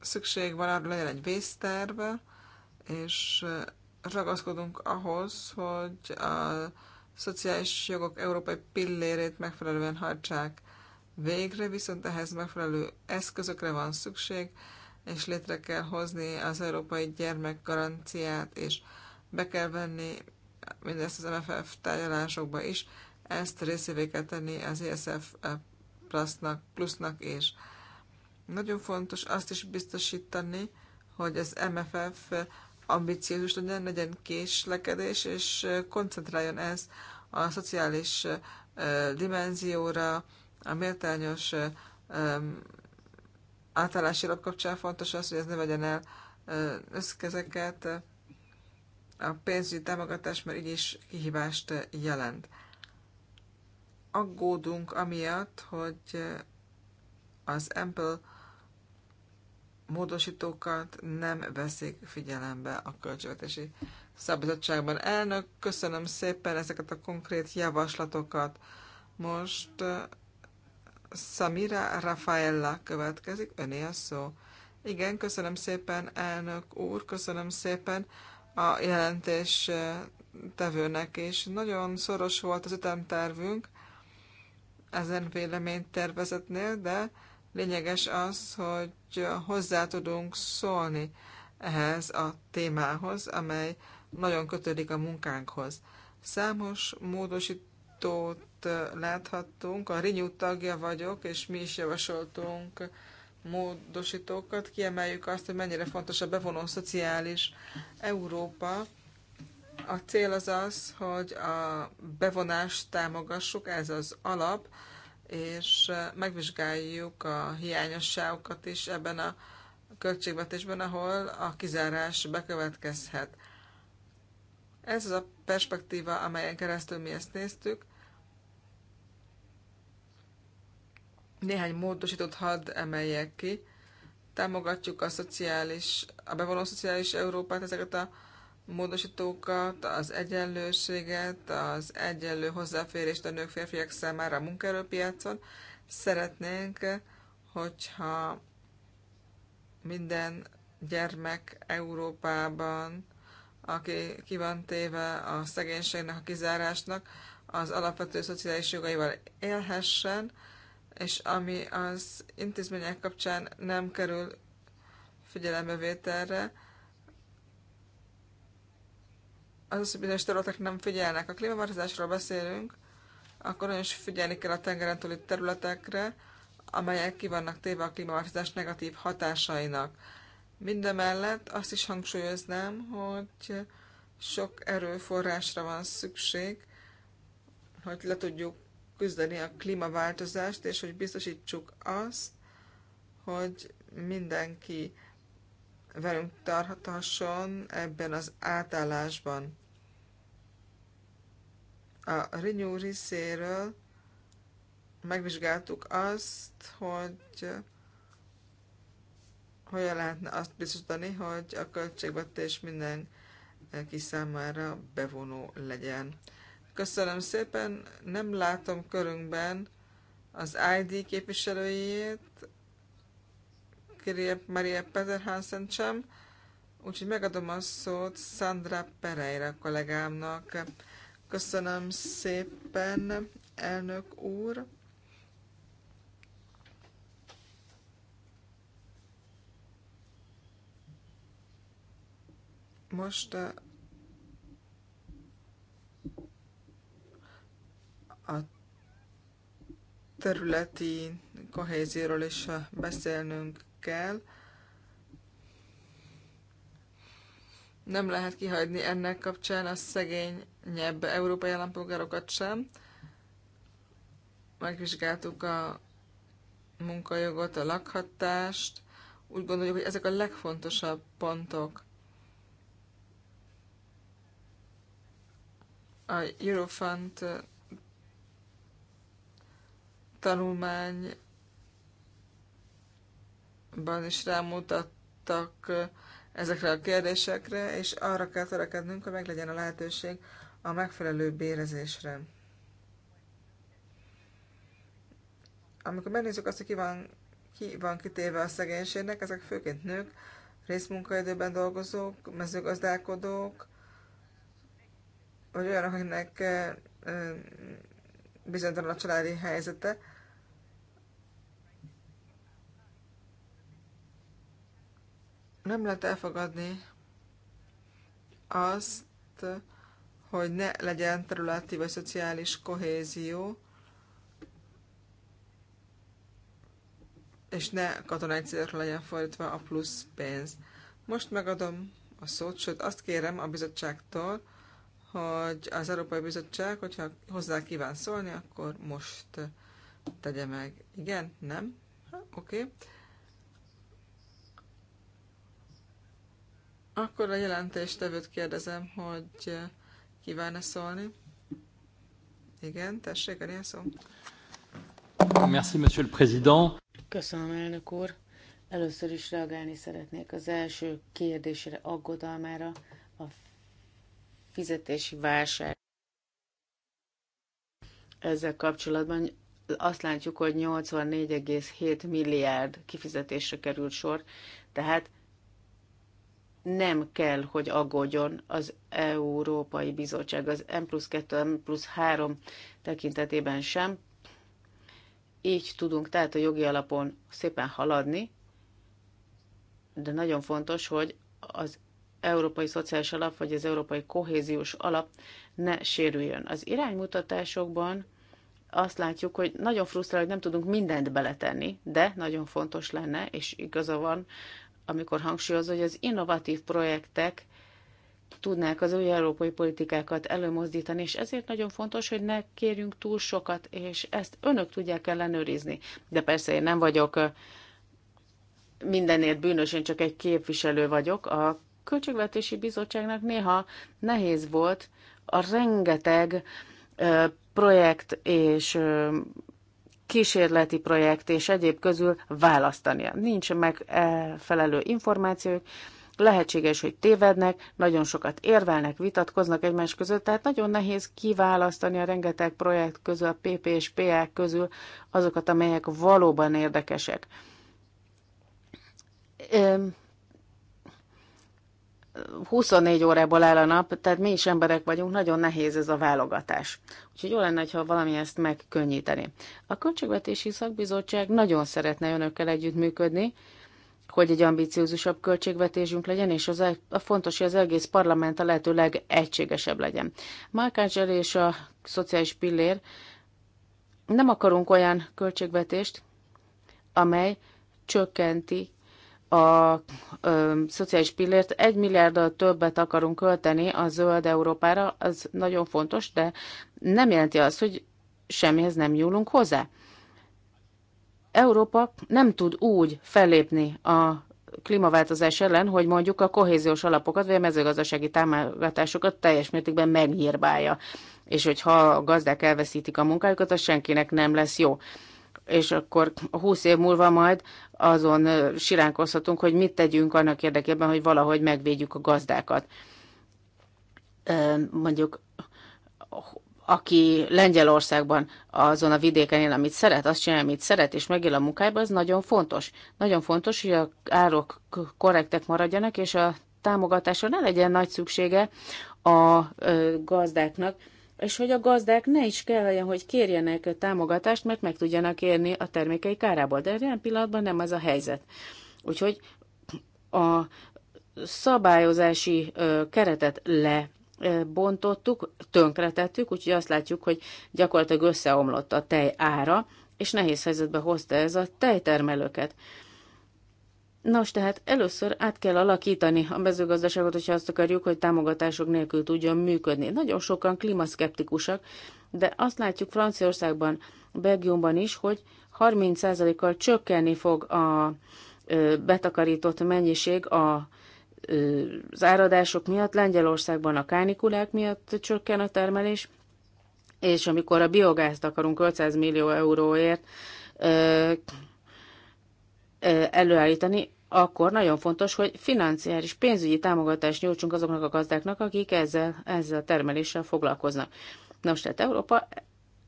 Szükség van arra, legyen egy vészterve, és ragaszkodunk ahhoz, hogy a szociális jogok európai pillérét megfelelően hagyják végre, viszont ehhez megfelelő eszközökre van szükség, és létre kell hozni az európai gyermekgaranciát, és be kell venni mindezt az MFF tárgyalásokba is, ezt részévé kell tenni az ESF plusznak, plusznak és nagyon fontos azt is biztosítani, hogy az MFF ambiciózus legyen, legyen késlekedés, és koncentráljon ez a szociális dimenzióra, a méltányos átállási lap kapcsán fontos az, hogy ez ne vegyen el összkezeket, a pénzügyi támogatás mert így is kihívást jelent. Aggódunk amiatt, hogy az Apple módosítókat nem veszik figyelembe a költségvetési szabadságban. Elnök, köszönöm szépen ezeket a konkrét javaslatokat. Most Samira Rafaella következik, öné a szó. Igen, köszönöm szépen, elnök úr, köszönöm szépen a jelentés tevőnek, és nagyon szoros volt az ütemtervünk ezen tervezetnél, de lényeges az, hogy hozzá tudunk szólni ehhez a témához, amely nagyon kötődik a munkánkhoz. Számos módosítót láthattunk. A Rinyú tagja vagyok, és mi is javasoltunk módosítókat. Kiemeljük azt, hogy mennyire fontos a bevonó szociális Európa. A cél az az, hogy a bevonást támogassuk, ez az alap, és megvizsgáljuk a hiányosságokat is ebben a költségvetésben, ahol a kizárás bekövetkezhet. Ez az a perspektíva, amelyen keresztül mi ezt néztük, Néhány módosított hadd emeljek ki. Támogatjuk a szociális, a bevonó szociális Európát, ezeket a módosítókat, az egyenlőséget, az egyenlő hozzáférést a nők férfiak számára a munkaerőpiacon. Szeretnénk, hogyha minden gyermek Európában, aki ki van téve a szegénységnek, a kizárásnak, az alapvető szociális jogaival élhessen, és ami az intézmények kapcsán nem kerül figyelembevételre, az az, hogy bizonyos területek nem figyelnek. A klímaváltozásról beszélünk, akkor nagyon is figyelni kell a tengeren túli területekre, amelyek ki vannak téve a klímaváltozás negatív hatásainak. Mindemellett azt is hangsúlyoznám, hogy sok erőforrásra van szükség, hogy le tudjuk küzdeni a klímaváltozást, és hogy biztosítsuk azt, hogy mindenki velünk tarthasson ebben az átállásban. A Renew részéről megvizsgáltuk azt, hogy hogyan lehetne azt biztosítani, hogy a költségvetés mindenki számára bevonó legyen. Köszönöm szépen, nem látom körünkben az ID képviselőjét, Maria Peterhansen sem, úgyhogy megadom a szót Sandra Pereira kollégámnak. Köszönöm szépen, elnök úr! Most területi kohézióról is beszélnünk kell. Nem lehet kihagyni ennek kapcsán a szegényebb európai állampolgárokat sem. Megvizsgáltuk a munkajogot, a lakhatást. Úgy gondoljuk, hogy ezek a legfontosabb pontok. A Eurofund tanulmányban is rámutattak ezekre a kérdésekre, és arra kell törekednünk, hogy meglegyen a lehetőség a megfelelő bérezésre. Amikor megnézzük azt, hogy ki van, ki van kitéve a szegénységnek, ezek főként nők, részmunkaidőben dolgozók, mezőgazdálkodók, vagy olyanok, akinek bizonytalan a családi helyzete, nem lehet elfogadni azt, hogy ne legyen területi vagy szociális kohézió, és ne katonai célokra legyen fordítva a plusz pénz. Most megadom a szót, sőt azt kérem a bizottságtól, hogy az Európai Bizottság, hogyha hozzá kíván szólni, akkor most tegye meg. Igen? Nem? Oké. Okay. Akkor a jelentéstevőt kérdezem, hogy eh, kívánna szólni? Igen, tessék, a szó. Merci, monsieur le président. Köszönöm, elnök úr. Először is reagálni szeretnék az első kérdésre, aggodalmára, a fizetési válság. Ezzel kapcsolatban azt látjuk, hogy 84,7 milliárd kifizetésre került sor, tehát nem kell, hogy aggódjon az Európai Bizottság az M plusz 2, M plusz 3 tekintetében sem. Így tudunk tehát a jogi alapon szépen haladni, de nagyon fontos, hogy az Európai Szociális Alap vagy az Európai Kohéziós Alap ne sérüljön. Az iránymutatásokban azt látjuk, hogy nagyon frusztrál, hogy nem tudunk mindent beletenni, de nagyon fontos lenne, és igaza van amikor hangsúlyozza, hogy az innovatív projektek tudnák az új európai politikákat előmozdítani, és ezért nagyon fontos, hogy ne kérjünk túl sokat, és ezt önök tudják ellenőrizni. De persze én nem vagyok mindenért bűnös, én csak egy képviselő vagyok. A Költségvetési Bizottságnak néha nehéz volt a rengeteg projekt és kísérleti projekt és egyéb közül választania. Nincs megfelelő eh, információk, lehetséges, hogy tévednek, nagyon sokat érvelnek, vitatkoznak egymás között, tehát nagyon nehéz kiválasztani a rengeteg projekt közül, a PP és PA közül azokat, amelyek valóban érdekesek. 24 órából áll a nap, tehát mi is emberek vagyunk, nagyon nehéz ez a válogatás. Úgyhogy jó lenne, ha valami ezt megkönnyíteni. A Költségvetési Szakbizottság nagyon szeretne önökkel együttműködni, hogy egy ambiciózusabb költségvetésünk legyen, és az, e- a fontos, hogy az egész parlament a lehető legegységesebb legyen. Márkáncsel és a szociális pillér nem akarunk olyan költségvetést, amely csökkenti a ö, szociális pillért. Egy milliárdal többet akarunk költeni a zöld Európára, az nagyon fontos, de nem jelenti azt, hogy semmihez nem nyúlunk hozzá. Európa nem tud úgy fellépni a klímaváltozás ellen, hogy mondjuk a kohéziós alapokat vagy a mezőgazdasági támogatásokat teljes mértékben megnyírbálja. És hogyha a gazdák elveszítik a munkájukat, az senkinek nem lesz jó és akkor 20 év múlva majd azon siránkozhatunk, hogy mit tegyünk annak érdekében, hogy valahogy megvédjük a gazdákat. Mondjuk, aki Lengyelországban azon a vidéken él, amit szeret, azt csinál, amit szeret, és megél a munkájában, az nagyon fontos. Nagyon fontos, hogy a árok korrektek maradjanak, és a támogatásra ne legyen nagy szüksége a gazdáknak, és hogy a gazdák ne is kelljen, hogy kérjenek támogatást, mert meg tudjanak érni a termékei kárából. De ilyen pillanatban nem ez a helyzet. Úgyhogy a szabályozási keretet le bontottuk, tönkretettük, úgyhogy azt látjuk, hogy gyakorlatilag összeomlott a tej ára, és nehéz helyzetbe hozta ez a tejtermelőket. Nos, tehát először át kell alakítani a mezőgazdaságot, hogyha azt akarjuk, hogy támogatások nélkül tudjon működni. Nagyon sokan klímaszkeptikusak, de azt látjuk Franciaországban, Belgiumban is, hogy 30%-kal csökkenni fog a betakarított mennyiség a az áradások miatt, Lengyelországban a kánikulák miatt csökken a termelés, és amikor a biogázt akarunk 500 millió euróért előállítani, akkor nagyon fontos, hogy financiális, pénzügyi támogatást nyújtsunk azoknak a gazdáknak, akik ezzel, ezzel a termeléssel foglalkoznak. Na most tehát Európa,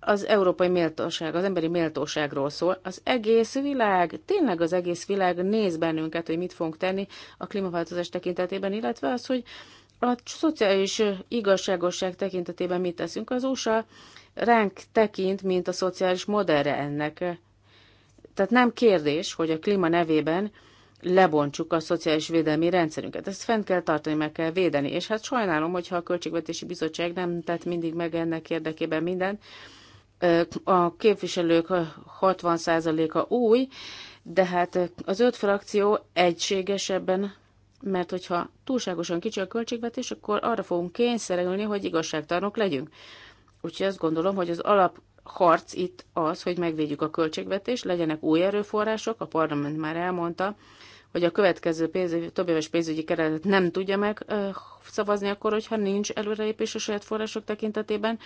az európai méltóság, az emberi méltóságról szól. Az egész világ, tényleg az egész világ néz bennünket, hogy mit fogunk tenni a klímaváltozás tekintetében, illetve az, hogy a szociális igazságosság tekintetében mit teszünk. Az USA ránk tekint, mint a szociális modellre ennek tehát nem kérdés, hogy a klíma nevében lebontsuk a szociális védelmi rendszerünket. Ezt fent kell tartani, meg kell védeni. És hát sajnálom, hogyha a Költségvetési Bizottság nem tett mindig meg ennek érdekében mindent. A képviselők 60%-a új, de hát az öt frakció egységesebben, mert hogyha túlságosan kicsi a költségvetés, akkor arra fogunk kényszerülni, hogy igazságtalanok legyünk. Úgyhogy azt gondolom, hogy az alap harc itt az, hogy megvédjük a költségvetést, legyenek új erőforrások, a parlament már elmondta, hogy a következő pénz, több éves pénzügyi keretet nem tudja meg szavazni akkor, hogyha nincs előrelépés a saját források tekintetében,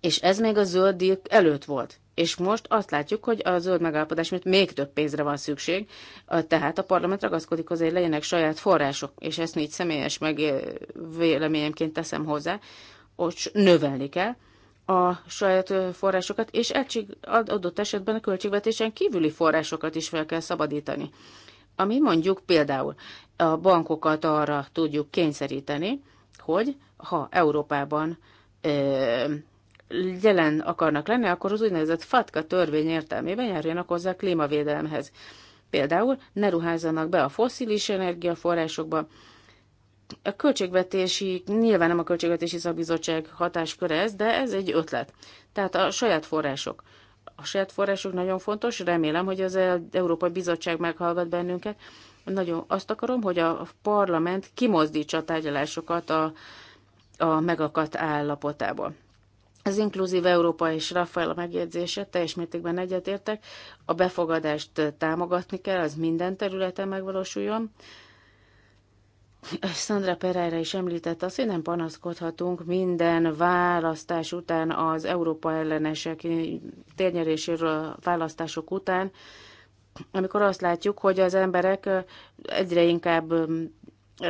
és ez még a zöld díj előtt volt. És most azt látjuk, hogy a zöld megállapodás miatt még több pénzre van szükség, tehát a parlament ragaszkodik hozzá, hogy legyenek saját források, és ezt így személyes meg véleményemként teszem hozzá, hogy növelni kell, a saját forrásokat, és egység, adott esetben a költségvetésen kívüli forrásokat is fel kell szabadítani. Ami mondjuk például a bankokat arra tudjuk kényszeríteni, hogy ha Európában ö, jelen akarnak lenni, akkor az úgynevezett FATKA törvény értelmében járjanak hozzá klímavédelemhez. Például ne ruházzanak be a foszilis energiaforrásokba, a költségvetési, nyilván nem a költségvetési szakbizottság hatásköre ez, de ez egy ötlet. Tehát a saját források. A saját források nagyon fontos, remélem, hogy az Európai Bizottság meghallgat bennünket. Nagyon azt akarom, hogy a parlament kimozdítsa a tárgyalásokat a, a megakadt állapotából. Az inkluzív Európa és Rafael a megjegyzése, teljes mértékben egyetértek, a befogadást támogatni kell, az minden területen megvalósuljon. Sandra Pereira is említette azt, hogy nem panaszkodhatunk minden választás után az Európa ellenesek térnyeréséről választások után, amikor azt látjuk, hogy az emberek egyre inkább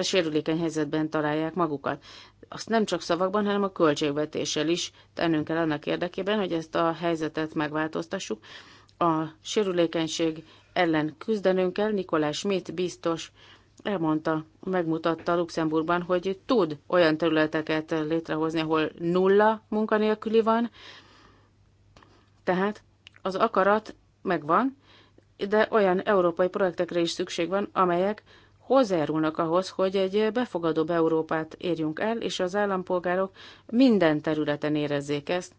sérülékeny helyzetben találják magukat. Azt nem csak szavakban, hanem a költségvetéssel is tennünk kell annak érdekében, hogy ezt a helyzetet megváltoztassuk. A sérülékenység ellen küzdenünk kell, Nikolás Schmidt biztos elmondta, megmutatta Luxemburgban, hogy tud olyan területeket létrehozni, ahol nulla munkanélküli van, tehát az akarat megvan, de olyan európai projektekre is szükség van, amelyek hozzájárulnak ahhoz, hogy egy befogadóbb Európát érjünk el, és az állampolgárok minden területen érezzék ezt,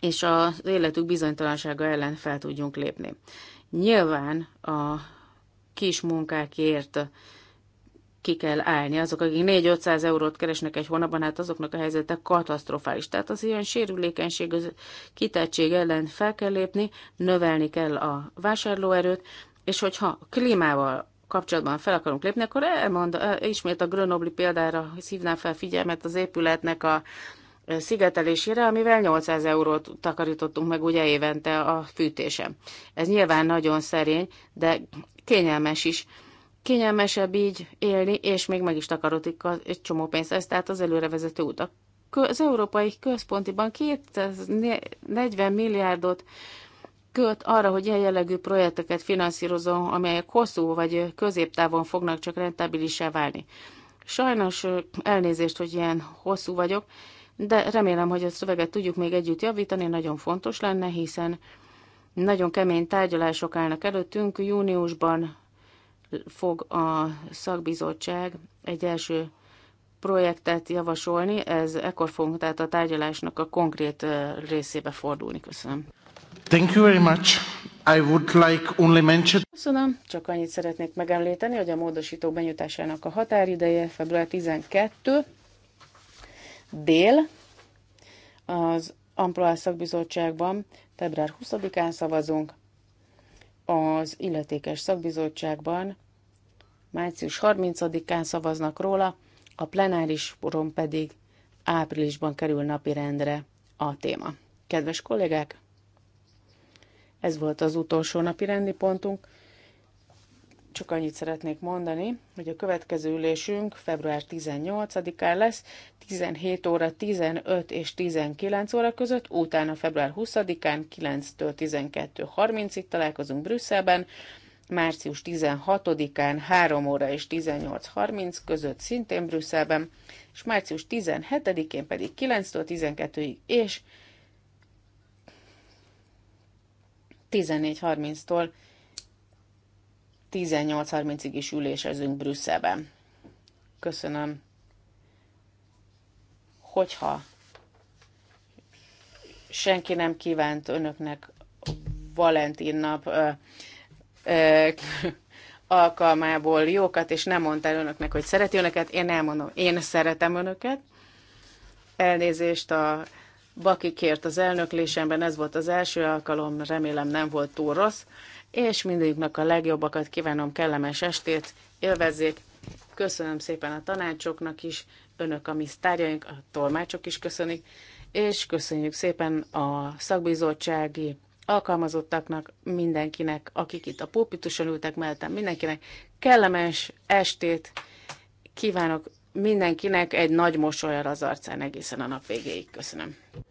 és az életük bizonytalansága ellen fel tudjunk lépni. Nyilván a kis munkákért ki kell állni. Azok, akik 4-500 eurót keresnek egy hónapban, hát azoknak a helyzete katasztrofális. Tehát az ilyen sérülékenység, az kitettség ellen fel kell lépni, növelni kell a vásárlóerőt, és hogyha klímával kapcsolatban fel akarunk lépni, akkor elmond, eh, ismét a Grönobli példára szívnám fel figyelmet az épületnek a szigetelésére, amivel 800 eurót takarítottunk meg ugye évente a fűtésem. Ez nyilván nagyon szerény, de kényelmes is. Kényelmesebb így élni, és még meg is takarodik egy csomó pénzt. Ez tehát az előrevezető út. Az Európai Központi Bank 240 milliárdot költ arra, hogy ilyen jellegű projekteket finanszírozom, amelyek hosszú vagy középtávon fognak csak rentabilisá válni. Sajnos elnézést, hogy ilyen hosszú vagyok, de remélem, hogy a szöveget tudjuk még együtt javítani, nagyon fontos lenne, hiszen nagyon kemény tárgyalások állnak előttünk. Júniusban fog a szakbizottság egy első projektet javasolni, ez ekkor fogunk tehát a tárgyalásnak a konkrét részébe fordulni. Köszönöm. Thank you very much. I would like only mention... Köszönöm, csak annyit szeretnék megemlíteni, hogy a módosító benyújtásának a határideje február 12, dél az Amplóás szakbizottságban február 20-án szavazunk, az illetékes szakbizottságban március 30-án szavaznak róla, a plenáris poron pedig áprilisban kerül napirendre a téma. Kedves kollégák, ez volt az utolsó napirendi pontunk csak annyit szeretnék mondani, hogy a következő ülésünk február 18-án lesz, 17 óra 15 és 19 óra között, utána február 20-án 9-től 12.30-ig találkozunk Brüsszelben, március 16-án 3 óra és 18.30 között szintén Brüsszelben, és március 17-én pedig 9-től 12-ig és 14.30-tól 18.30-ig is ülésezünk Brüsszelben. Köszönöm. Hogyha senki nem kívánt önöknek Valentin nap ö, ö, alkalmából jókat, és nem mondta önöknek, hogy szereti önöket, én elmondom, én szeretem önöket. Elnézést a Baki kért az elnöklésemben, ez volt az első alkalom, remélem nem volt túl rossz és mindegyiknek a legjobbakat kívánom, kellemes estét, élvezzék, köszönöm szépen a tanácsoknak is, önök a mi sztárjaink, a tolmácsok is köszönik, és köszönjük szépen a szakbizottsági alkalmazottaknak, mindenkinek, akik itt a pulpituson ültek mellettem, mindenkinek kellemes estét kívánok mindenkinek egy nagy mosolyra az arcán egészen a nap végéig. Köszönöm.